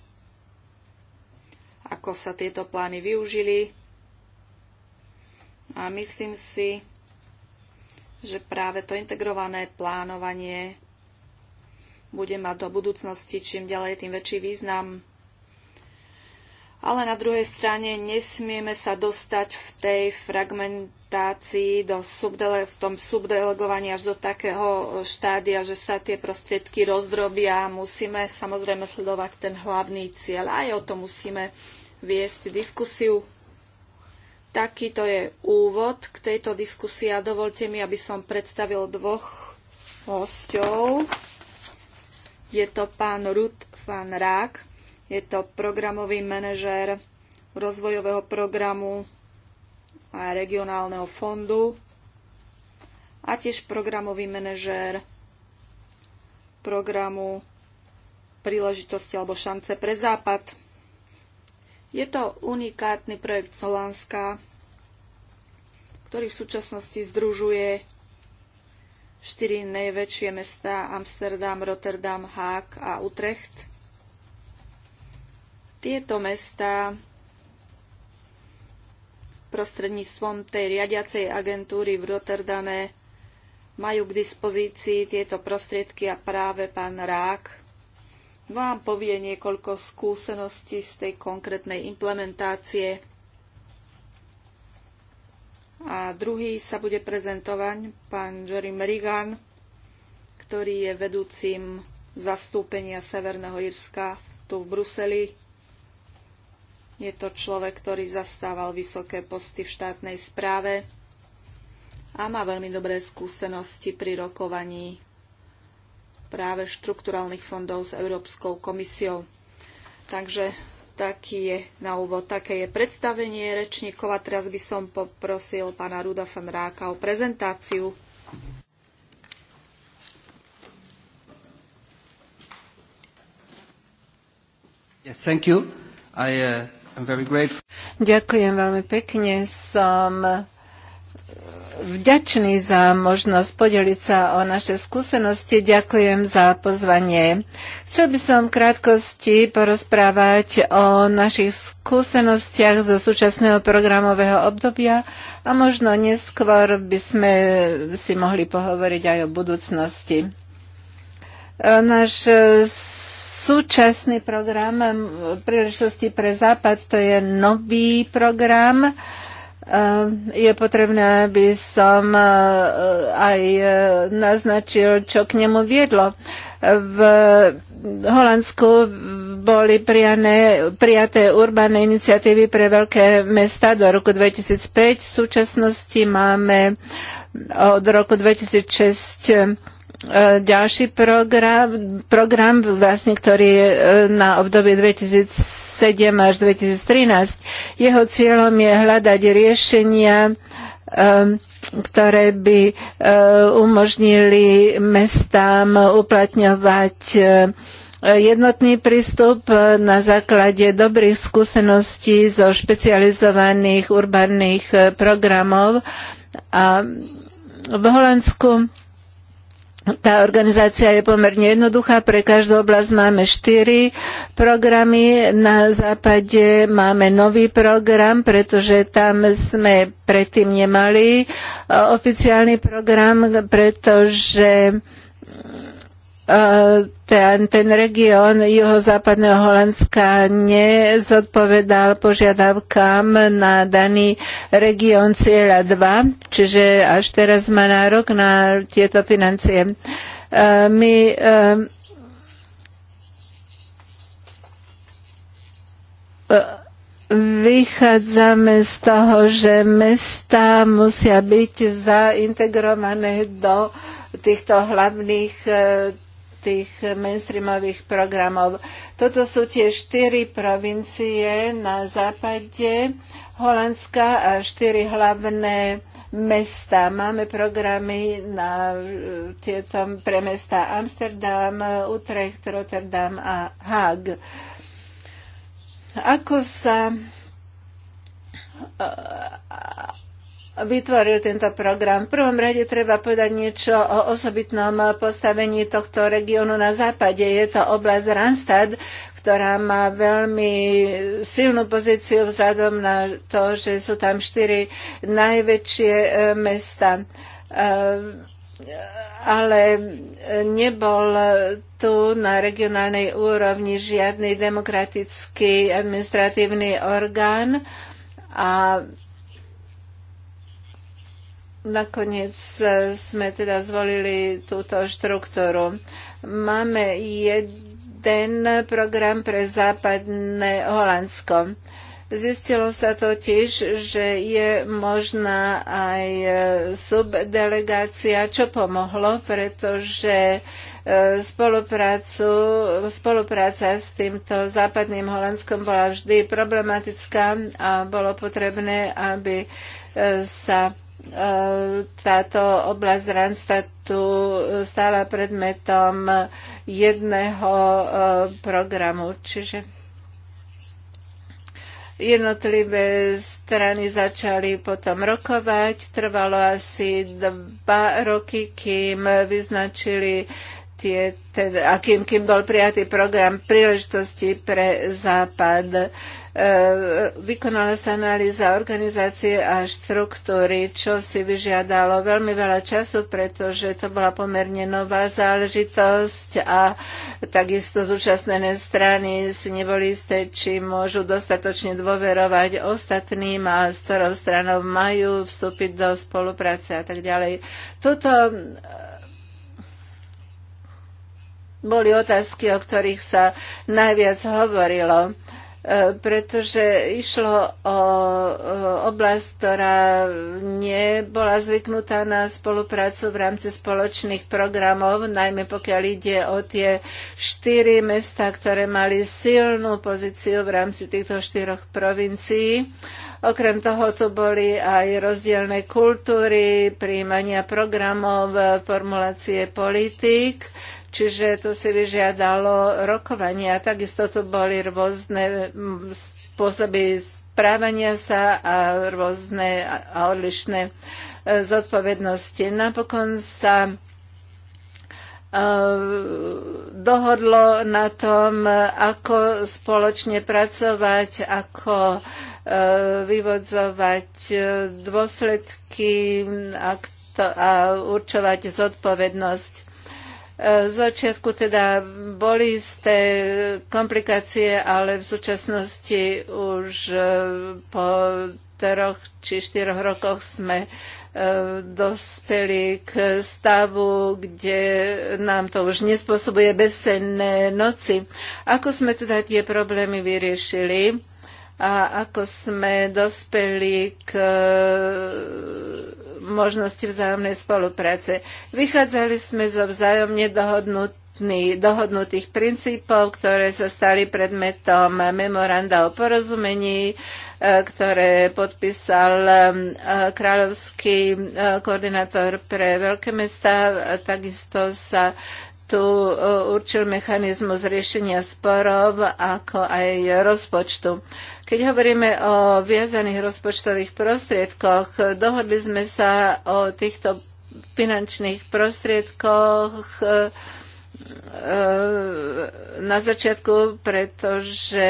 ako sa tieto plány využili. A myslím si, že práve to integrované plánovanie bude mať do budúcnosti čím ďalej tým väčší význam ale na druhej strane nesmieme sa dostať v tej fragmentácii do subdele, v tom subdelegovaní až do takého štádia, že sa tie prostriedky rozdrobia. Musíme samozrejme sledovať ten hlavný cieľ. Aj o tom musíme viesť diskusiu. Takýto je úvod k tejto diskusii a dovolte mi, aby som predstavil dvoch hostov. Je to pán Rud van Rák, je to programový manažér rozvojového programu a regionálneho fondu a tiež programový manažér programu príležitosti alebo šance pre západ. Je to unikátny projekt z Holandska, ktorý v súčasnosti združuje štyri najväčšie mesta Amsterdam, Rotterdam, Haag a Utrecht. Tieto mesta prostredníctvom tej riadiacej agentúry v Rotterdame majú k dispozícii tieto prostriedky a práve pán Rák vám povie niekoľko skúseností z tej konkrétnej implementácie. A druhý sa bude prezentovať pán Jerry Merigan, ktorý je vedúcim zastúpenia Severného Írska tu v Bruseli je to človek, ktorý zastával vysoké posty v štátnej správe a má veľmi dobré skúsenosti pri rokovaní práve štrukturálnych fondov s Európskou komisiou. Takže taký je na úvod, také je predstavenie rečníkov a teraz by som poprosil pána Ruda van Ráka o prezentáciu. Yes, thank you. I, uh... Ďakujem veľmi pekne. Som vďačný za možnosť podeliť sa o naše skúsenosti. Ďakujem za pozvanie. Chcel by som v krátkosti porozprávať o našich skúsenostiach zo súčasného programového obdobia a možno neskôr by sme si mohli pohovoriť aj o budúcnosti. Náš Súčasný program príležitosti pre Západ to je nový program. E, je potrebné, aby som e, aj e, naznačil, čo k nemu viedlo. V Holandsku boli prijané, prijaté urbané iniciatívy pre veľké mesta do roku 2005. V súčasnosti máme od roku 2006 E, ďalší program, program vlastne, ktorý je e, na obdobie 2007 až 2013. Jeho cieľom je hľadať riešenia e, ktoré by umožnili mestám uplatňovať jednotný prístup na základe dobrých skúseností zo špecializovaných urbanných programov. A v Holandsku tá organizácia je pomerne jednoduchá. Pre každú oblasť máme štyri programy. Na západe máme nový program, pretože tam sme predtým nemali e, oficiálny program, pretože E, ten, ten region juhozápadného Holandska nezodpovedal požiadavkám na daný region cieľa 2, čiže až teraz má nárok na tieto financie. E, my e, vychádzame z toho, že mesta musia byť zaintegrované do týchto hlavných tých mainstreamových programov. Toto sú tie štyri provincie na západe Holandska a štyri hlavné mesta. Máme programy na e, tieto pre mesta Amsterdam, Utrecht, Rotterdam a Haag. Ako sa e, vytvoril tento program. V prvom rade treba povedať niečo o osobitnom postavení tohto regiónu na západe. Je to oblasť Randstad, ktorá má veľmi silnú pozíciu vzhľadom na to, že sú tam štyri najväčšie e, mesta. E, ale nebol tu na regionálnej úrovni žiadny demokratický administratívny orgán a Nakoniec e, sme teda zvolili túto štruktúru. Máme jeden program pre západné Holandsko. Zistilo sa totiž, že je možná aj e, subdelegácia, čo pomohlo, pretože e, spoluprácu, spolupráca s týmto západným Holandskom bola vždy problematická a bolo potrebné, aby sa E, táto oblasť Randstatu stála predmetom jedného e, programu. Čiže jednotlivé strany začali potom rokovať. Trvalo asi dva roky, kým vyznačili tie, teda, a kým, kým bol prijatý program príležitosti pre Západ, e, vykonala sa analýza organizácie a štruktúry, čo si vyžiadalo veľmi veľa času, pretože to bola pomerne nová záležitosť a takisto zúčastnené strany si neboli isté, či môžu dostatočne dôverovať ostatným a s ktorou stranou majú vstúpiť do spolupráce a tak ďalej. Tuto boli otázky, o ktorých sa najviac hovorilo e, pretože išlo o oblasť, ktorá nebola zvyknutá na spoluprácu v rámci spoločných programov, najmä pokiaľ ide o tie štyri mesta, ktoré mali silnú pozíciu v rámci týchto štyroch provincií. Okrem toho tu boli aj rozdielne kultúry, príjmania programov, formulácie politík, Čiže to si vyžiadalo rokovanie a Takisto tu boli rôzne mm, spôsoby správania sa a rôzne a odlišné e, zodpovednosti. Napokon sa e, dohodlo na tom, ako spoločne pracovať, ako e, vyvodzovať dôsledky a určovať zodpovednosť. E, v začiatku teda boli isté komplikácie, ale v súčasnosti už e, po troch či štyroch rokoch sme e, dospeli k stavu, kde nám to už nespôsobuje bezsenné noci. Ako sme teda tie problémy vyriešili a ako sme dospeli k možnosti vzájomnej spolupráce. Vychádzali sme zo vzájomne dohodnutých dohodnutých princípov, ktoré sa stali predmetom memoranda o porozumení, e, ktoré podpísal e, kráľovský e, koordinátor pre veľké mesta. Takisto sa tu e, určil mechanizmus riešenia sporov, ako aj rozpočtu. Keď hovoríme o viazaných rozpočtových prostriedkoch, dohodli sme sa o týchto finančných prostriedkoch e, e, na začiatku, pretože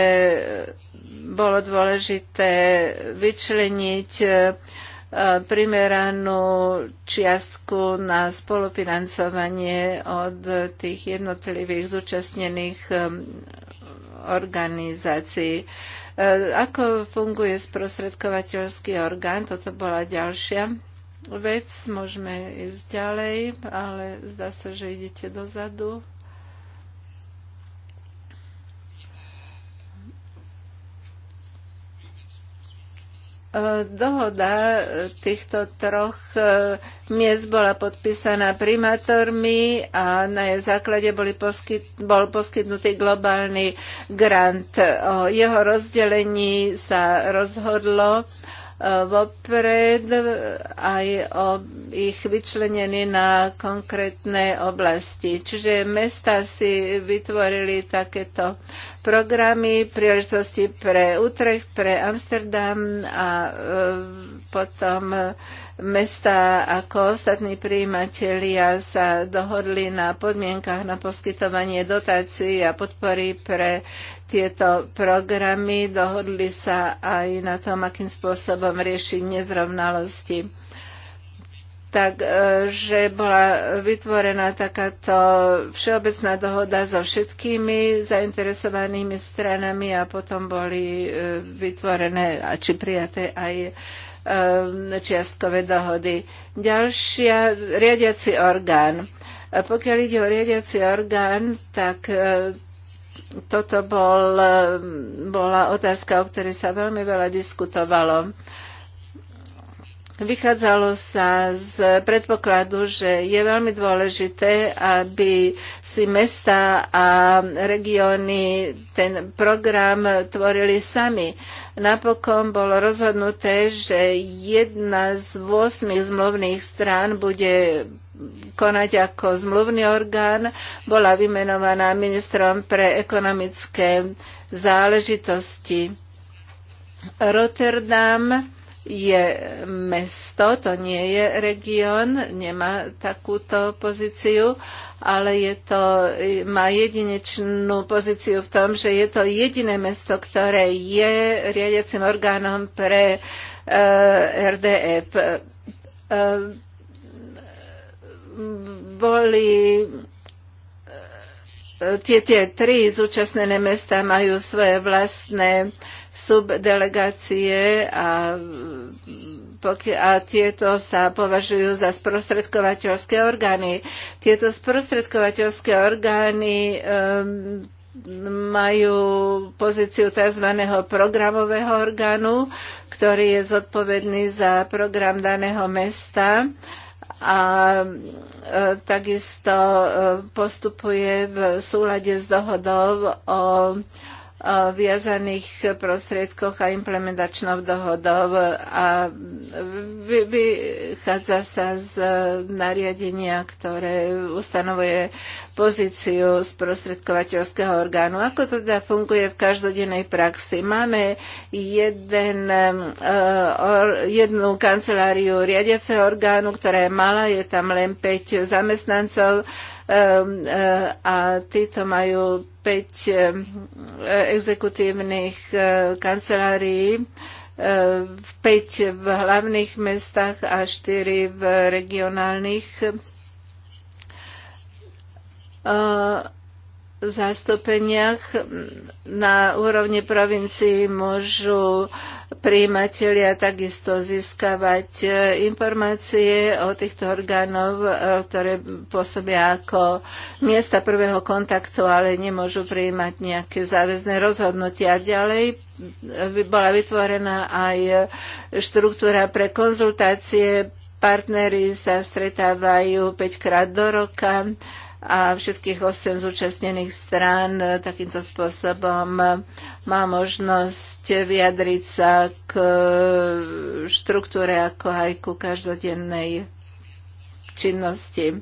bolo dôležité vyčleniť primeranú čiastku na spolufinancovanie od tých jednotlivých zúčastnených um, organizácií. E, ako funguje sprostredkovateľský orgán? Toto bola ďalšia vec. Môžeme ísť ďalej, ale zdá sa, že idete dozadu. Dohoda e, týchto troch e, miest bola podpísaná primátormi a na jej základe boli poskyt, bol poskytnutý globálny grant. E, o jeho rozdelení sa rozhodlo vopred aj o ich vyčlenení na konkrétne oblasti. Čiže mesta si vytvorili takéto programy, príležitosti pre Utrecht, pre Amsterdam a e, potom mesta ako ostatní príjimatelia sa dohodli na podmienkach na poskytovanie dotácií a podpory pre tieto programy. Dohodli sa aj na tom, akým spôsobom riešiť nezrovnalosti tak e, že bola vytvorená takáto všeobecná dohoda so všetkými zainteresovanými stranami a potom boli e, vytvorené a či prijaté aj e, čiastkové dohody. Ďalšia, riadiaci orgán. Pokiaľ ide o riadiaci orgán, tak toto bol, bola otázka, o ktorej sa veľmi veľa diskutovalo. Vychádzalo sa z predpokladu, že je veľmi dôležité, aby si mesta a regióny ten program tvorili sami. Napokon bolo rozhodnuté, že jedna z 8 zmluvných strán bude konať ako zmluvný orgán. Bola vymenovaná ministrom pre ekonomické záležitosti. Rotterdam je mesto, to nie je región, nemá takúto pozíciu, ale je to, má jedinečnú pozíciu v tom, že je to jediné mesto, ktoré je riadiacim orgánom pre uh, eh, RDF. Uh, e eh, boli eh, tie, tie tri zúčastnené mesta majú svoje vlastné uh, subdelegácie a, a tieto sa považujú za sprostredkovateľské orgány. Tieto sprostredkovateľské orgány um, majú pozíciu tzv. programového orgánu, ktorý je zodpovedný za program daného mesta a e, takisto e, postupuje v súlade s dohodou o viazaných prostriedkoch a implementačnou dohodou a vychádza sa z nariadenia, ktoré ustanovuje pozíciu sprostredkovateľského orgánu. Ako to teda funguje v každodennej praxi? Máme jeden, e, jednu kanceláriu riadiaceho orgánu, ktorá je malá, je tam len 5 zamestnancov, Ehm, eh, a títo majú 5 eh, exekutívnych eh, kancelárií, 5 v hlavných mestách a 4 v regionálnych zastúpeniach na úrovni provincií môžu príjimatelia takisto získavať e, informácie o týchto orgánov, e, ktoré pôsobia ako miesta prvého kontaktu, ale nemôžu prijímať nejaké záväzné rozhodnutia. Ďalej e, bola vytvorená aj štruktúra pre konzultácie. Partnery sa stretávajú 5 krát do roka a všetkých 8 zúčastnených strán e, takýmto spôsobom má možnosť vyjadriť sa k e, štruktúre ako aj ku každodennej činnosti.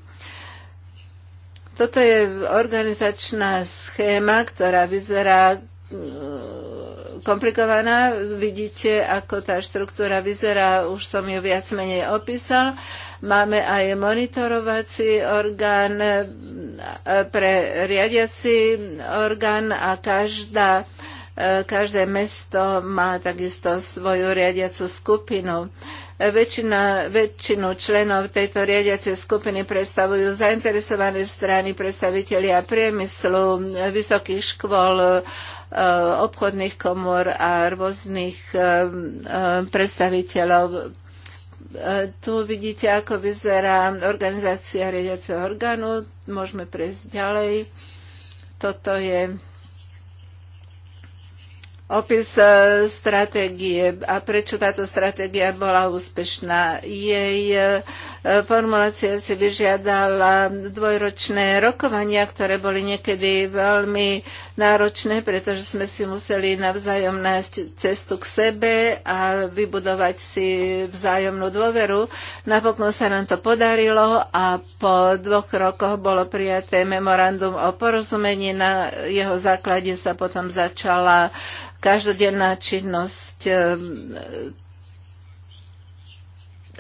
Toto je organizačná schéma, ktorá vyzerá e, komplikovaná. Vidíte, ako tá štruktúra vyzerá, už som ju viac menej opísal. Máme aj monitorovací orgán e, pre riadiaci orgán a každá e, každé mesto má takisto svoju riadiacu skupinu. E, väčšina, väčšinu členov tejto riadiacej skupiny predstavujú zainteresované strany, predstavitelia priemyslu, vysokých škôl, obchodných komor a rôznych predstaviteľov tu vidíte, ako vyzerá organizácia riadiaceho orgánu. Môžeme prejsť ďalej. Toto je opis e, stratégie a prečo táto stratégia bola úspešná. Jej e, Formulácia si vyžiadala dvojročné rokovania, ktoré boli niekedy veľmi náročné, pretože sme si museli navzájom nájsť cestu k sebe a vybudovať si vzájomnú dôveru. Napokon sa nám to podarilo a po dvoch rokoch bolo prijaté memorandum o porozumení. Na jeho základe sa potom začala každodenná činnosť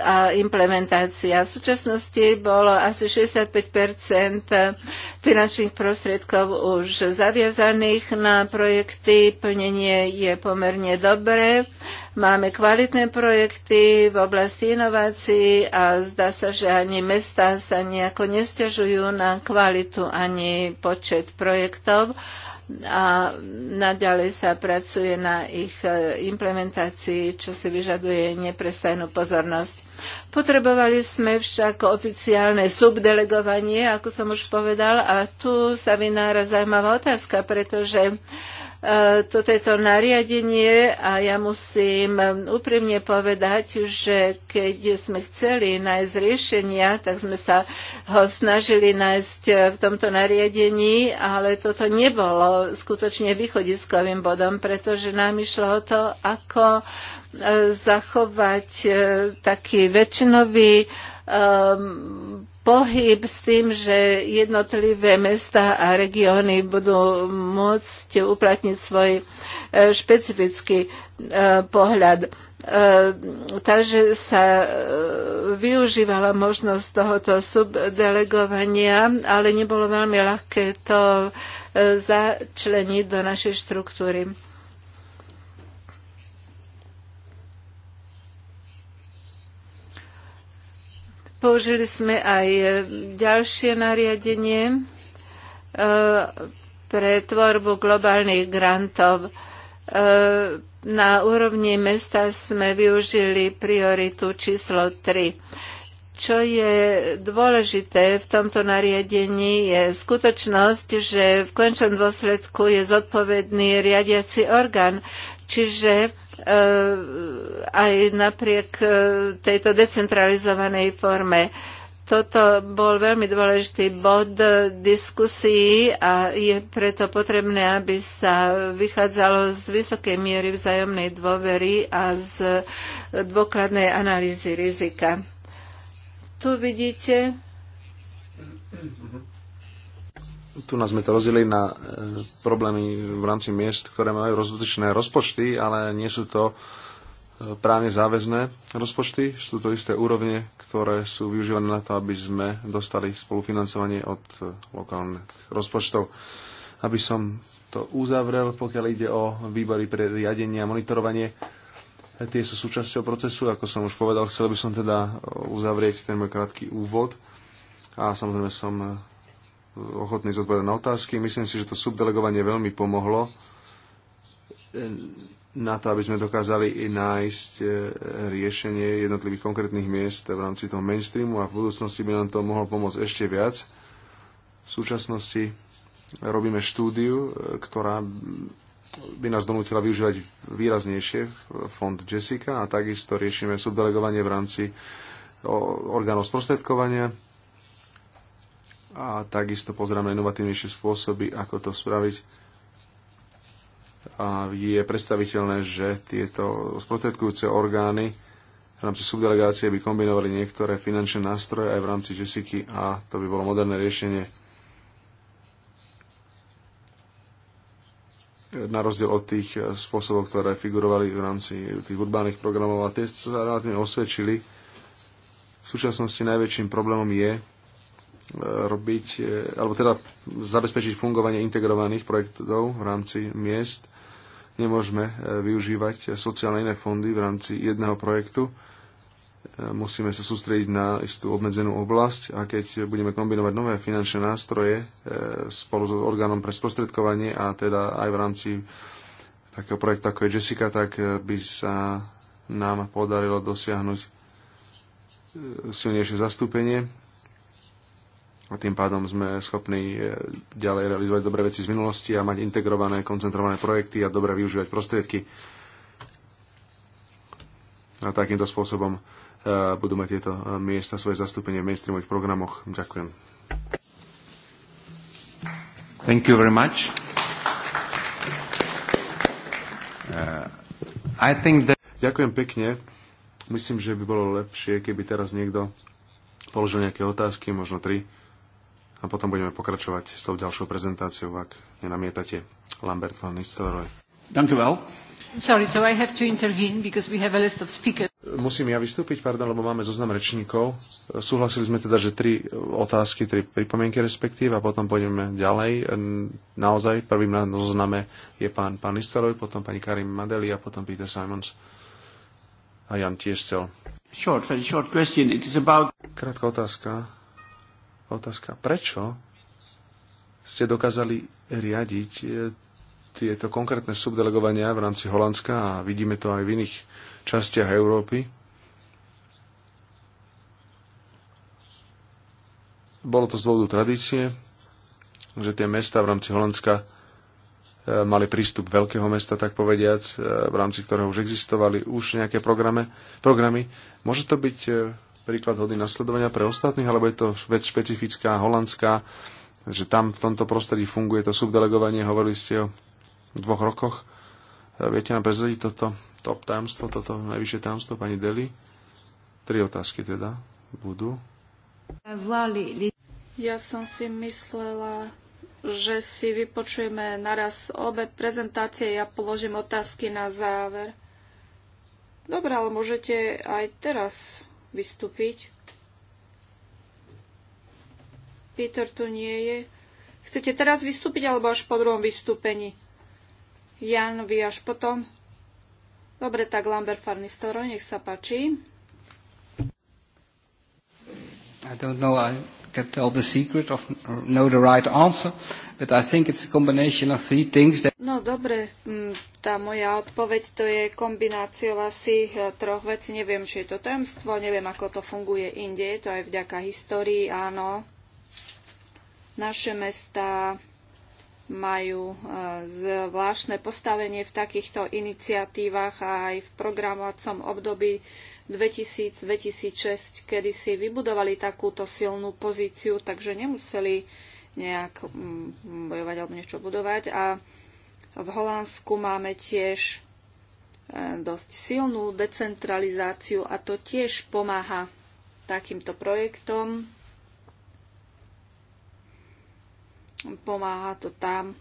a implementácia. V súčasnosti bolo asi 65 finančných prostriedkov už zaviazaných na projekty. Plnenie je pomerne dobré. Máme kvalitné projekty v oblasti inovácií a zdá sa, že ani mesta sa nejako nestiažujú na kvalitu ani počet projektov a naďalej sa pracuje na ich eh, implementácii, čo si vyžaduje neprestajnú pozornosť. Potrebovali sme však oficiálne subdelegovanie, ako som už povedal, a tu sa vynára zaujímavá otázka, pretože uh, toto je to, nariadenie a ja musím úprimne povedať, že keď sme chceli nájsť riešenia, tak sme sa ho snažili nájsť v tomto nariadení, ale toto nebolo skutočne východiskovým bodom, pretože nám išlo o to, ako e, zachovať e, taký väčšinový e, pohyb s tým, že jednotlivé mesta a regióny budú môcť uplatniť svoj e, špecifický e, pohľad. E, takže sa využívala možnosť tohoto subdelegovania, ale nebolo veľmi ľahké to začleniť do našej štruktúry. Použili sme aj ďalšie nariadenie e, pre tvorbu globálnych grantov. E, na úrovni mesta sme využili prioritu číslo 3. Čo je dôležité v tomto nariadení je skutočnosť, že v končnom dôsledku je zodpovedný riadiaci orgán. Čiže e, aj napriek e, tejto decentralizovanej forme toto bol veľmi dôležitý bod diskusii a je preto potrebné, aby sa vychádzalo z vysokej miery vzájomnej dôvery a z dôkladnej analýzy rizika. Tu vidíte tu nás sme to rozdelili na e, problémy v rámci miest, ktoré majú rozličné rozpočty, ale nie sú to e, právne záväzné rozpočty. Sú to isté úrovne, ktoré sú využívané na to, aby sme dostali spolufinancovanie od e, lokálnych rozpočtov. Aby som to uzavrel, pokiaľ ide o výbory pre riadenie a monitorovanie, e, tie sú súčasťou procesu, ako som už povedal, chcel by som teda e, uzavrieť ten môj krátky úvod a samozrejme som e, ochotný zodpovedať na otázky. Myslím si, že to subdelegovanie veľmi pomohlo e, na to, aby sme dokázali nájsť e, riešenie jednotlivých konkrétnych miest v rámci toho mainstreamu a v budúcnosti by nám to mohlo pomôcť ešte viac. V súčasnosti robíme štúdiu, e, ktorá by nás donútila využívať výraznejšie fond Jessica a takisto riešime subdelegovanie v rámci orgánov sprostredkovania a takisto pozerám na inovatívnejšie spôsoby, ako to spraviť. A je predstaviteľné, že tieto sprostredkujúce orgány v rámci subdelegácie by kombinovali niektoré finančné nástroje aj v rámci Jessica a to by bolo moderné riešenie. na rozdiel od tých spôsobov, ktoré figurovali v rámci tých urbánnych programov a tie sa relatívne osvedčili. V súčasnosti najväčším problémom je, robiť, e, alebo teda zabezpečiť fungovanie integrovaných projektov v rámci miest. Nemôžeme e, využívať sociálne iné fondy v rámci jedného projektu. E, musíme sa sústrediť na istú obmedzenú oblasť a keď budeme kombinovať nové finančné nástroje spolu s so orgánom pre sprostredkovanie a teda aj v rámci takého projektu ako je Jessica, tak by sa nám podarilo dosiahnuť silnejšie zastúpenie tým pádom sme schopní e, ďalej realizovať dobré veci z minulosti a mať integrované, koncentrované projekty a dobre využívať prostriedky. A takýmto spôsobom e, budú mať tieto e, miesta svoje zastúpenie v mainstreamových programoch. Ďakujem. Thank you very much. Uh, I think that... Ďakujem pekne. Myslím, že by bolo lepšie, keby teraz niekto položil nejaké otázky, možno tri a potom budeme pokračovať s tou ďalšou prezentáciou, ak nenamietate Lambert von Nistelrooy. Musím ja vystúpiť, pardon, lebo máme zoznam rečníkov. Súhlasili sme teda, že tri otázky, tri pripomienky respektíve a potom pôjdeme ďalej. Naozaj prvým na zozname je pán, pán Nistelrooy, potom pani Karim Madeli a potom Peter Simons a Jan tiež Short, very short question. It is about... Krátka otázka Otázka, prečo ste dokázali riadiť e, tieto konkrétne subdelegovania v rámci Holandska a vidíme to aj v iných častiach Európy? Bolo to z dôvodu tradície, že tie mesta v rámci Holandska e, mali prístup veľkého mesta, tak povediac, e, v rámci ktorého už existovali už nejaké programy. Môže to byť príklad hodiny nasledovania pre ostatných, alebo je to vec špecifická, holandská, že tam v tomto prostredí funguje to subdelegovanie, hovorili ste o dvoch rokoch. E, viete nám prezrediť toto top tajomstvo, toto najvyššie tajomstvo pani Deli? Tri otázky teda budú. Ja som si myslela, že si vypočujeme naraz obe prezentácie, ja položím otázky na záver. Dobre, ale môžete aj teraz vystúpiť? Peter tu nie je. Chcete teraz vystúpiť alebo až po druhom vystúpení? Jan, vy až potom. Dobre, tak Lambert Farnistoro, nech sa páči. I don't know, I can tell the secret of know the right answer, but I think it's a combination of three things that... No dobre, mm, tá moja odpoveď to je kombináciou asi e, troch vecí. Neviem, či je to tajomstvo, neviem, ako to funguje inde, to aj vďaka histórii, áno. Naše mesta majú e, zvláštne postavenie v takýchto iniciatívach a aj v programovacom období 2000-2006 kedy si vybudovali takúto silnú pozíciu, takže nemuseli nejak mm, bojovať alebo niečo budovať. A v Holandsku máme tiež e, dosť silnú decentralizáciu a to tiež pomáha takýmto projektom. Pomáha to tam,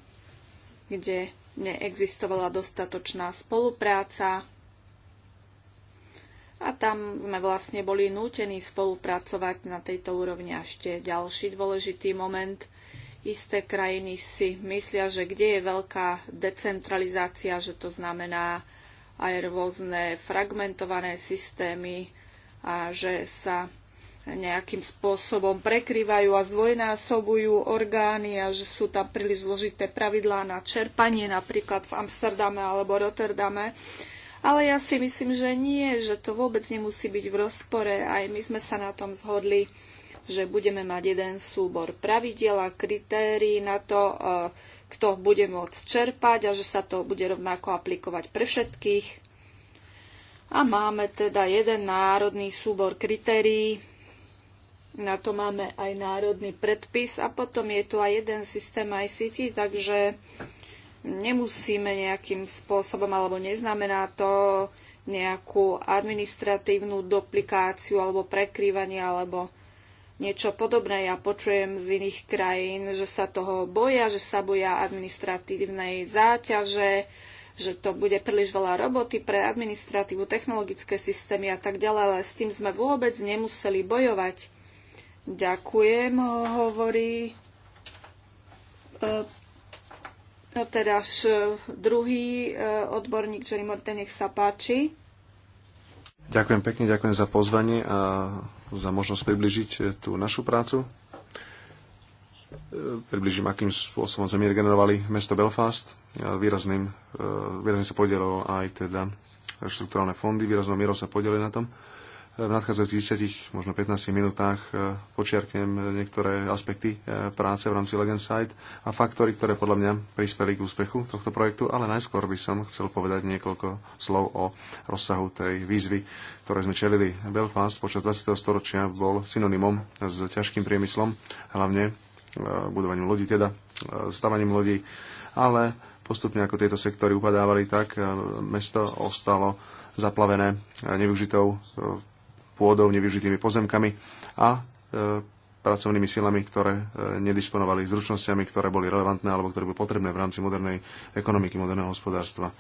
kde neexistovala dostatočná spolupráca a tam sme vlastne boli nútení spolupracovať na tejto úrovni. A ešte ďalší dôležitý moment. Isté krajiny si myslia, že kde je veľká decentralizácia, že to znamená aj rôzne fragmentované systémy a že sa nejakým spôsobom prekrývajú a zdvojnásobujú orgány a že sú tam príliš zložité pravidlá na čerpanie, napríklad v Amsterdame alebo Rotterdame. Ale ja si myslím, že nie, že to vôbec nemusí byť v rozpore. Aj my sme sa na tom zhodli, že budeme mať jeden súbor pravidel a kritérií na to, eh, kto bude môcť čerpať a že sa to bude rovnako aplikovať pre všetkých. A máme teda jeden národný súbor kritérií, na to máme aj národný predpis a potom je tu aj jeden systém ICT, takže nemusíme nejakým spôsobom, alebo neznamená to nejakú administratívnu duplikáciu alebo prekrývanie alebo niečo podobné. Ja počujem z iných krajín, že sa toho boja, že sa boja administratívnej záťaže, že to bude príliš veľa roboty pre administratívu, technologické systémy a tak ďalej, ale s tým sme vôbec nemuseli bojovať. Ďakujem, hovorí e, No teraz e, druhý e, odborník, Jerry Morten, nech sa páči. Ďakujem pekne, ďakujem za pozvanie a za možnosť približiť e, tú našu prácu. Približím, akým spôsobom sme regenerovali mesto Belfast. Výrazným, výrazne sa podielilo aj teda štruktúrálne fondy, výraznou mierou sa podielili na tom v nadchádzajúcich 10, možno 15 minútach e, počiarknem niektoré aspekty e, práce v rámci Legensight a faktory, ktoré podľa mňa prispeli k úspechu tohto projektu, ale najskôr by som chcel povedať niekoľko slov o rozsahu tej výzvy, ktoré sme čelili. Belfast počas 20. storočia bol synonymom s ťažkým priemyslom, hlavne e, budovaním lodí, teda stavaním lodí, ale postupne ako tieto sektory upadávali, tak mesto ostalo zaplavené nevyužitou pôdou, nevyužitými pozemkami a e, pracovnými silami, ktoré e, nedisponovali zručnosťami, ktoré boli relevantné alebo ktoré boli potrebné v rámci modernej ekonomiky, moderného hospodárstva.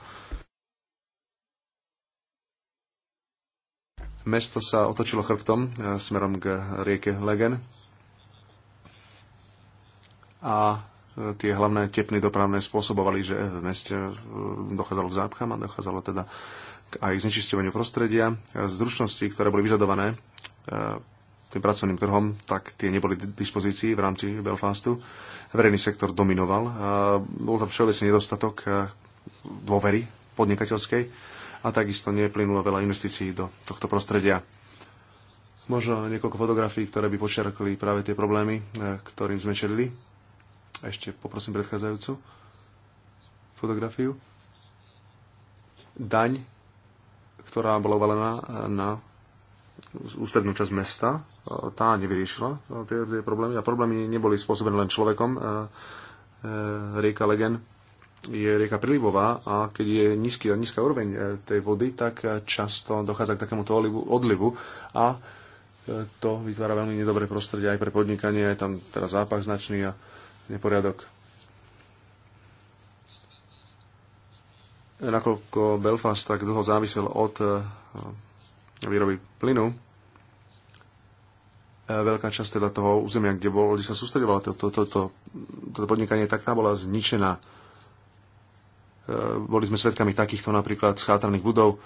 Mesto sa otočilo chrbtom e, smerom k rieke Legen a tie hlavné tepny dopravné spôsobovali, že v meste dochádzalo k zápchám a dochádzalo teda aj k znečisťovaniu prostredia. Zručnosti, ktoré boli vyžadované e, tým pracovným trhom, tak tie neboli k dispozícii v rámci Belfastu. Verejný sektor dominoval. E, bol tam všeobecný nedostatok e, dôvery podnikateľskej a takisto neplynulo veľa investícií do tohto prostredia. Možno niekoľko fotografií, ktoré by počiarkli práve tie problémy, ktorým sme čelili. Ešte poprosím predchádzajúcu fotografiu. Daň ktorá bola uvalená eh, na ústrednú časť mesta, eh, tá nevyriešila eh, tie, tie problémy a problémy neboli spôsobené len človekom. Rieka Legen je rieka prílivová a keď je nízky, nízka úroveň tej vody, tak často dochádza k takémuto olivu, odlivu a to vytvára veľmi nedobré prostredie aj pre podnikanie, je tam teraz zápach značný a neporiadok nakoľko Belfast tak dlho závisel od eh, výroby plynu, eh, veľká časť teda toho územia, kde, bol, kde sa sústredovalo toto to, to, to, to podnikanie, tak tá bola zničená. Eh, boli sme svedkami takýchto napríklad schátraných budov,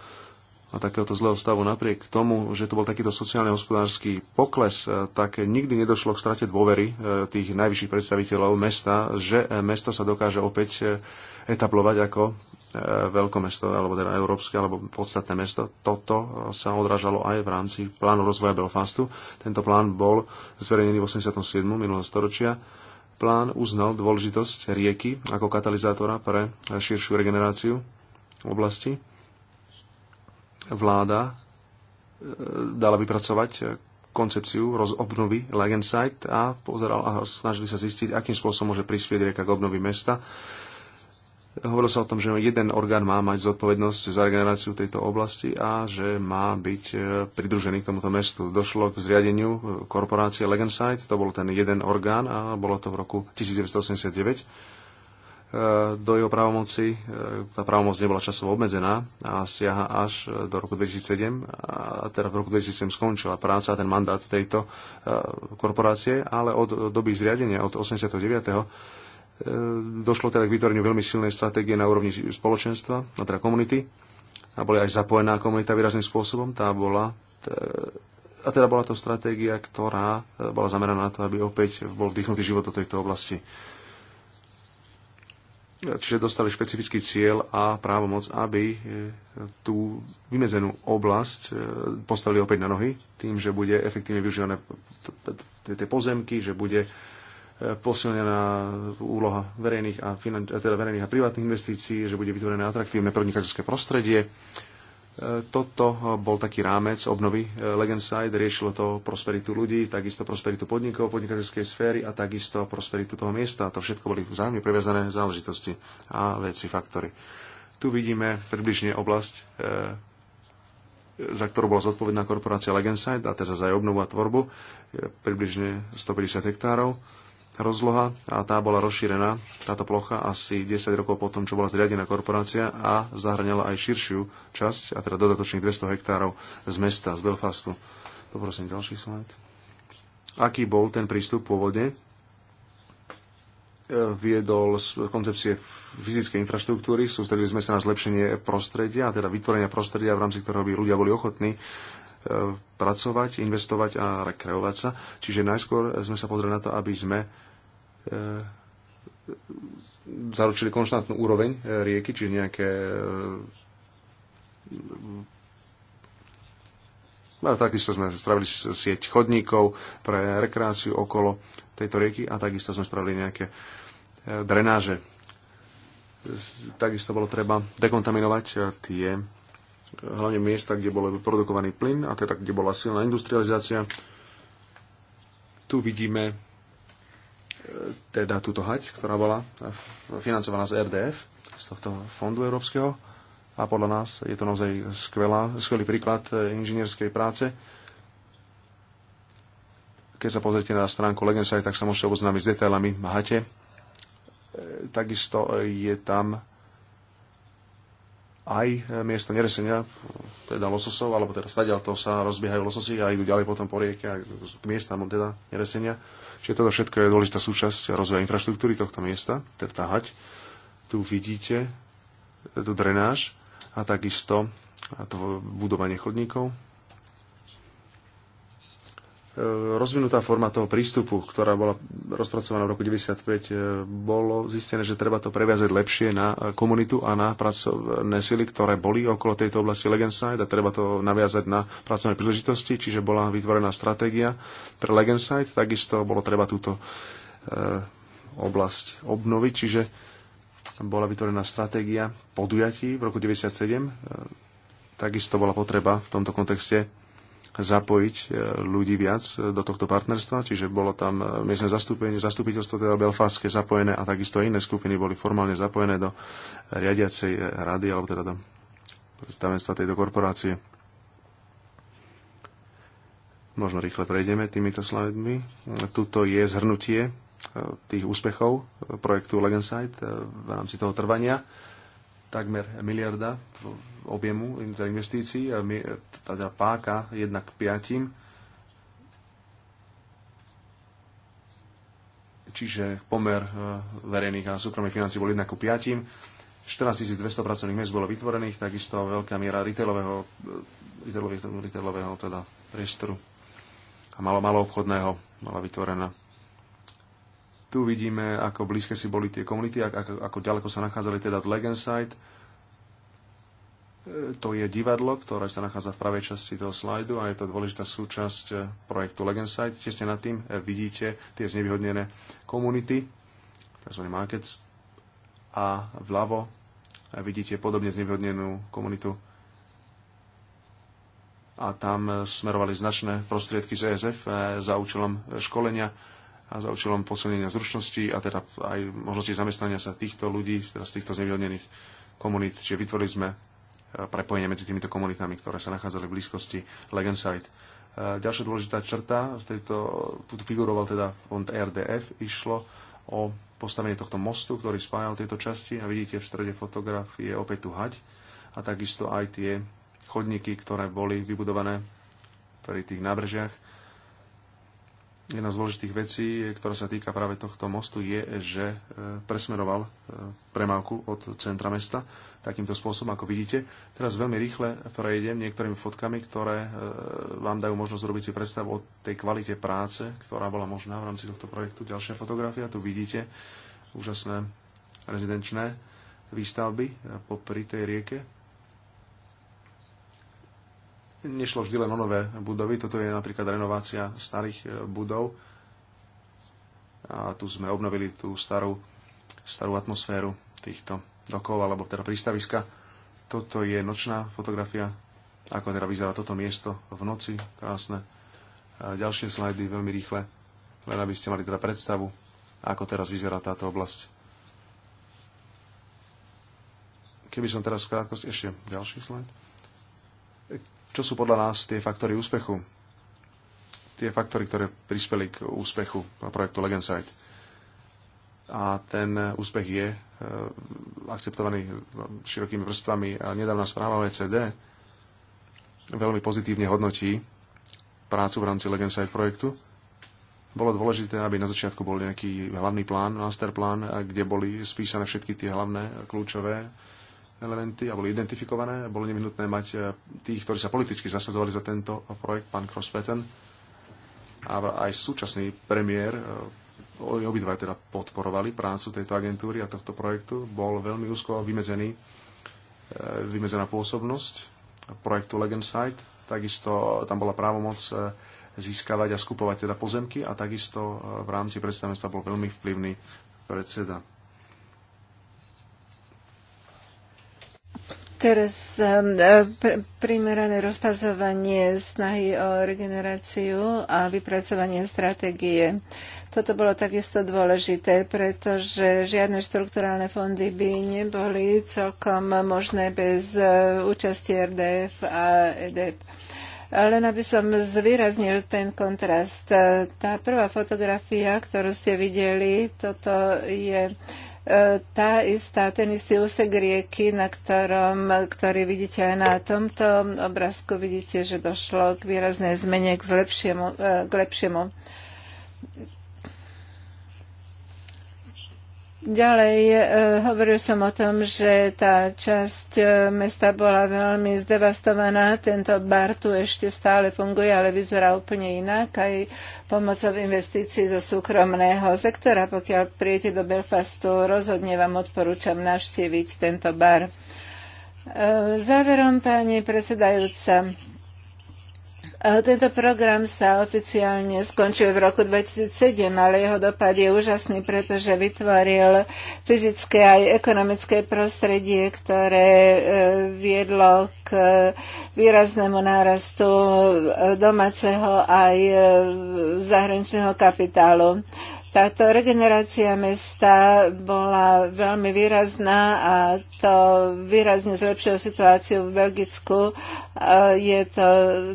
a takéhoto zlého stavu. Napriek tomu, že to bol takýto sociálne hospodársky pokles, eh, tak nikdy nedošlo k strate dôvery eh, tých najvyšších predstaviteľov mesta, že eh, mesto sa dokáže opäť etablovať ako mesto, alebo teda európske, alebo podstatné mesto. Toto sa odrážalo aj v rámci plánu rozvoja Belfastu. Tento plán bol zverejnený v 87. minulého storočia. Plán uznal dôležitosť rieky ako katalizátora pre širšiu regeneráciu oblasti vláda e, dala vypracovať e, koncepciu obnovy Legensite a pozeral a snažili sa zistiť, akým spôsobom môže prispieť rieka k obnovy mesta. Hovorilo sa o tom, že jeden orgán má mať zodpovednosť za regeneráciu tejto oblasti a že má byť e, pridružený k tomuto mestu. Došlo k zriadeniu korporácie Legensite, to bol ten jeden orgán a bolo to v roku 1989 E, do jeho právomoci. E, tá právomoc nebola časovo obmedzená a siaha až e, do roku 2007 a teda v roku 2007 skončila práca a ten mandát tejto korporácie, ale od doby zriadenia, od 89. došlo teda k vytvoreniu veľmi silnej stratégie na úrovni spoločenstva, a teda komunity a bola aj zapojená komunita výrazným spôsobom. Tá bola a teda bola to stratégia, ktorá bola zameraná na to, aby opäť bol vdychnutý život do tejto oblasti čiže dostali špecifický cieľ a právomoc, aby e, tú vymedzenú oblasť e, postavili opäť na nohy, tým, že bude efektívne využívané tie pozemky, že bude e, posilnená úloha verejných a, finan- teda verejných a privátnych investícií, že bude vytvorené atraktívne podnikateľské prostredie, toto bol taký rámec obnovy eh, Legendside, riešilo to prosperitu ľudí, takisto prosperitu podnikov, podnikateľskej sféry a takisto prosperitu toho miesta. To všetko boli vzájomne previazané záležitosti a veci, faktory. Tu vidíme približne oblasť, eh, za ktorú bola zodpovedná korporácia Legendside, a teda za jej obnovu a tvorbu, eh, približne 150 hektárov rozloha a tá bola rozšírená, táto plocha, asi 10 rokov potom, čo bola zriadená korporácia a zahrňala aj širšiu časť, a teda dodatočných 200 hektárov z mesta, z Belfastu. Poprosím ďalší slajd. Aký bol ten prístup pôvodne? E, viedol z koncepcie fyzickej infraštruktúry, sústredili sme sa na zlepšenie prostredia, teda vytvorenia prostredia, v rámci ktorého by ľudia boli ochotní e, pracovať, investovať a rekreovať sa. Čiže najskôr sme sa pozreli na to, aby sme E, zaručili konštantnú úroveň e, rieky, čiže nejaké No, takisto sme spravili sieť chodníkov pre rekreáciu okolo tejto rieky a takisto sme spravili nejaké drenáže. Takisto bolo treba dekontaminovať tie hlavne miesta, kde bol produkovaný plyn a teda kde bola silná industrializácia. Tu vidíme teda túto hať, ktorá bola eh, financovaná z RDF, z tohto fondu európskeho. A podľa nás je to naozaj skvelá, skvelý príklad eh, inžinierskej práce. Keď sa pozrite na stránku Legensite, tak sa môžete oboznámiť s detailami hate. Eh, takisto je tam aj miesto neresenia, teda lososov, alebo teda stadiaľ to sa rozbiehajú lososy a idú ďalej potom po rieke a k miestam teda neresenia Čiže toto všetko je dôležitá súčasť rozvoja infraštruktúry tohto miesta, teda hať. Tu vidíte e, tú drenáž a takisto a to budovanie chodníkov. E, rozvinutá forma toho prístupu, ktorá bola rozpracovaná v roku 1995, e, bolo zistené, že treba to previazať lepšie na komunitu a na pracovné sily, ktoré boli okolo tejto oblasti Legenside a treba to naviazať na pracovné príležitosti, čiže bola vytvorená stratégia pre Legenside. Takisto bolo treba túto e, oblasť obnoviť, čiže bola vytvorená stratégia podujatí v roku 1997. Takisto bola potreba v tomto kontexte zapojiť e, ľudí viac e, do tohto partnerstva, čiže bolo tam e, miestne zastúpenie, zastupiteľstvo teda belfastské zapojené a takisto iné skupiny boli formálne zapojené do riadiacej rady alebo teda do predstavenstva tejto korporácie. Možno rýchle prejdeme týmito slajdmi. Tuto je zhrnutie tých úspechov projektu Legensight v rámci toho trvania. Takmer miliarda objemu investícií, teda páka 1 k 5, čiže pomer e, verejných a súkromných financí bol 1 k 5. 14 200 pracovných miest bolo vytvorených, takisto veľká miera retailového, e, retailového, retailového teda priestoru a malo, malo obchodného bola vytvorená. Tu vidíme, ako blízke si boli tie komunity, ako, ako ďaleko sa nachádzali teda od Legenside to je divadlo, ktoré sa nachádza v pravej časti toho slajdu a je to dôležitá súčasť eh, projektu Legenside. Tiesne nad tým eh, vidíte tie znevýhodnené komunity, tzv. markets. A vľavo eh, vidíte podobne znevýhodnenú komunitu a tam smerovali značné prostriedky z ESF za účelom školenia a za účelom posilnenia zručností a teda aj možnosti zamestnania sa týchto ľudí, teda z týchto znevýhodnených komunít. Čiže vytvorili sme prepojenie medzi týmito komunitami, ktoré sa nachádzali v blízkosti Legenside. E, ďalšia dôležitá črta, tejto, tu figuroval teda fond RDF, išlo o postavenie tohto mostu, ktorý spájal tieto časti a vidíte v strede fotografie opäť tu hať a takisto aj tie chodníky, ktoré boli vybudované pri tých nábrežiach jedna z dôležitých vecí, ktorá sa týka práve tohto mostu, je, že e, presmeroval e, premávku od centra mesta takýmto spôsobom, ako vidíte. Teraz veľmi rýchle prejdem niektorými fotkami, ktoré e, vám dajú možnosť zrobiť si predstavu o tej kvalite práce, ktorá bola možná v rámci tohto projektu. Ďalšia fotografia, tu vidíte úžasné rezidenčné výstavby popri tej rieke, nešlo vždy len o nové budovy, toto je napríklad renovácia starých e, budov a tu sme obnovili tú starú, starú atmosféru týchto dokov, alebo teda prístaviska. Toto je nočná fotografia, ako teda vyzerá toto miesto v noci, krásne. A ďalšie slajdy veľmi rýchle, len aby ste mali teda predstavu, ako teraz vyzerá táto oblasť. Keby som teraz v krátkosti ešte ďalší slajd čo sú podľa nás tie faktory úspechu? Tie faktory, ktoré prispeli k úspechu projektu Legendsite. A ten úspech je eh, akceptovaný širokými vrstvami. A nedávna správa OECD veľmi pozitívne hodnotí prácu v rámci Legendsite projektu. Bolo dôležité, aby na začiatku bol nejaký hlavný plán, masterplán, kde boli spísané všetky tie hlavné kľúčové elementy a boli identifikované. Bolo nevyhnutné mať e, tých, ktorí sa politicky zasadzovali za tento projekt, pán Crosspatten a aj súčasný premiér e, oni obidva teda podporovali prácu tejto agentúry a tohto projektu. Bol veľmi úzko vymedzený, e, vymedzená pôsobnosť projektu Legendsite. Takisto tam bola právomoc získavať a skupovať teda pozemky a takisto v rámci predstavenstva bol veľmi vplyvný predseda Teraz um, e, primerané rozpazovanie snahy o regeneráciu a vypracovanie stratégie. Toto bolo takisto dôležité, pretože žiadne štrukturálne fondy by neboli celkom možné bez e, účasti RDF a EDEP. Len aby som zvýraznil ten kontrast. E, tá prvá fotografia, ktorú ste videli, toto je tá istá, ten istý úsek rieky, na ktorom, ktorý vidíte aj na tomto obrázku, vidíte, že došlo k výraznej zmene, k, zlepšiemu, e, k lepšiemu. Ďalej e, hovoril som o tom, že tá časť e, mesta bola veľmi zdevastovaná. Tento bar tu ešte stále funguje, ale vyzerá úplne inak. Aj pomocou investícií zo súkromného sektora, pokiaľ priete do Belfastu, rozhodne vám odporúčam navštíviť tento bar. E, záverom, pani predsedajúca, E, tento program sa oficiálne skončil v roku 2007, ale jeho dopad je úžasný, pretože vytvoril fyzické aj ekonomické prostredie, ktoré e, viedlo k výraznému nárastu e, domáceho aj zahraničného kapitálu. Táto regenerácia mesta bola veľmi výrazná a to výrazne zlepšilo situáciu v Belgicku. Je to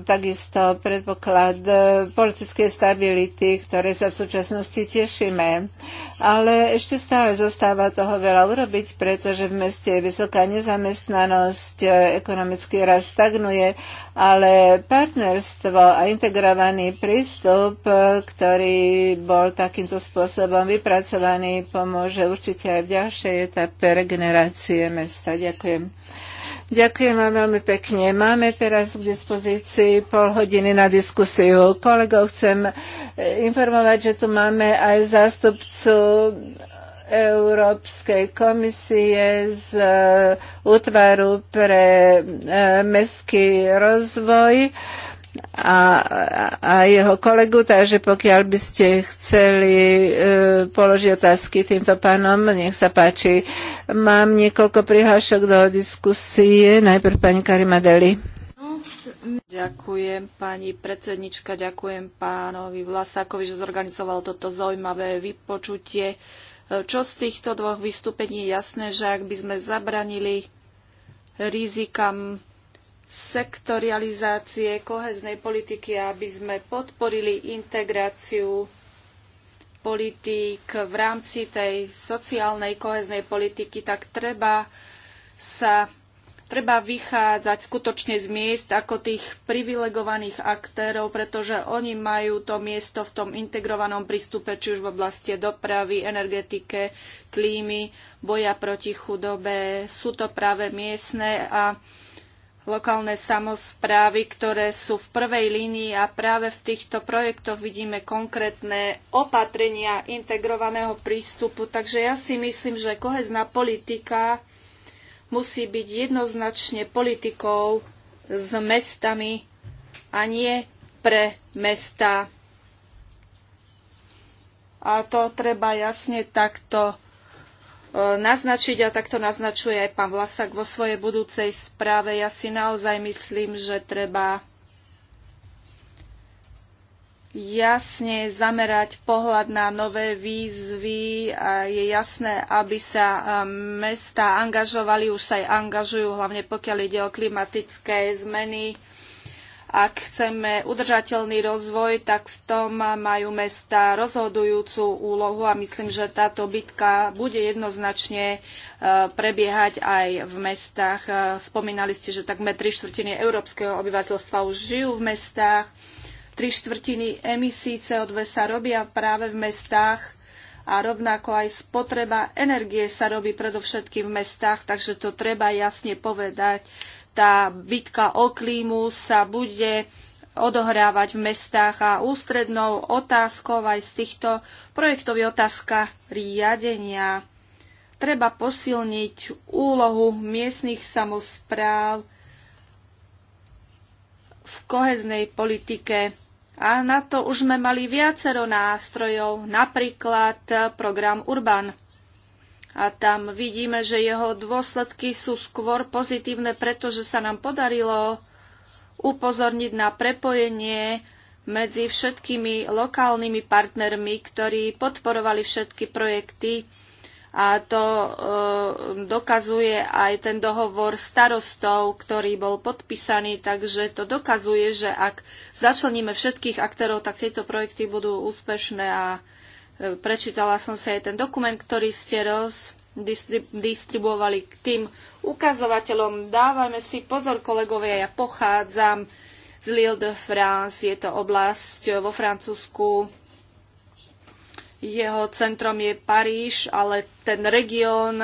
takisto predpoklad politickej stability, ktoré sa v súčasnosti tešíme. Ale ešte stále zostáva toho veľa urobiť, pretože v meste je vysoká nezamestnanosť, ekonomický rast stagnuje, ale partnerstvo a integrovaný prístup, ktorý bol takýmto spôsobom vypracovaný, pomôže určite aj v ďalšej etape regenerácie mesta. Ďakujem. Ďakujem vám veľmi pekne. Máme teraz k dispozícii pol hodiny na diskusiu. Kolegov chcem e, informovať, že tu máme aj zástupcu Európskej komisie z e, útvaru pre e, mestský rozvoj a, a jeho kolegu, takže pokiaľ by ste chceli e, položiť otázky týmto pánom, nech sa páči. Mám niekoľko prihlášok do diskusie. Najprv pani Karima Deli. Ďakujem pani predsednička, ďakujem pánovi Vlasákovi, že zorganizoval toto zaujímavé vypočutie. Čo z týchto dvoch vystúpení je jasné, že ak by sme zabranili rizikám sektorializácie koheznej politiky, aby sme podporili integráciu politík v rámci tej sociálnej koheznej politiky, tak treba sa treba vychádzať skutočne z miest ako tých privilegovaných aktérov, pretože oni majú to miesto v tom integrovanom prístupe, či už v oblasti dopravy, energetike, klímy, boja proti chudobe. Sú to práve miestne a lokálne samozprávy, ktoré sú v prvej línii a práve v týchto projektoch vidíme konkrétne opatrenia integrovaného prístupu. Takže ja si myslím, že kohezná politika musí byť jednoznačne politikou s mestami a nie pre mesta. A to treba jasne takto Eh, naznačiť a takto naznačuje aj pán Vlasak vo svojej budúcej správe. Ja si naozaj myslím, že treba jasne zamerať pohľad na nové výzvy. A je jasné, aby sa eh, mesta angažovali, už sa aj angažujú, hlavne pokiaľ ide o klimatické zmeny ak chceme udržateľný rozvoj, tak v tom majú mesta rozhodujúcu úlohu a myslím, že táto bitka bude jednoznačne e, prebiehať aj v mestách. E, spomínali ste, že takmer tri štvrtiny európskeho obyvateľstva už žijú v mestách. Tri štvrtiny emisí CO2 sa robia práve v mestách a rovnako aj spotreba energie sa robí predovšetkým v mestách, takže to treba jasne povedať tá bitka o klímu sa bude odohrávať v mestách a ústrednou otázkou aj z týchto projektov je otázka riadenia. Treba posilniť úlohu miestnych samozpráv v koheznej politike. A na to už sme mali viacero nástrojov, napríklad program Urban a tam vidíme, že jeho dôsledky sú skôr pozitívne, pretože sa nám podarilo upozorniť na prepojenie medzi všetkými lokálnymi partnermi, ktorí podporovali všetky projekty a to e, dokazuje aj ten dohovor starostov, ktorý bol podpísaný, takže to dokazuje, že ak začleníme všetkých aktérov, tak tieto projekty budú úspešné a Prečítala som sa aj ten dokument, ktorý ste rozdistribuovali k tým ukazovateľom. Dávame si pozor, kolegovia, ja pochádzam z Lille de France, je to oblasť vo Francúzsku, jeho centrom je Paríž, ale ten región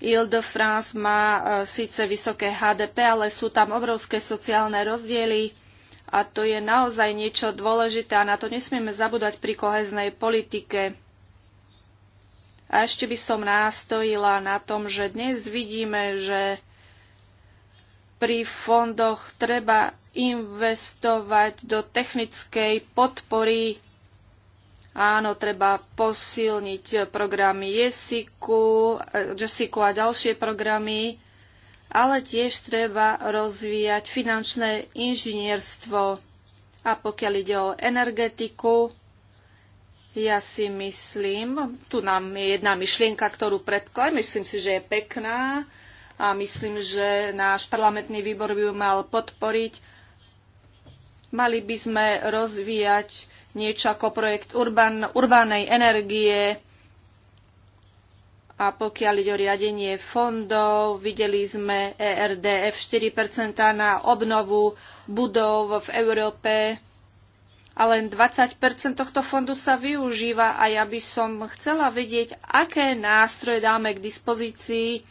Ile-de-France má e, síce vysoké HDP, ale sú tam obrovské sociálne rozdiely. A to je naozaj niečo dôležité a na to nesmieme zabúdať pri koheznej politike. A ešte by som nástojila na tom, že dnes vidíme, že pri fondoch treba investovať do technickej podpory. Áno, treba posilniť programy Jessiku, Jessiku a ďalšie programy ale tiež treba rozvíjať finančné inžinierstvo. A pokiaľ ide o energetiku, ja si myslím, tu nám je jedna myšlienka, ktorú predkladám, myslím si, že je pekná a myslím, že náš parlamentný výbor by ju mal podporiť. Mali by sme rozvíjať niečo ako projekt urban, urbánej energie, a pokiaľ ide o riadenie fondov, videli sme e ERDF 4% na obnovu budov v Európe a len 20% tohto fondu sa využíva a ja by som chcela vedieť, aké nástroje dáme k dispozícii,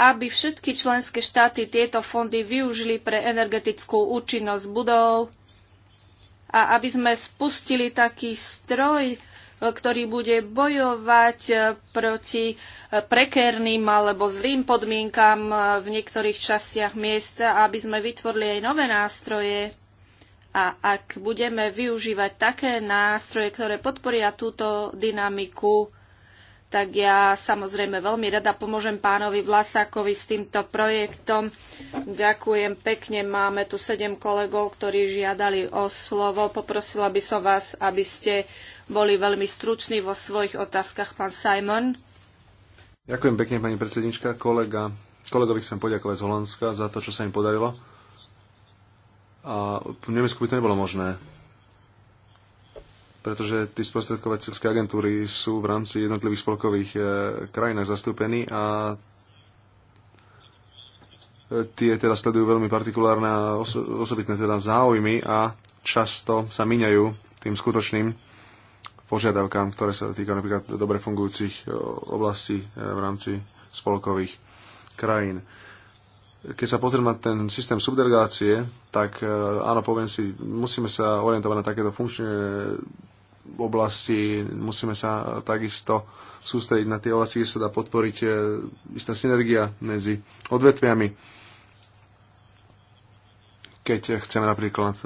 aby všetky členské štáty tieto fondy využili pre energetickú účinnosť budov a aby sme spustili taký stroj ktorý bude bojovať e, proti e, prekerným alebo zlým podmienkam e, v niektorých častiach miest, aby sme vytvorili aj nové nástroje. A ak budeme využívať také nástroje, ktoré podporia túto dynamiku, tak ja samozrejme veľmi rada pomôžem pánovi Vlasákovi s týmto projektom. Ďakujem pekne, máme tu sedem kolegov, ktorí žiadali o slovo. Poprosila by som vás, aby ste boli veľmi struční vo svojich otázkach. Pán Simon. Ďakujem pekne, pani predsednička. Kolega, kolegovi chcem poďakovať z Holandska za to, čo sa im podarilo. A v Nemecku by to nebolo možné pretože tí sprostredkovateľské agentúry sú v rámci jednotlivých spolkových e, krajinách zastúpení a tie teda sledujú veľmi partikulárne a oso- osobitné teda záujmy a často sa míňajú tým skutočným požiadavkám, ktoré sa týkajú napríklad dobre fungujúcich e, oblastí e, v rámci spolkových krajín. Keď sa pozriem na ten systém subdelegácie, tak e, áno, poviem si, musíme sa orientovať na takéto funkčné oblasti, musíme sa takisto sústrediť na tie oblasti, kde sa dá podporiť istá synergia medzi odvetviami keď chceme napríklad e,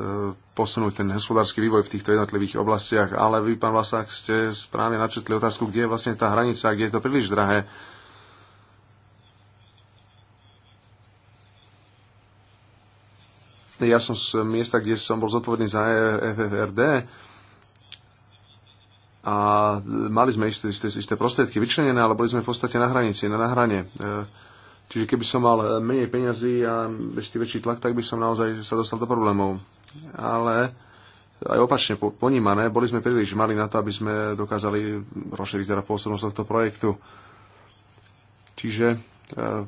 posunúť ten hospodársky vývoj v týchto jednotlivých oblastiach. Ale vy, pán Vlasák, ste správne načetli otázku, kde je vlastne tá hranica, kde je to príliš drahé. Ja som z miesta, kde som bol zodpovedný za e FFRD e a mali sme isté, isté, isté prostriedky vyčlenené, ale boli sme v podstate na hranici, na hrane. E, Čiže keby som mal menej peňazí a ešte väčší tlak, tak by som naozaj sa dostal do problémov. Ale aj opačne ponímané, boli sme príliš mali na to, aby sme dokázali rozšíriť teda pôsobnosť tohto projektu. Čiže eh,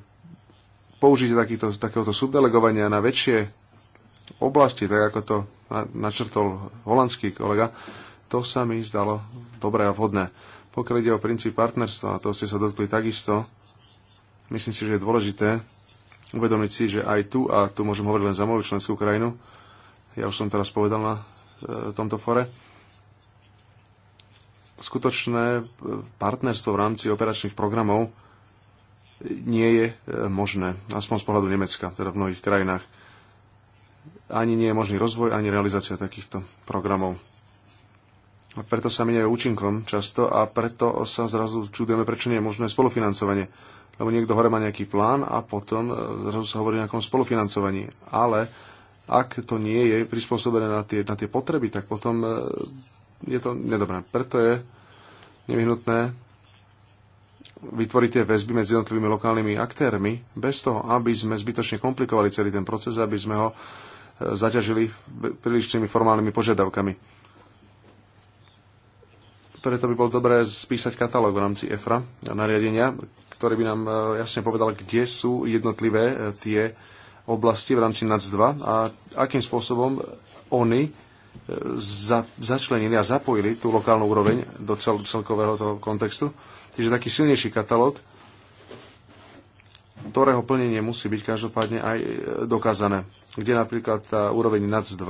použite takýto, takéhoto subdelegovania na väčšie oblasti, tak ako to načrtol holandský kolega, to sa mi zdalo dobré a vhodné. Pokiaľ ide o princíp partnerstva, a to ste sa dotkli takisto, Myslím si, že je dôležité uvedomiť si, že aj tu, a tu môžem hovoriť len za moju členskú krajinu, ja už som teraz povedal na e, tomto fore, skutočné e, partnerstvo v rámci operačných programov nie je e, možné, aspoň z pohľadu Nemecka, teda v mnohých krajinách. Ani nie je možný rozvoj, ani realizácia takýchto programov. A preto sa minie účinkom často a preto sa zrazu čudujeme, prečo nie je možné spolufinancovanie lebo niekto hore má nejaký plán a potom e, sa hovorí o nejakom spolufinancovaní. Ale ak to nie je prispôsobené na tie, na tie potreby, tak potom e, je to nedobré. Preto je nevyhnutné vytvoriť tie väzby medzi jednotlivými lokálnymi aktérmi, bez toho, aby sme zbytočne komplikovali celý ten proces, aby sme ho e, zaťažili prílišnými formálnymi požiadavkami. Preto by bolo dobré spísať katalóg v rámci EFRA a nariadenia, ktoré by nám e, jasne povedal, kde sú jednotlivé e, tie oblasti v rámci NAC2 a akým spôsobom oni e, za, začlenili a zapojili tú lokálnu úroveň do cel, celkového toho kontextu. Čiže taký silnejší katalóg, ktorého plnenie musí byť každopádne aj dokázané. Kde napríklad tá úroveň NAC 2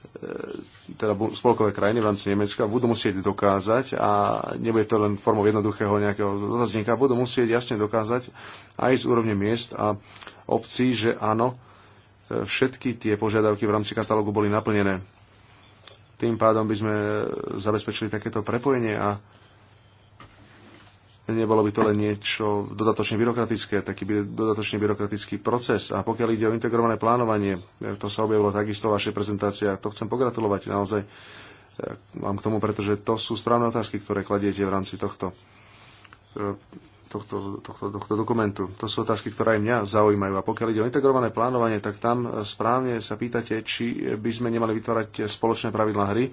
E, teda spolkové krajiny v rámci Nemecka budú musieť dokázať a nebude to len formou jednoduchého nejakého dotazníka, budú musieť jasne dokázať aj z úrovne miest a obcí, že áno, e, všetky tie požiadavky v rámci katalógu boli naplnené. Tým pádom by sme e, zabezpečili takéto prepojenie a Nebolo by to len niečo dodatočne byrokratické, taký by dodatočne byrokratický proces. A pokiaľ ide o integrované plánovanie, e, to sa objavilo takisto v vašej prezentácii a to chcem pogratulovať naozaj e, vám k tomu, pretože to sú správne otázky, ktoré kladiete v rámci tohto, e, tohto, tohto, tohto dokumentu. To sú otázky, ktoré aj mňa zaujímajú. A pokiaľ ide o integrované plánovanie, tak tam správne sa pýtate, či by sme nemali vytvárať spoločné pravidlá hry,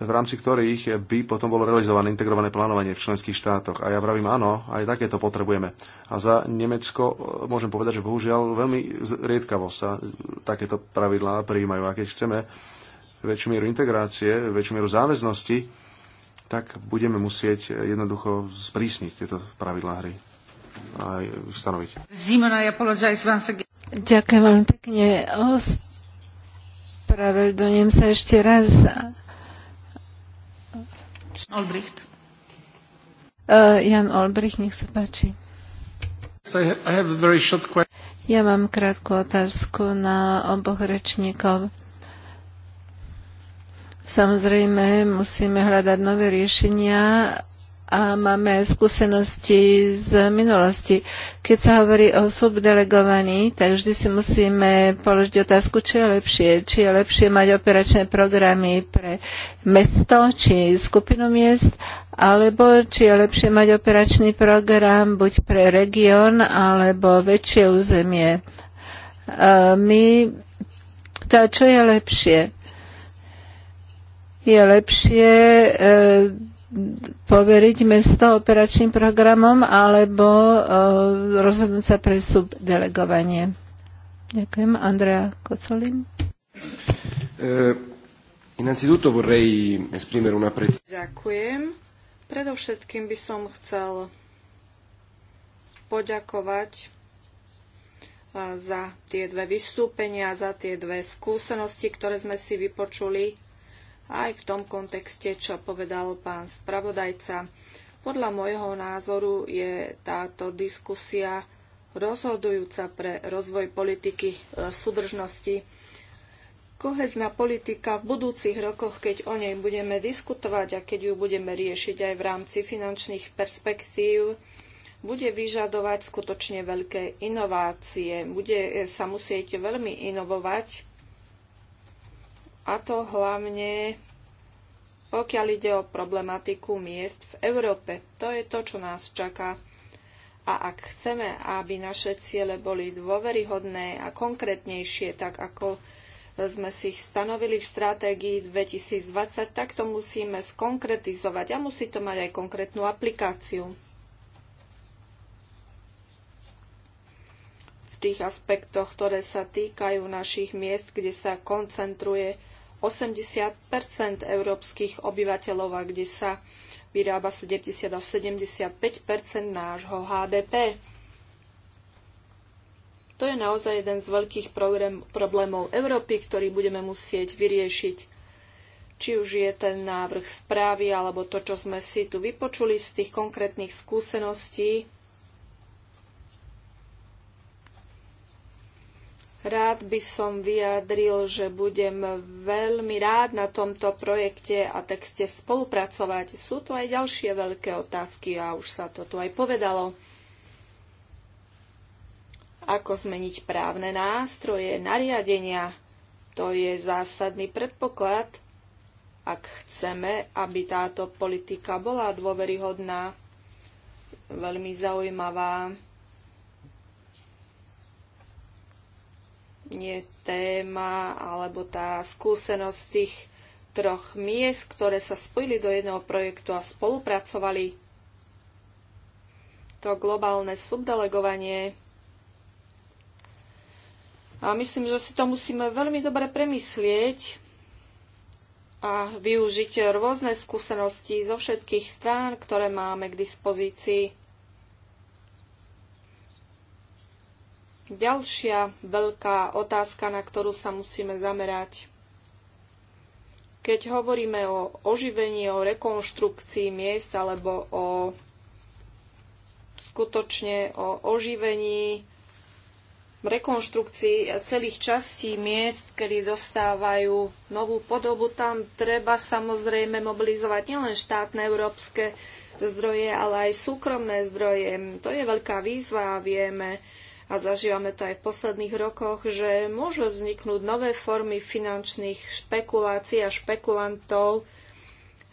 v rámci ktorých by potom bolo realizované integrované plánovanie v členských štátoch. A ja vravím áno, aj takéto potrebujeme. A za Nemecko e, môžem povedať, že bohužiaľ veľmi riedkavo sa takéto pravidlá prijímajú. A keď chceme väčšiu mieru integrácie, väčšiu mieru záväznosti, tak budeme musieť jednoducho sprísniť tieto pravidlá hry a stanoviť. Ďakujem veľmi pekne. Ospravedlňujem sa ešte raz Olbricht. Uh, Jan Olbricht, nech sa páči. Ja mám krátku otázku na oboch rečníkov. Samozrejme, musíme hľadať nové riešenia, a máme skúsenosti z minulosti. Keď sa hovorí o subdelegovaní, tak vždy si musíme položiť otázku, čo je lepšie. Či je lepšie mať operačné programy pre mesto či skupinu miest, alebo či je lepšie mať operačný program buď pre región alebo väčšie územie. My, to, čo je lepšie? Je lepšie e, poveriť mesto operačným programom alebo e, rozhodnúť sa pre subdelegovanie. Ďakujem. Andrea Kocolin. E, innanzitutto vorrei esprimere una Ďakujem. Predovšetkým by som chcel poďakovať e, za tie dve vystúpenia, za tie dve skúsenosti, ktoré sme si vypočuli aj v tom kontexte, čo povedal pán spravodajca. Podľa môjho názoru je táto diskusia rozhodujúca pre rozvoj politiky e, súdržnosti. Kohezná politika v budúcich rokoch, keď o nej budeme diskutovať a keď ju budeme riešiť aj v rámci finančných perspektív, bude vyžadovať skutočne veľké inovácie. Bude e, sa musieť veľmi inovovať a to hlavne pokiaľ ide o problematiku miest v Európe. To je to, čo nás čaká. A ak chceme, aby naše ciele boli dôveryhodné a konkrétnejšie, tak ako sme si ich stanovili v stratégii 2020, tak to musíme skonkretizovať a musí to mať aj konkrétnu aplikáciu. V tých aspektoch, ktoré sa týkajú našich miest, kde sa koncentruje 80 európskych obyvateľov a kde sa vyrába 70 až 75 nášho HDP. To je naozaj jeden z veľkých problémov Európy, ktorý budeme musieť vyriešiť. Či už je ten návrh správy, alebo to, čo sme si tu vypočuli z tých konkrétnych skúseností, Rád by som vyjadril, že budem veľmi rád na tomto projekte a texte spolupracovať. Sú tu aj ďalšie veľké otázky a už sa to tu aj povedalo. Ako zmeniť právne nástroje, nariadenia, to je zásadný predpoklad, ak chceme, aby táto politika bola dôveryhodná, veľmi zaujímavá nie téma alebo tá skúsenosť tých troch miest, ktoré sa spojili do jedného projektu a spolupracovali. To globálne subdelegovanie. A myslím, že si to musíme veľmi dobre premyslieť a využiť rôzne skúsenosti zo všetkých strán, ktoré máme k dispozícii. Ďalšia veľká otázka, na ktorú sa musíme zamerať. Keď hovoríme o oživení, o rekonštrukcii miest alebo o skutočne o oživení, rekonštrukcii celých častí miest, kedy dostávajú novú podobu, tam treba samozrejme mobilizovať nielen štátne európske zdroje, ale aj súkromné zdroje. To je veľká výzva a vieme, a zažívame to aj v posledných rokoch, že môžu vzniknúť nové formy finančných špekulácií a špekulantov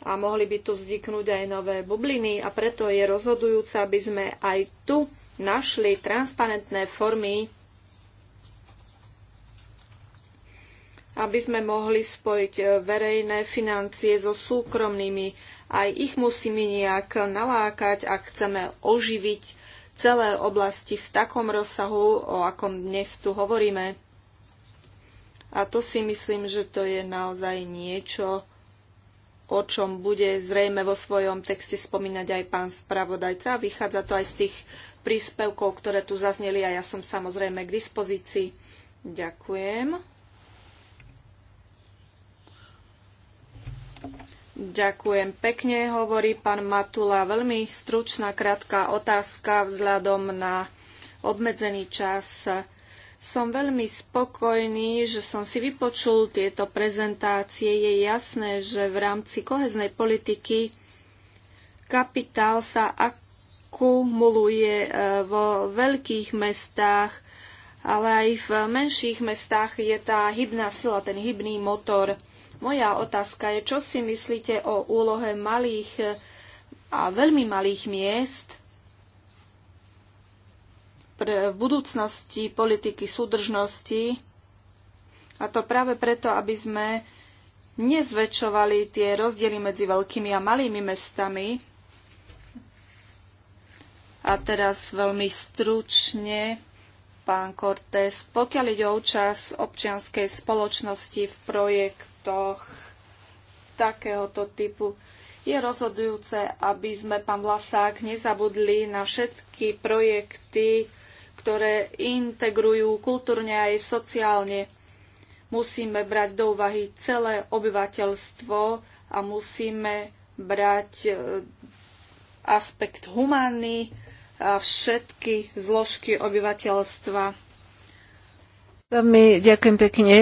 a mohli by tu vzniknúť aj nové bubliny a preto je rozhodujúce, aby sme aj tu našli transparentné formy, aby sme mohli spojiť e, verejné financie so súkromnými. Aj ich musíme nejak nalákať, ak chceme oživiť celé oblasti v takom rozsahu, o akom dnes tu hovoríme. A to si myslím, že to je naozaj niečo, o čom bude zrejme vo svojom texte spomínať aj pán spravodajca. Vychádza to aj z tých príspevkov, ktoré tu zazneli a ja som samozrejme k dispozícii. Ďakujem. Ďakujem pekne, hovorí pán Matula. Veľmi stručná, krátka otázka vzhľadom na obmedzený čas. Som veľmi spokojný, že som si vypočul tieto prezentácie. Je jasné, že v rámci koheznej politiky kapitál sa akumuluje e, vo veľkých mestách, ale aj v menších mestách je tá hybná sila, ten hybný motor – moja otázka je, čo si myslíte o úlohe malých eh, a veľmi malých miest pre v budúcnosti politiky súdržnosti a to práve preto, aby sme nezväčšovali tie rozdiely medzi veľkými a malými mestami. A teraz veľmi stručne, pán Cortés, pokiaľ ide o účasť občianskej spoločnosti v projekt projektoch takéhoto typu. Je rozhodujúce, aby sme, pán Vlasák, nezabudli na všetky projekty, ktoré integrujú kultúrne aj sociálne. Musíme brať do úvahy celé obyvateľstvo a musíme brať e, aspekt humánny a všetky zložky obyvateľstva Veľmi ďakujem pekne.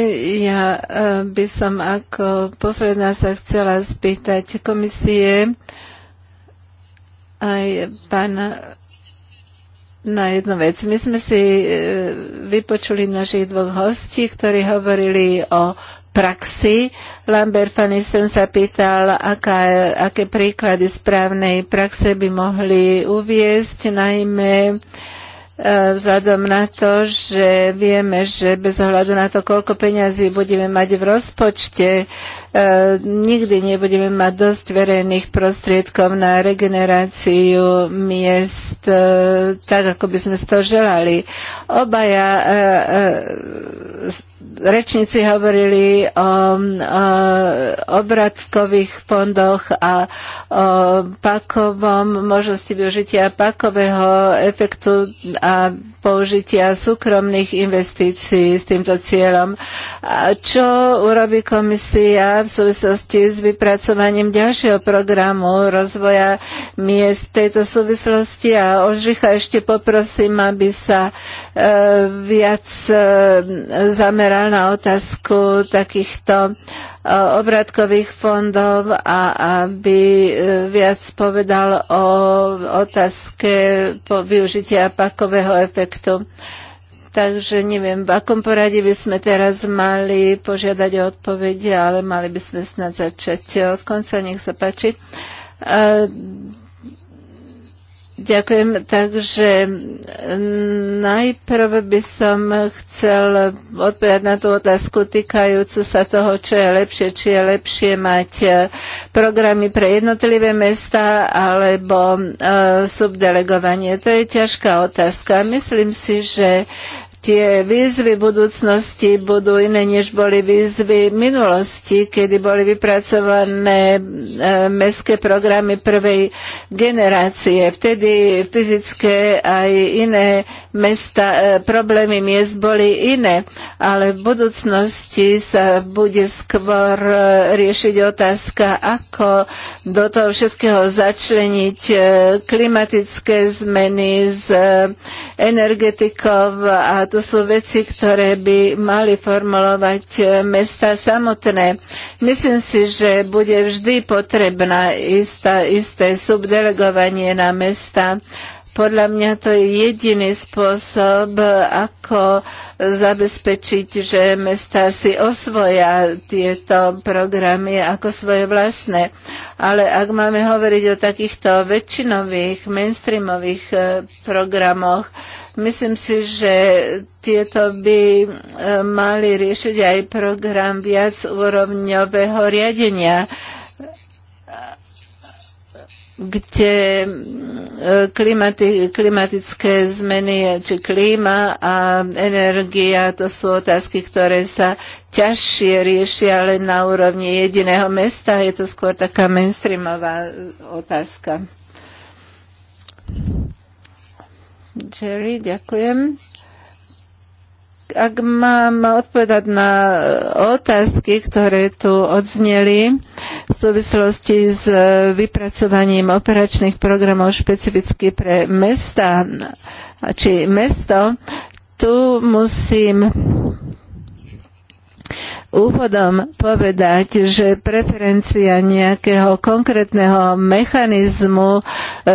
Ja e, by som ako posledná sa chcela spýtať komisie aj pána na jednu vec. My sme si e, vypočuli našich dvoch hostí, ktorí hovorili o praxi. Lambert van Isten sa pýtal, aká, aké príklady správnej praxe by mohli uviesť, najmä E, vzhľadom na to, že vieme, že bez ohľadu na to, koľko peňazí budeme mať v rozpočte, e, nikdy nebudeme mať dosť verejných prostriedkov na regeneráciu miest, e, tak ako by sme to želali. Obaja rečníci hovorili o, o obratkových fondoch a o pakovom možnosti využitia pakového efektu a a použitia súkromných investícií s týmto cieľom. A čo urobí komisia v súvislosti s vypracovaním ďalšieho programu rozvoja miest v tejto súvislosti? A Ožicha ešte poprosím, aby sa e, viac e, zameral na otázku takýchto e, obratkových fondov a aby viac povedal o otázke po využitia pakového efektu takto. Takže neviem, v akom poradí by sme teraz mali požiadať o odpovede, ale mali by sme snad začať od konca. Nech sa páči. Uh, Ďakujem. Takže mm, najprv by som chcel odpovedať na tú otázku týkajúcu sa toho, čo je lepšie, či je lepšie mať e, programy pre jednotlivé mesta alebo e, subdelegovanie. To je ťažká otázka. Myslím si, že tie výzvy budúcnosti budú iné, než boli výzvy minulosti, kedy boli vypracované e, mestské programy prvej generácie. Vtedy fyzické aj iné mesta, e, problémy miest boli iné, ale v budúcnosti sa bude skôr e, riešiť otázka, ako do toho všetkého začleniť e, klimatické zmeny s e, energetikou a to sú veci, ktoré by mali formulovať eh, mesta samotné. Myslím si, že bude vždy potrebná istá, isté subdelegovanie na mesta podľa mňa to je jediný spôsob, ako zabezpečiť, že mesta si osvoja tieto programy ako svoje vlastné. Ale ak máme hovoriť o takýchto väčšinových, mainstreamových e, programoch, myslím si, že tieto by e, mali riešiť aj program viac úrovňového riadenia kde e, klimati, klimatické zmeny či klíma a energia to sú otázky, ktoré sa ťažšie riešia len na úrovni jediného mesta. Je to skôr taká mainstreamová e, otázka. Jerry, ďakujem ak mám odpovedať na otázky, ktoré tu odzneli v súvislosti s vypracovaním operačných programov špecificky pre mesta či mesto, tu musím úvodom povedať, že preferencia nejakého konkrétneho mechanizmu e,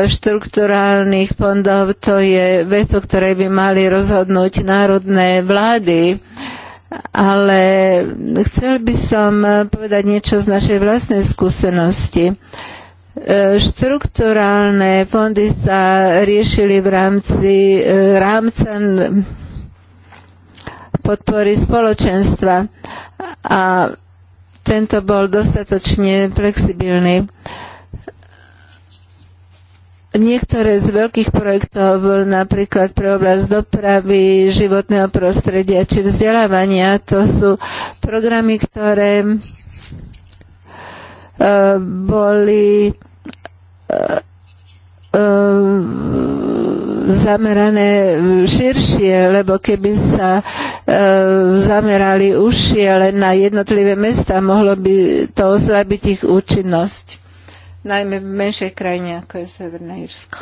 štrukturálnych fondov to je vec, o ktorej by mali rozhodnúť národné vlády ale chcel by som povedať niečo z našej vlastnej skúsenosti. E, štrukturálne fondy sa riešili v rámci e, rámca podpory spoločenstva a tento bol dostatočne flexibilný. Niektoré z veľkých projektov, napríklad pre oblasť dopravy, životného prostredia či vzdelávania, to sú programy, ktoré e, boli e, e, zamerané širšie, lebo keby sa e, zamerali užšie len na jednotlivé mesta, mohlo by to oslabiť ich účinnosť, najmä v menšej krajine, ako je Severné Irsko.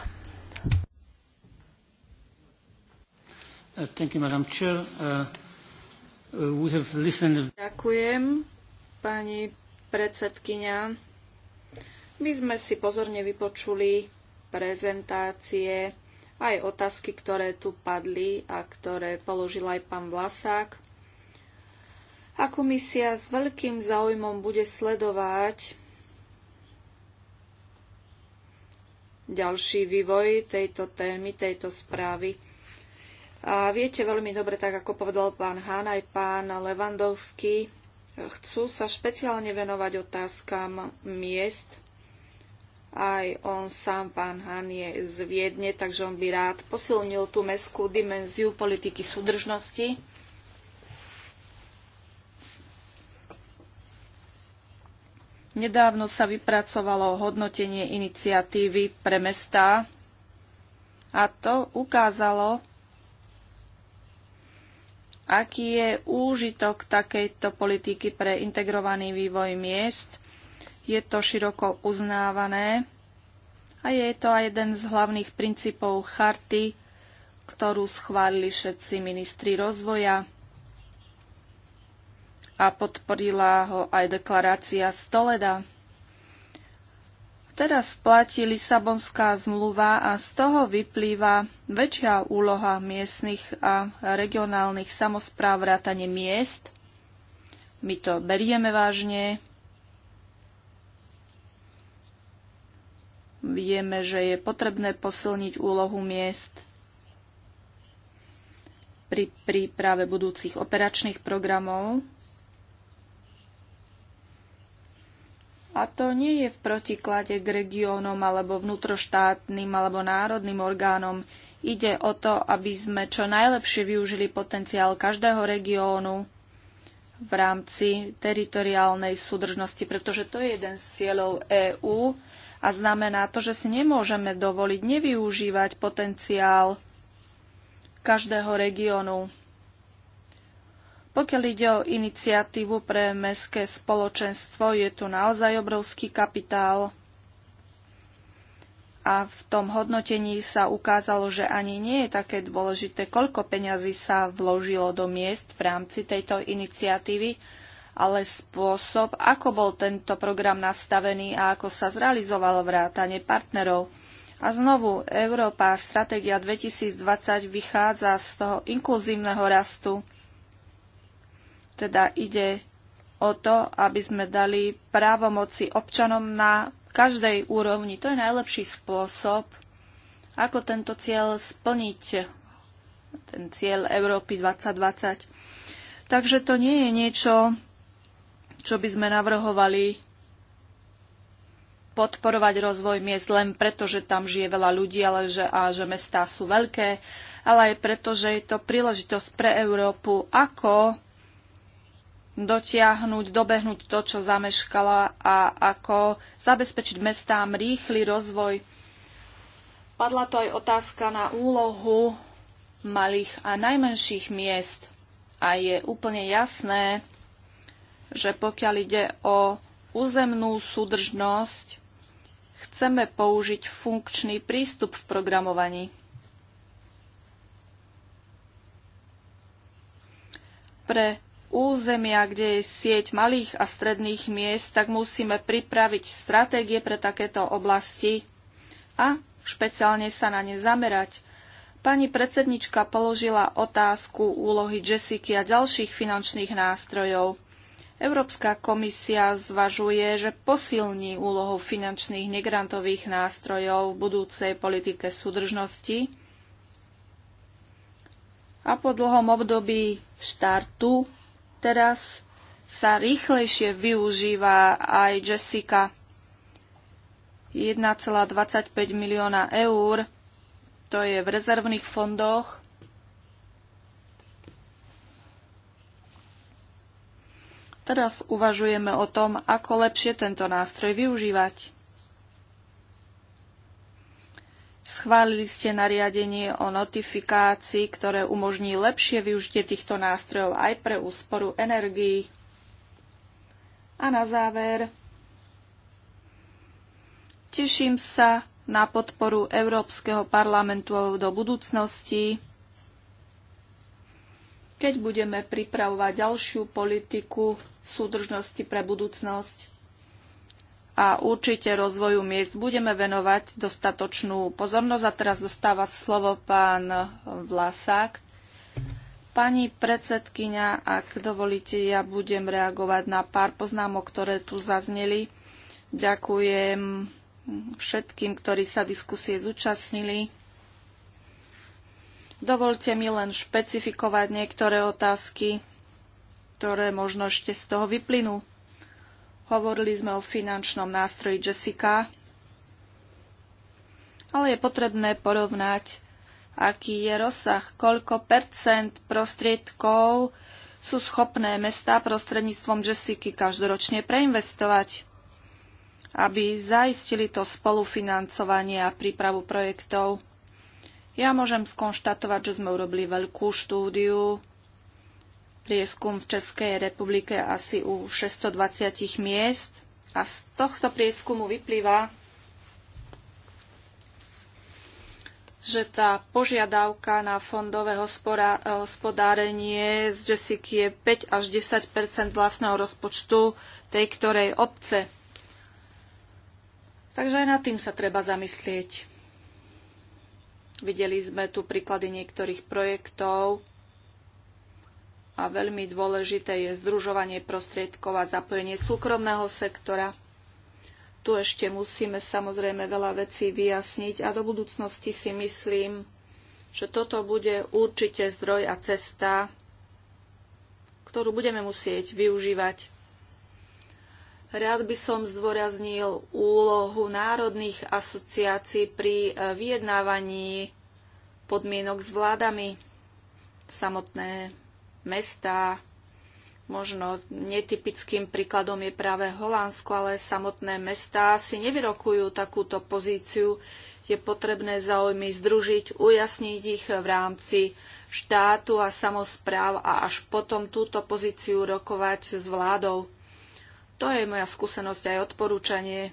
Uh, uh, uh, Ďakujem, pani predsedkynia. My sme si pozorne vypočuli prezentácie aj otázky, ktoré tu padli a ktoré položil aj pán Vlasák. A komisia s veľkým záujmom bude sledovať ďalší vývoj tejto témy, tejto správy. A viete veľmi dobre, tak ako povedal pán Hán aj pán Levandovský, chcú sa špeciálne venovať otázkam miest aj on sám, pán Han, je z Viedne, takže on by rád posilnil tú mestskú dimenziu politiky súdržnosti. Nedávno sa vypracovalo hodnotenie iniciatívy pre mestá a to ukázalo, aký je úžitok takejto politiky pre integrovaný vývoj miest je to široko uznávané a je to aj jeden z hlavných princípov charty, ktorú schválili všetci ministri rozvoja a podporila ho aj deklarácia Stoleda. Teraz platí Lisabonská zmluva a z toho vyplýva väčšia úloha miestnych a regionálnych samozpráv vrátane miest. My to berieme vážne, Vieme, že je potrebné posilniť úlohu miest pri príprave budúcich operačných programov. A to nie je v protiklade k regiónom alebo vnútroštátnym alebo národným orgánom. Ide o to, aby sme čo najlepšie využili potenciál každého regiónu v rámci teritoriálnej súdržnosti, pretože to je jeden z cieľov EÚ a znamená to, že si nemôžeme dovoliť nevyužívať potenciál každého regiónu. Pokiaľ ide o iniciatívu pre mestské spoločenstvo, je tu naozaj obrovský kapitál. A v tom hodnotení sa ukázalo, že ani nie je také dôležité, koľko peňazí sa vložilo do miest v rámci tejto iniciatívy, ale spôsob, ako bol tento program nastavený a ako sa zrealizoval vrátanie partnerov. A znovu, Európa Stratégia 2020 vychádza z toho inkluzívneho rastu. Teda ide o to, aby sme dali právomoci občanom na každej úrovni. To je najlepší spôsob, ako tento cieľ splniť, ten cieľ Európy 2020. Takže to nie je niečo, čo by sme navrhovali podporovať rozvoj miest len preto, že tam žije veľa ľudí ale že, a že mestá sú veľké, ale aj preto, že je to príležitosť pre Európu, ako dotiahnuť, dobehnúť to, čo zameškala a ako zabezpečiť mestám rýchly rozvoj. Padla to aj otázka na úlohu malých a najmenších miest a je úplne jasné, že pokiaľ ide o územnú súdržnosť, chceme použiť funkčný prístup v programovaní. Pre územia, kde je sieť malých a stredných miest, tak musíme pripraviť stratégie pre takéto oblasti a špeciálne sa na ne zamerať. Pani predsednička položila otázku úlohy Jessica a ďalších finančných nástrojov. Európska komisia zvažuje, že posilní úlohu finančných negrantových nástrojov v budúcej politike súdržnosti a po dlhom období štartu teraz sa rýchlejšie využíva aj Jessica 1,25 milióna eur, to je v rezervných fondoch Teraz uvažujeme o tom, ako lepšie tento nástroj využívať. Schválili ste nariadenie o notifikácii, ktoré umožní lepšie využitie týchto nástrojov aj pre úsporu energií. A na záver, teším sa na podporu Európskeho parlamentu do budúcnosti keď budeme pripravovať ďalšiu politiku súdržnosti pre budúcnosť a určite rozvoju miest budeme venovať dostatočnú pozornosť. A teraz dostáva slovo pán Vlasák. Pani predsedkynia, ak dovolíte, ja budem reagovať na pár poznámok, ktoré tu zazneli. Ďakujem všetkým, ktorí sa diskusie zúčastnili. Dovolte mi len špecifikovať niektoré otázky, ktoré možno ešte z toho vyplynú. Hovorili sme o finančnom nástroji Jessica, ale je potrebné porovnať, aký je rozsah, koľko percent prostriedkov sú schopné mestá prostredníctvom Jessica každoročne preinvestovať, aby zaistili to spolufinancovanie a prípravu projektov. Ja môžem skonštatovať, že sme urobili veľkú štúdiu, prieskum v Českej republike asi u 620 miest a z tohto prieskumu vyplýva, že tá požiadavka na fondové hospodárenie z Jessica je 5 až 10 vlastného rozpočtu tej ktorej obce. Takže aj nad tým sa treba zamyslieť. Videli sme tu príklady niektorých projektov a veľmi dôležité je združovanie prostriedkov a zapojenie súkromného sektora. Tu ešte musíme samozrejme veľa vecí vyjasniť a do budúcnosti si myslím, že toto bude určite zdroj a cesta, ktorú budeme musieť využívať. Rád by som zdôraznil úlohu národných asociácií pri e, vyjednávaní podmienok s vládami. Samotné mesta, možno netypickým príkladom je práve Holandsko, ale samotné mestá si nevyrokujú takúto pozíciu. Je potrebné záujmy združiť, ujasniť ich v rámci štátu a samozpráv a až potom túto pozíciu rokovať s vládou. To je moja skúsenosť aj odporúčanie.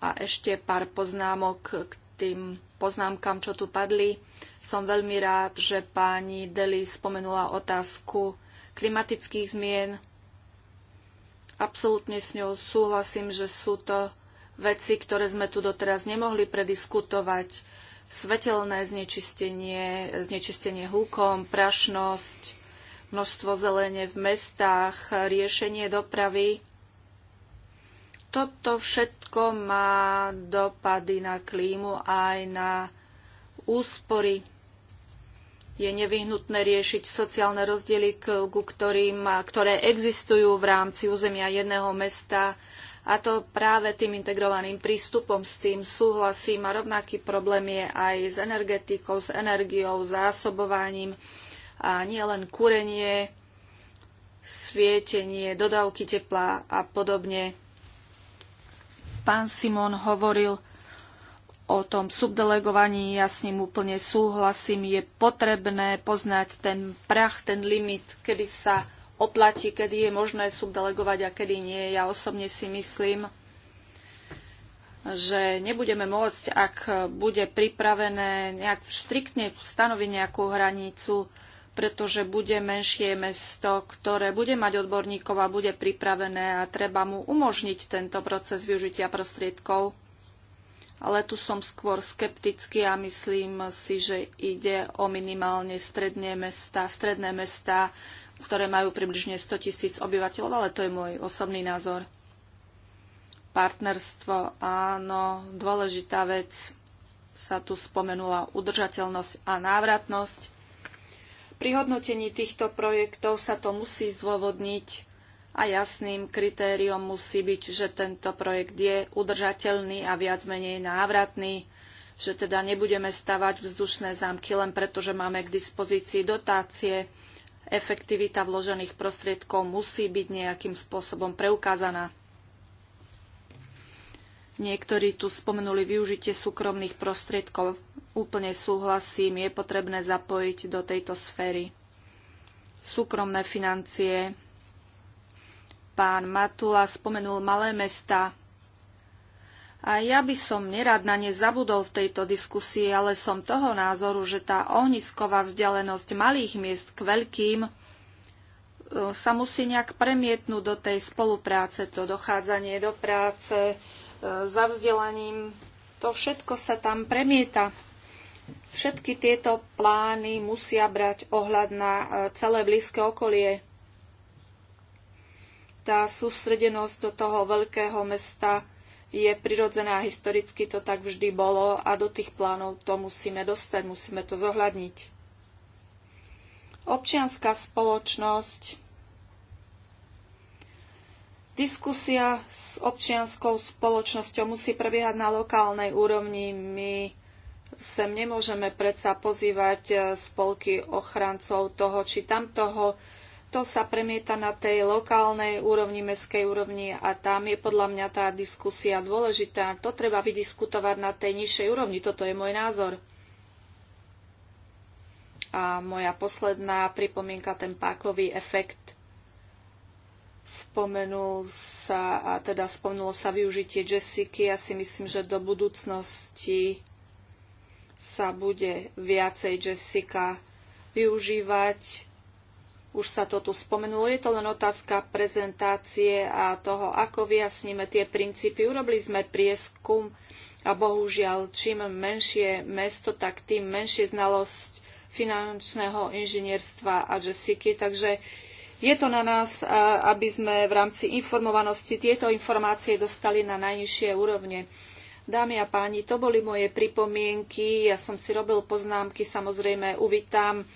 A ešte pár poznámok k tým poznámkam, čo tu padli. Som veľmi rád, že pani Deli spomenula otázku klimatických zmien. Absolútne s ňou súhlasím, že sú to veci, ktoré sme tu doteraz nemohli prediskutovať. Svetelné znečistenie, znečistenie húkom, prašnosť, množstvo zelene v mestách, riešenie dopravy. Toto všetko má dopady na klímu aj na úspory. Je nevyhnutné riešiť sociálne rozdiely, ku ktorým, ktoré existujú v rámci územia jedného mesta a to práve tým integrovaným prístupom s tým súhlasím a rovnaký problém je aj s energetikou, s energiou, zásobovaním a nie len kúrenie, svietenie, dodávky tepla a podobne. Pán Simon hovoril o tom subdelegovaní, ja s ním úplne súhlasím, je potrebné poznať ten prach, ten limit, kedy sa oplatí, kedy je možné subdelegovať a kedy nie. Ja osobne si myslím, že nebudeme môcť, ak bude pripravené nejak štriktne stanoviť nejakú hranicu, pretože bude menšie mesto, ktoré bude mať odborníkov a bude pripravené a treba mu umožniť tento proces využitia prostriedkov. Ale tu som skôr skeptický a myslím si, že ide o minimálne stredné mesta, stredné mesta, ktoré majú približne 100 tisíc obyvateľov, ale to je môj osobný názor. Partnerstvo, áno, dôležitá vec sa tu spomenula udržateľnosť a návratnosť pri hodnotení týchto projektov sa to musí zdôvodniť a jasným kritériom musí byť, že tento projekt je udržateľný a viac menej návratný, že teda nebudeme stavať vzdušné zámky len preto, že máme k dispozícii dotácie. Efektivita vložených prostriedkov musí byť nejakým spôsobom preukázaná. Niektorí tu spomenuli využitie súkromných prostriedkov Úplne súhlasím, je potrebné zapojiť do tejto sféry súkromné financie. Pán Matula spomenul malé mesta. A ja by som nerad na ne zabudol v tejto diskusii, ale som toho názoru, že tá ohnisková vzdialenosť malých miest k veľkým e, sa musí nejak premietnúť do tej spolupráce, to dochádzanie do práce, e, za vzdelaním, to všetko sa tam premieta. Všetky tieto plány musia brať ohľad na e, celé blízke okolie. Tá sústredenosť do toho veľkého mesta je prirodzená, historicky to tak vždy bolo a do tých plánov to musíme dostať, musíme to zohľadniť. Občianská spoločnosť, diskusia s občianskou spoločnosťou musí prebiehať na lokálnej úrovni. My sem nemôžeme predsa pozývať eh, spolky ochrancov toho či tamtoho. To sa premieta na tej lokálnej úrovni, meskej úrovni a tam je podľa mňa tá diskusia dôležitá. To treba vydiskutovať na tej nižšej úrovni. Toto je môj názor. A moja posledná pripomienka, ten pákový efekt. Spomenul sa, a teda spomenulo sa využitie Jessica. Ja si myslím, že do budúcnosti sa bude viacej Jessica využívať. Už sa to tu spomenulo. Je to len otázka prezentácie a toho, ako vyjasníme tie princípy. Urobili sme prieskum a bohužiaľ, čím menšie mesto, tak tým menšie znalosť finančného inžinierstva a Jessica. Takže je to na nás, aby sme v rámci informovanosti tieto informácie dostali na najnižšie úrovne. Dámy a páni, to boli moje pripomienky. Ja som si robil poznámky, samozrejme uvítam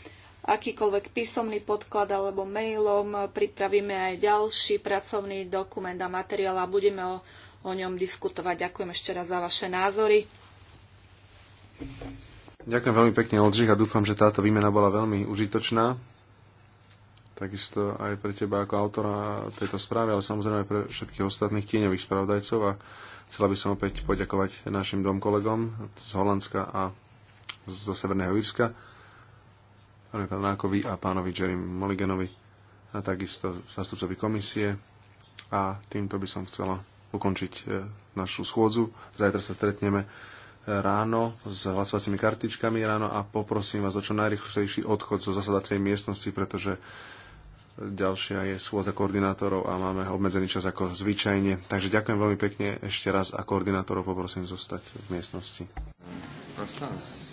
akýkoľvek písomný podklad alebo mailom. Pripravíme aj ďalší pracovný dokument a materiál a budeme o, o ňom diskutovať. Ďakujem ešte raz za vaše názory. Ďakujem veľmi pekne, Oldřich, a dúfam, že táto výmena bola veľmi užitočná. Takisto aj pre teba ako autora tejto správy, ale samozrejme aj pre všetkých ostatných tieňových spravodajcov a Chcela by som opäť poďakovať našim dvom kolegom z Holandska a zo Severného Írska, pánovi pánákovi a pánovi Jerry Mulliganovi a takisto zastupcovi komisie. A týmto by som chcela ukončiť e, našu schôdzu. Zajtra sa stretneme e, ráno s hlasovacími kartičkami ráno a poprosím vás o čo najrychlejší odchod zo zasadacej miestnosti, pretože Ďalšia je schôdza koordinátorov a máme obmedzený čas ako zvyčajne. Takže ďakujem veľmi pekne ešte raz a koordinátorov poprosím zostať v miestnosti. Prostans.